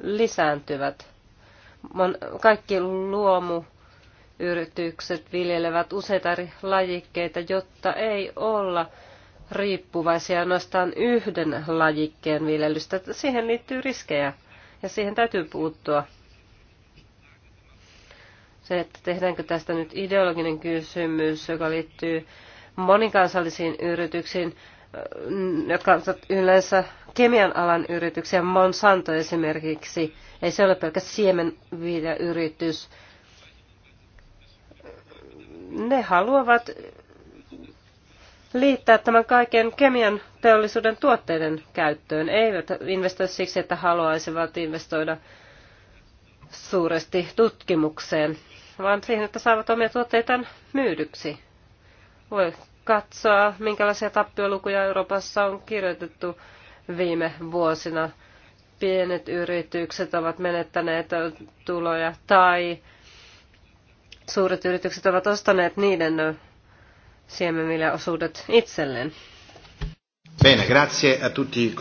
Speaker 2: lisääntyvät. Kaikki luomu yritykset viljelevät useita eri lajikkeita, jotta ei olla riippuvaisia ainoastaan yhden lajikkeen viljelystä. Siihen liittyy riskejä ja siihen täytyy puuttua. Se, että tehdäänkö tästä nyt ideologinen kysymys, joka liittyy monikansallisiin yrityksiin, äh, jotka ovat yleensä kemian alan yrityksiä, Monsanto esimerkiksi, ei se ole pelkä siemenviljayritys, yritys ne haluavat liittää tämän kaiken kemian teollisuuden tuotteiden käyttöön. Eivät investoi siksi, että haluaisivat investoida suuresti tutkimukseen, vaan siihen, että saavat omia tuotteitaan myydyksi. Voi katsoa, minkälaisia tappiolukuja Euroopassa on kirjoitettu viime vuosina. Pienet yritykset ovat menettäneet tuloja tai suuret yritykset ovat ostaneet niiden siemenviljan osuudet itselleen.
Speaker 1: Bene, grazie a tutti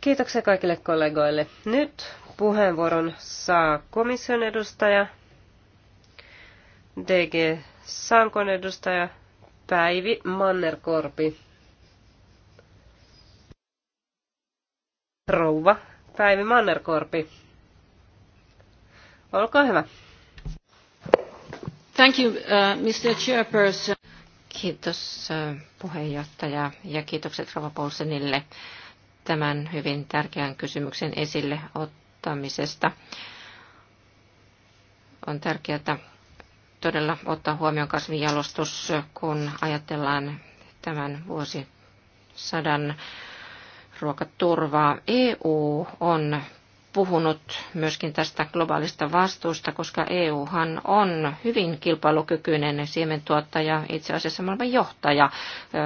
Speaker 2: Kiitoksia kaikille kollegoille. Nyt puheenvuoron saa komission edustaja, DG Sankon edustaja Päivi Mannerkorpi. Rouva Päivi Mannerkorpi. Olkaa
Speaker 3: hyvä. Uh, Kiitos uh, puheenjohtaja ja kiitokset Rova Paulsenille tämän hyvin tärkeän kysymyksen esille ottamisesta. On tärkeää todella ottaa huomioon kasvinjalostus, kun ajatellaan tämän vuosisadan ruokaturvaa. EU on puhunut myöskin tästä globaalista vastuusta, koska EUhan on hyvin kilpailukykyinen siementuottaja, itse asiassa maailman johtaja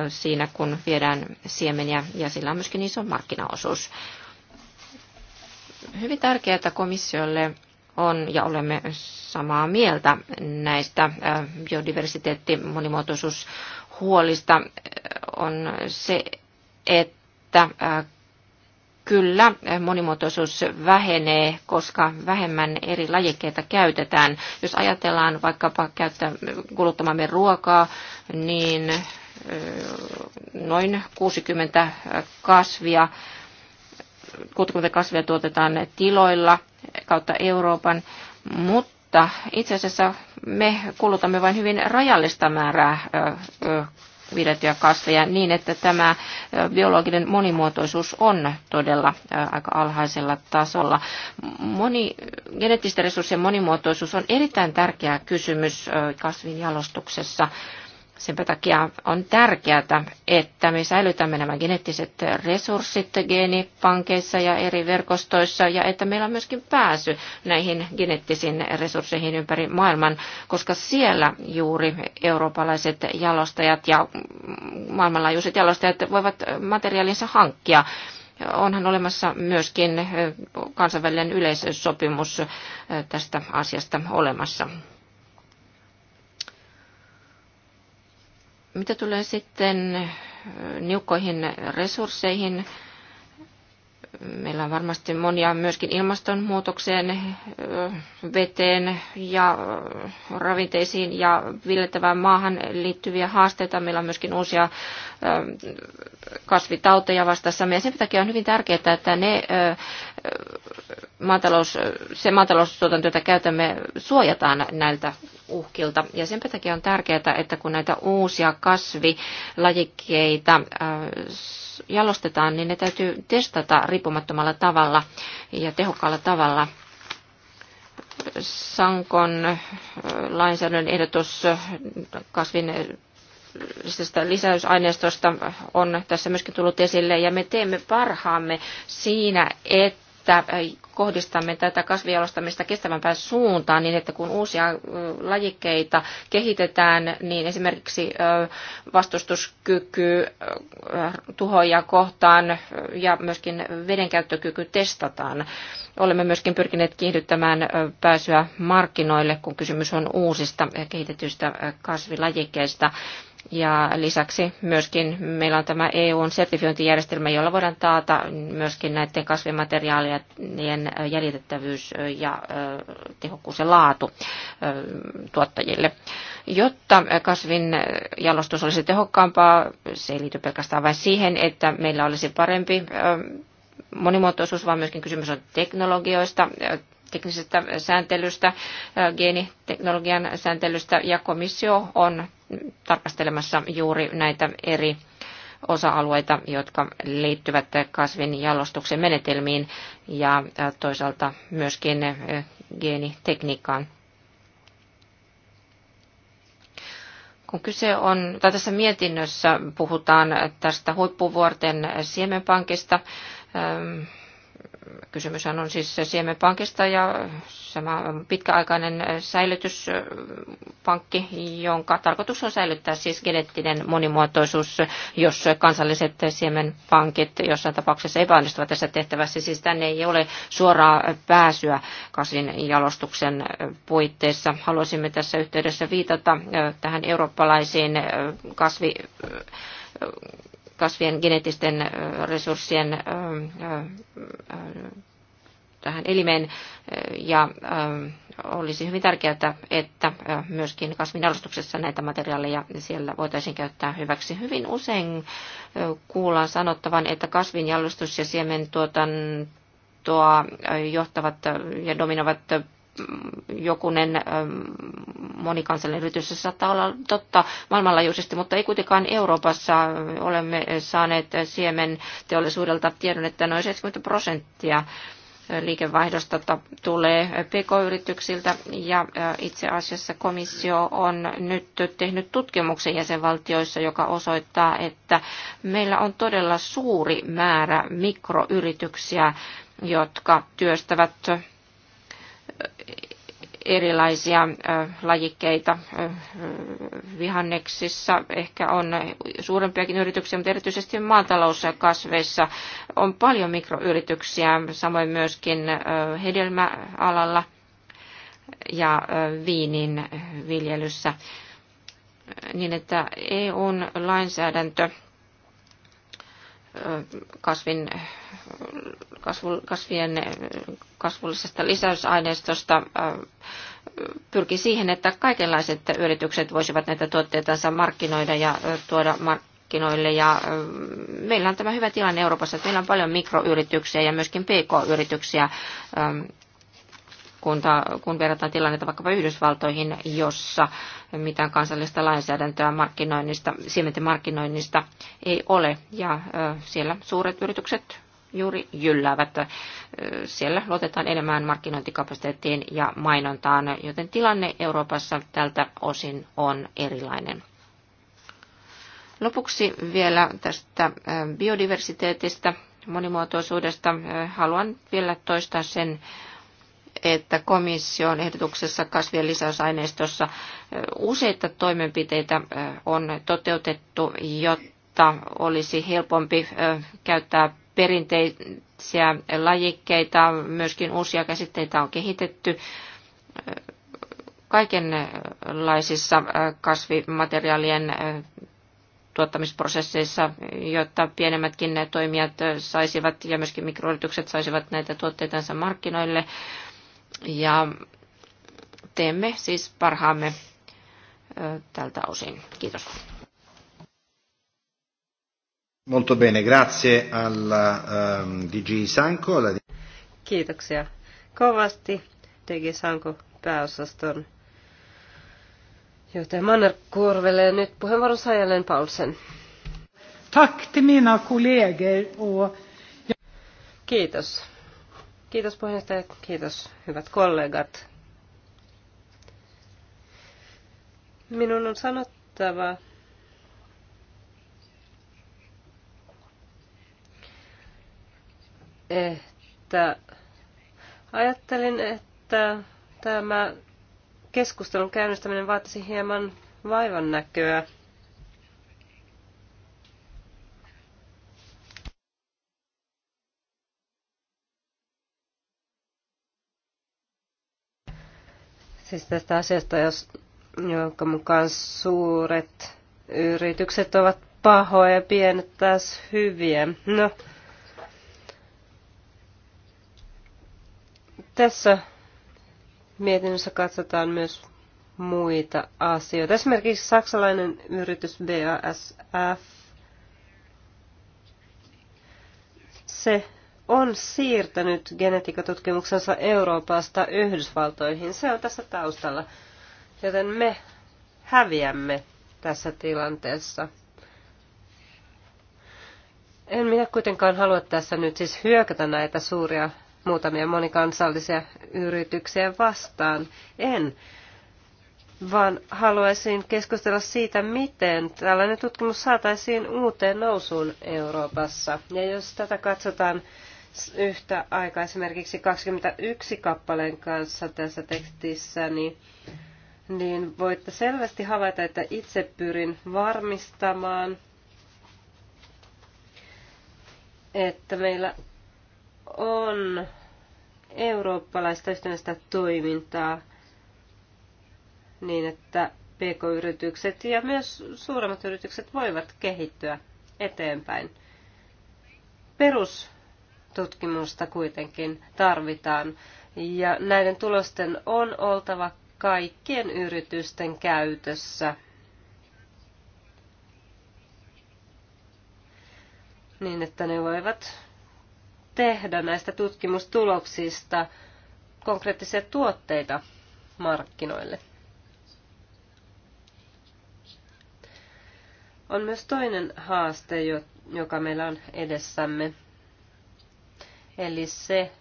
Speaker 3: siinä, kun viedään siemeniä, ja sillä on myöskin iso markkinaosuus. Hyvin tärkeää komissiolle on, ja olemme samaa mieltä näistä biodiversiteetti- monimuotoisuushuolista, on se, että Kyllä, monimuotoisuus vähenee, koska vähemmän eri lajikkeita käytetään. Jos ajatellaan vaikkapa käyttää, kuluttamamme ruokaa, niin noin 60 kasvia, 60 kasvia tuotetaan tiloilla kautta Euroopan, mutta itse asiassa me kulutamme vain hyvin rajallista määrää kasveja niin, että tämä biologinen monimuotoisuus on todella aika alhaisella tasolla. Moni, geneettisten resurssien monimuotoisuus on erittäin tärkeä kysymys kasvin jalostuksessa Senpä takia on tärkeää, että me säilytämme nämä geneettiset resurssit geenipankeissa ja eri verkostoissa ja että meillä on myöskin pääsy näihin geneettisiin resursseihin ympäri maailman, koska siellä juuri eurooppalaiset jalostajat ja maailmanlaajuiset jalostajat voivat materiaalinsa hankkia onhan olemassa myöskin kansainvälinen yleisösopimus tästä asiasta olemassa. Mitä tulee sitten äh, niukkoihin resursseihin, meillä on varmasti monia myöskin ilmastonmuutokseen, äh, veteen ja äh, ravinteisiin ja viljeltävään maahan liittyviä haasteita. Meillä on myöskin uusia Ähm, kasvitauteja vastassa, Ja sen takia on hyvin tärkeää, että ne maatalous, se maataloustuotanto, jota käytämme, suojataan näiltä uhkilta. Ja sen takia on tärkeää, että kun näitä uusia kasvilajikkeita jalostetaan, niin ne täytyy testata riippumattomalla tavalla ja tehokkaalla tavalla. Sankon lainsäädännön ehdotus kasvin lisäysaineistosta on tässä myöskin tullut esille, ja me teemme parhaamme siinä, että että kohdistamme tätä kasvialostamista kestävämpään suuntaan niin, että kun uusia lajikkeita kehitetään, niin esimerkiksi vastustuskyky tuhoja kohtaan ja myöskin vedenkäyttökyky testataan. Olemme myöskin pyrkineet kiihdyttämään pääsyä markkinoille, kun kysymys on uusista kehitetyistä kasvilajikkeista. Ja lisäksi myöskin meillä on tämä EUn sertifiointijärjestelmä, jolla voidaan taata myöskin näiden kasvimateriaalien jäljitettävyys ja tehokkuus ja laatu tuottajille. Jotta kasvin jalostus olisi tehokkaampaa, se ei liity pelkästään vain siihen, että meillä olisi parempi monimuotoisuus, vaan myöskin kysymys on teknologioista, teknisestä sääntelystä, geeniteknologian sääntelystä ja komissio on tarkastelemassa juuri näitä eri osa-alueita, jotka liittyvät kasvin jalostuksen menetelmiin ja toisaalta myöskin geenitekniikkaan. kun kyse on, tai tässä mietinnössä puhutaan tästä huippuvuorten siemenpankista, Kysymyshän on siis Siemenpankista ja sama pitkäaikainen säilytyspankki, jonka tarkoitus on säilyttää siis geneettinen monimuotoisuus, jos kansalliset Siemenpankit jossain tapauksessa epäonnistuvat tässä tehtävässä. Siis tänne ei ole suoraa pääsyä jalostuksen puitteissa. Haluaisimme tässä yhteydessä viitata äh, tähän eurooppalaisiin äh, kasvi kasvien geneettisten resurssien tähän elimeen ja olisi hyvin tärkeää, että myöskin kasvinjalostuksessa näitä materiaaleja siellä voitaisiin käyttää hyväksi. Hyvin usein kuullaan sanottavan, että kasvinjalostus ja siementuotantoa johtavat ja dominoivat jokunen monikansallinen yritys, se saattaa olla totta maailmanlaajuisesti, mutta ei kuitenkaan Euroopassa. Olemme saaneet siemen teollisuudelta tiedon, että noin 70 prosenttia liikevaihdosta tulee PK-yrityksiltä ja itse asiassa komissio on nyt tehnyt tutkimuksen jäsenvaltioissa, joka osoittaa, että meillä on todella suuri määrä mikroyrityksiä, jotka työstävät erilaisia lajikkeita vihanneksissa. Ehkä on suurempiakin yrityksiä, mutta erityisesti kasveissa on paljon mikroyrityksiä, samoin myöskin hedelmäalalla ja viinin viljelyssä, niin että EUn lainsäädäntö kasvin, kasvu, kasvien kasvullisesta lisäysaineistosta pyrki siihen, että kaikenlaiset yritykset voisivat näitä tuotteitansa markkinoida ja tuoda markkinoille markkinoille ja meillä on tämä hyvä tilanne Euroopassa, että meillä on paljon mikroyrityksiä ja myöskin pk-yrityksiä kun, ta, kun verrataan tilannetta vaikkapa Yhdysvaltoihin, jossa mitään kansallista lainsäädäntöä markkinoinnista, siementen markkinoinnista ei ole. Ja siellä suuret yritykset juuri jylläävät. Siellä luotetaan enemmän markkinointikapasiteettiin ja mainontaan, joten tilanne Euroopassa tältä osin on erilainen. Lopuksi vielä tästä biodiversiteetistä, monimuotoisuudesta. Haluan vielä toistaa sen, että komission ehdotuksessa kasvien lisäysaineistossa useita toimenpiteitä on toteutettu, jotta olisi helpompi käyttää perinteisiä lajikkeita, myöskin uusia käsitteitä on kehitetty kaikenlaisissa kasvimateriaalien tuottamisprosesseissa, jotta pienemmätkin toimijat saisivat ja myöskin mikroyritykset saisivat näitä tuotteitansa markkinoille. Ja teemme siis parhaamme tältä osin. Kiitos.
Speaker 1: Molto bene, grazie al um, ehm, DG Sanko. Alla...
Speaker 2: Kiitoksia kovasti DG Sanko pääosaston Joten Manner kuorvelee nyt puheenvuoron saajalleen Paulsen. Tack till mina kollegor och... Kiitos. Kiitos puheenjohtaja, kiitos hyvät kollegat. Minun on sanottava, että ajattelin, että tämä keskustelun käynnistäminen vaatisi hieman vaivannäköä. näköä. Siis tästä asiasta, jos, jonka mukaan suuret yritykset ovat pahoja ja pienet taas hyviä. No, tässä mietinnössä katsotaan myös muita asioita. Esimerkiksi saksalainen yritys BASF. Se on siirtänyt genetiikatutkimuksensa Euroopasta Yhdysvaltoihin. Se on tässä taustalla, joten me häviämme tässä tilanteessa. En minä kuitenkaan halua tässä nyt siis hyökätä näitä suuria muutamia monikansallisia yrityksiä vastaan. En, vaan haluaisin keskustella siitä, miten tällainen tutkimus saataisiin uuteen nousuun Euroopassa. Ja jos tätä katsotaan yhtä aikaa esimerkiksi 21 kappaleen kanssa tässä tekstissä, niin, niin voitte selvästi havaita, että itse pyrin varmistamaan, että meillä on eurooppalaista yhtenäistä toimintaa niin, että pk-yritykset ja myös suuremmat yritykset voivat kehittyä eteenpäin. Perus tutkimusta kuitenkin tarvitaan. Ja näiden tulosten on oltava kaikkien yritysten käytössä. Niin, että ne voivat tehdä näistä tutkimustuloksista konkreettisia tuotteita markkinoille. On myös toinen haaste, joka meillä on edessämme. Eli se,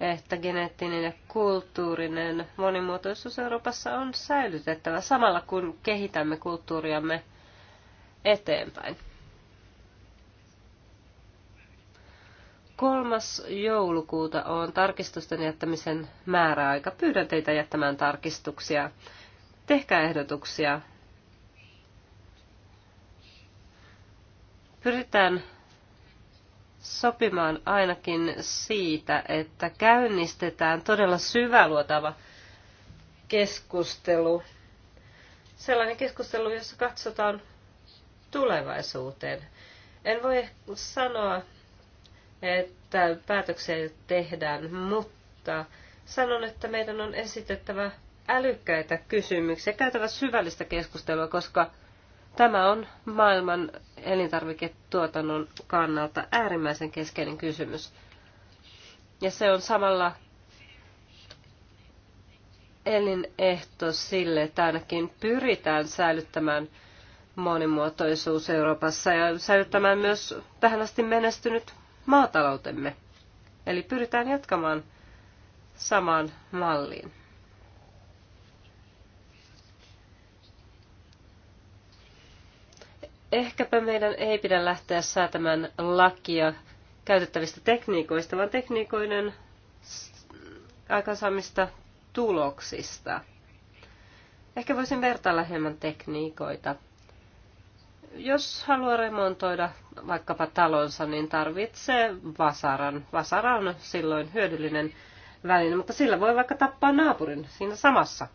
Speaker 2: että geneettinen ja kulttuurinen monimuotoisuus Euroopassa on säilytettävä samalla kun kehitämme kulttuuriamme eteenpäin. Kolmas joulukuuta on tarkistusten jättämisen määräaika. Pyydän teitä jättämään tarkistuksia. Tehkää ehdotuksia. Pyritään sopimaan ainakin siitä, että käynnistetään todella syväluotava keskustelu. Sellainen keskustelu, jossa katsotaan tulevaisuuteen. En voi sanoa, että päätöksiä tehdään, mutta sanon, että meidän on esitettävä älykkäitä kysymyksiä, käytävä syvällistä keskustelua, koska Tämä on maailman elintarviketuotannon kannalta äärimmäisen keskeinen kysymys. Ja se on samalla elinehto sille, että ainakin pyritään säilyttämään monimuotoisuus Euroopassa ja säilyttämään myös tähän asti menestynyt maataloutemme. Eli pyritään jatkamaan samaan malliin. ehkäpä meidän ei pidä lähteä säätämään lakia käytettävistä tekniikoista, vaan tekniikoiden aikaansaamista tuloksista. Ehkä voisin vertailla hieman tekniikoita. Jos haluaa remontoida vaikkapa talonsa, niin tarvitsee vasaran. Vasara on silloin hyödyllinen väline, mutta sillä voi vaikka tappaa naapurin siinä samassa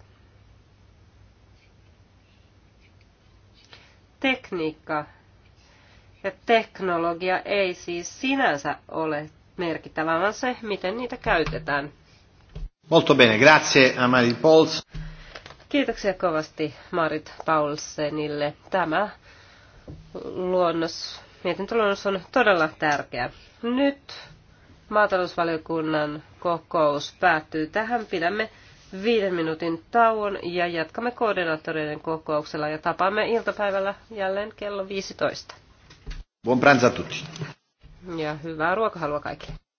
Speaker 2: tekniikka ja teknologia ei siis sinänsä ole merkittävä, vaan se, miten niitä käytetään.
Speaker 1: Molto bene, grazie a Marit Pauls.
Speaker 2: Kiitoksia kovasti Marit Paulsenille. Tämä luonnos, mietintöluonnos on todella tärkeä. Nyt maatalousvaliokunnan kokous päättyy tähän. Pidämme viiden minuutin tauon ja jatkamme koordinaattoreiden kokouksella ja tapaamme iltapäivällä jälleen kello 15. Buon pranzo a tutti. Ja hyvää ruokahalua kaikille.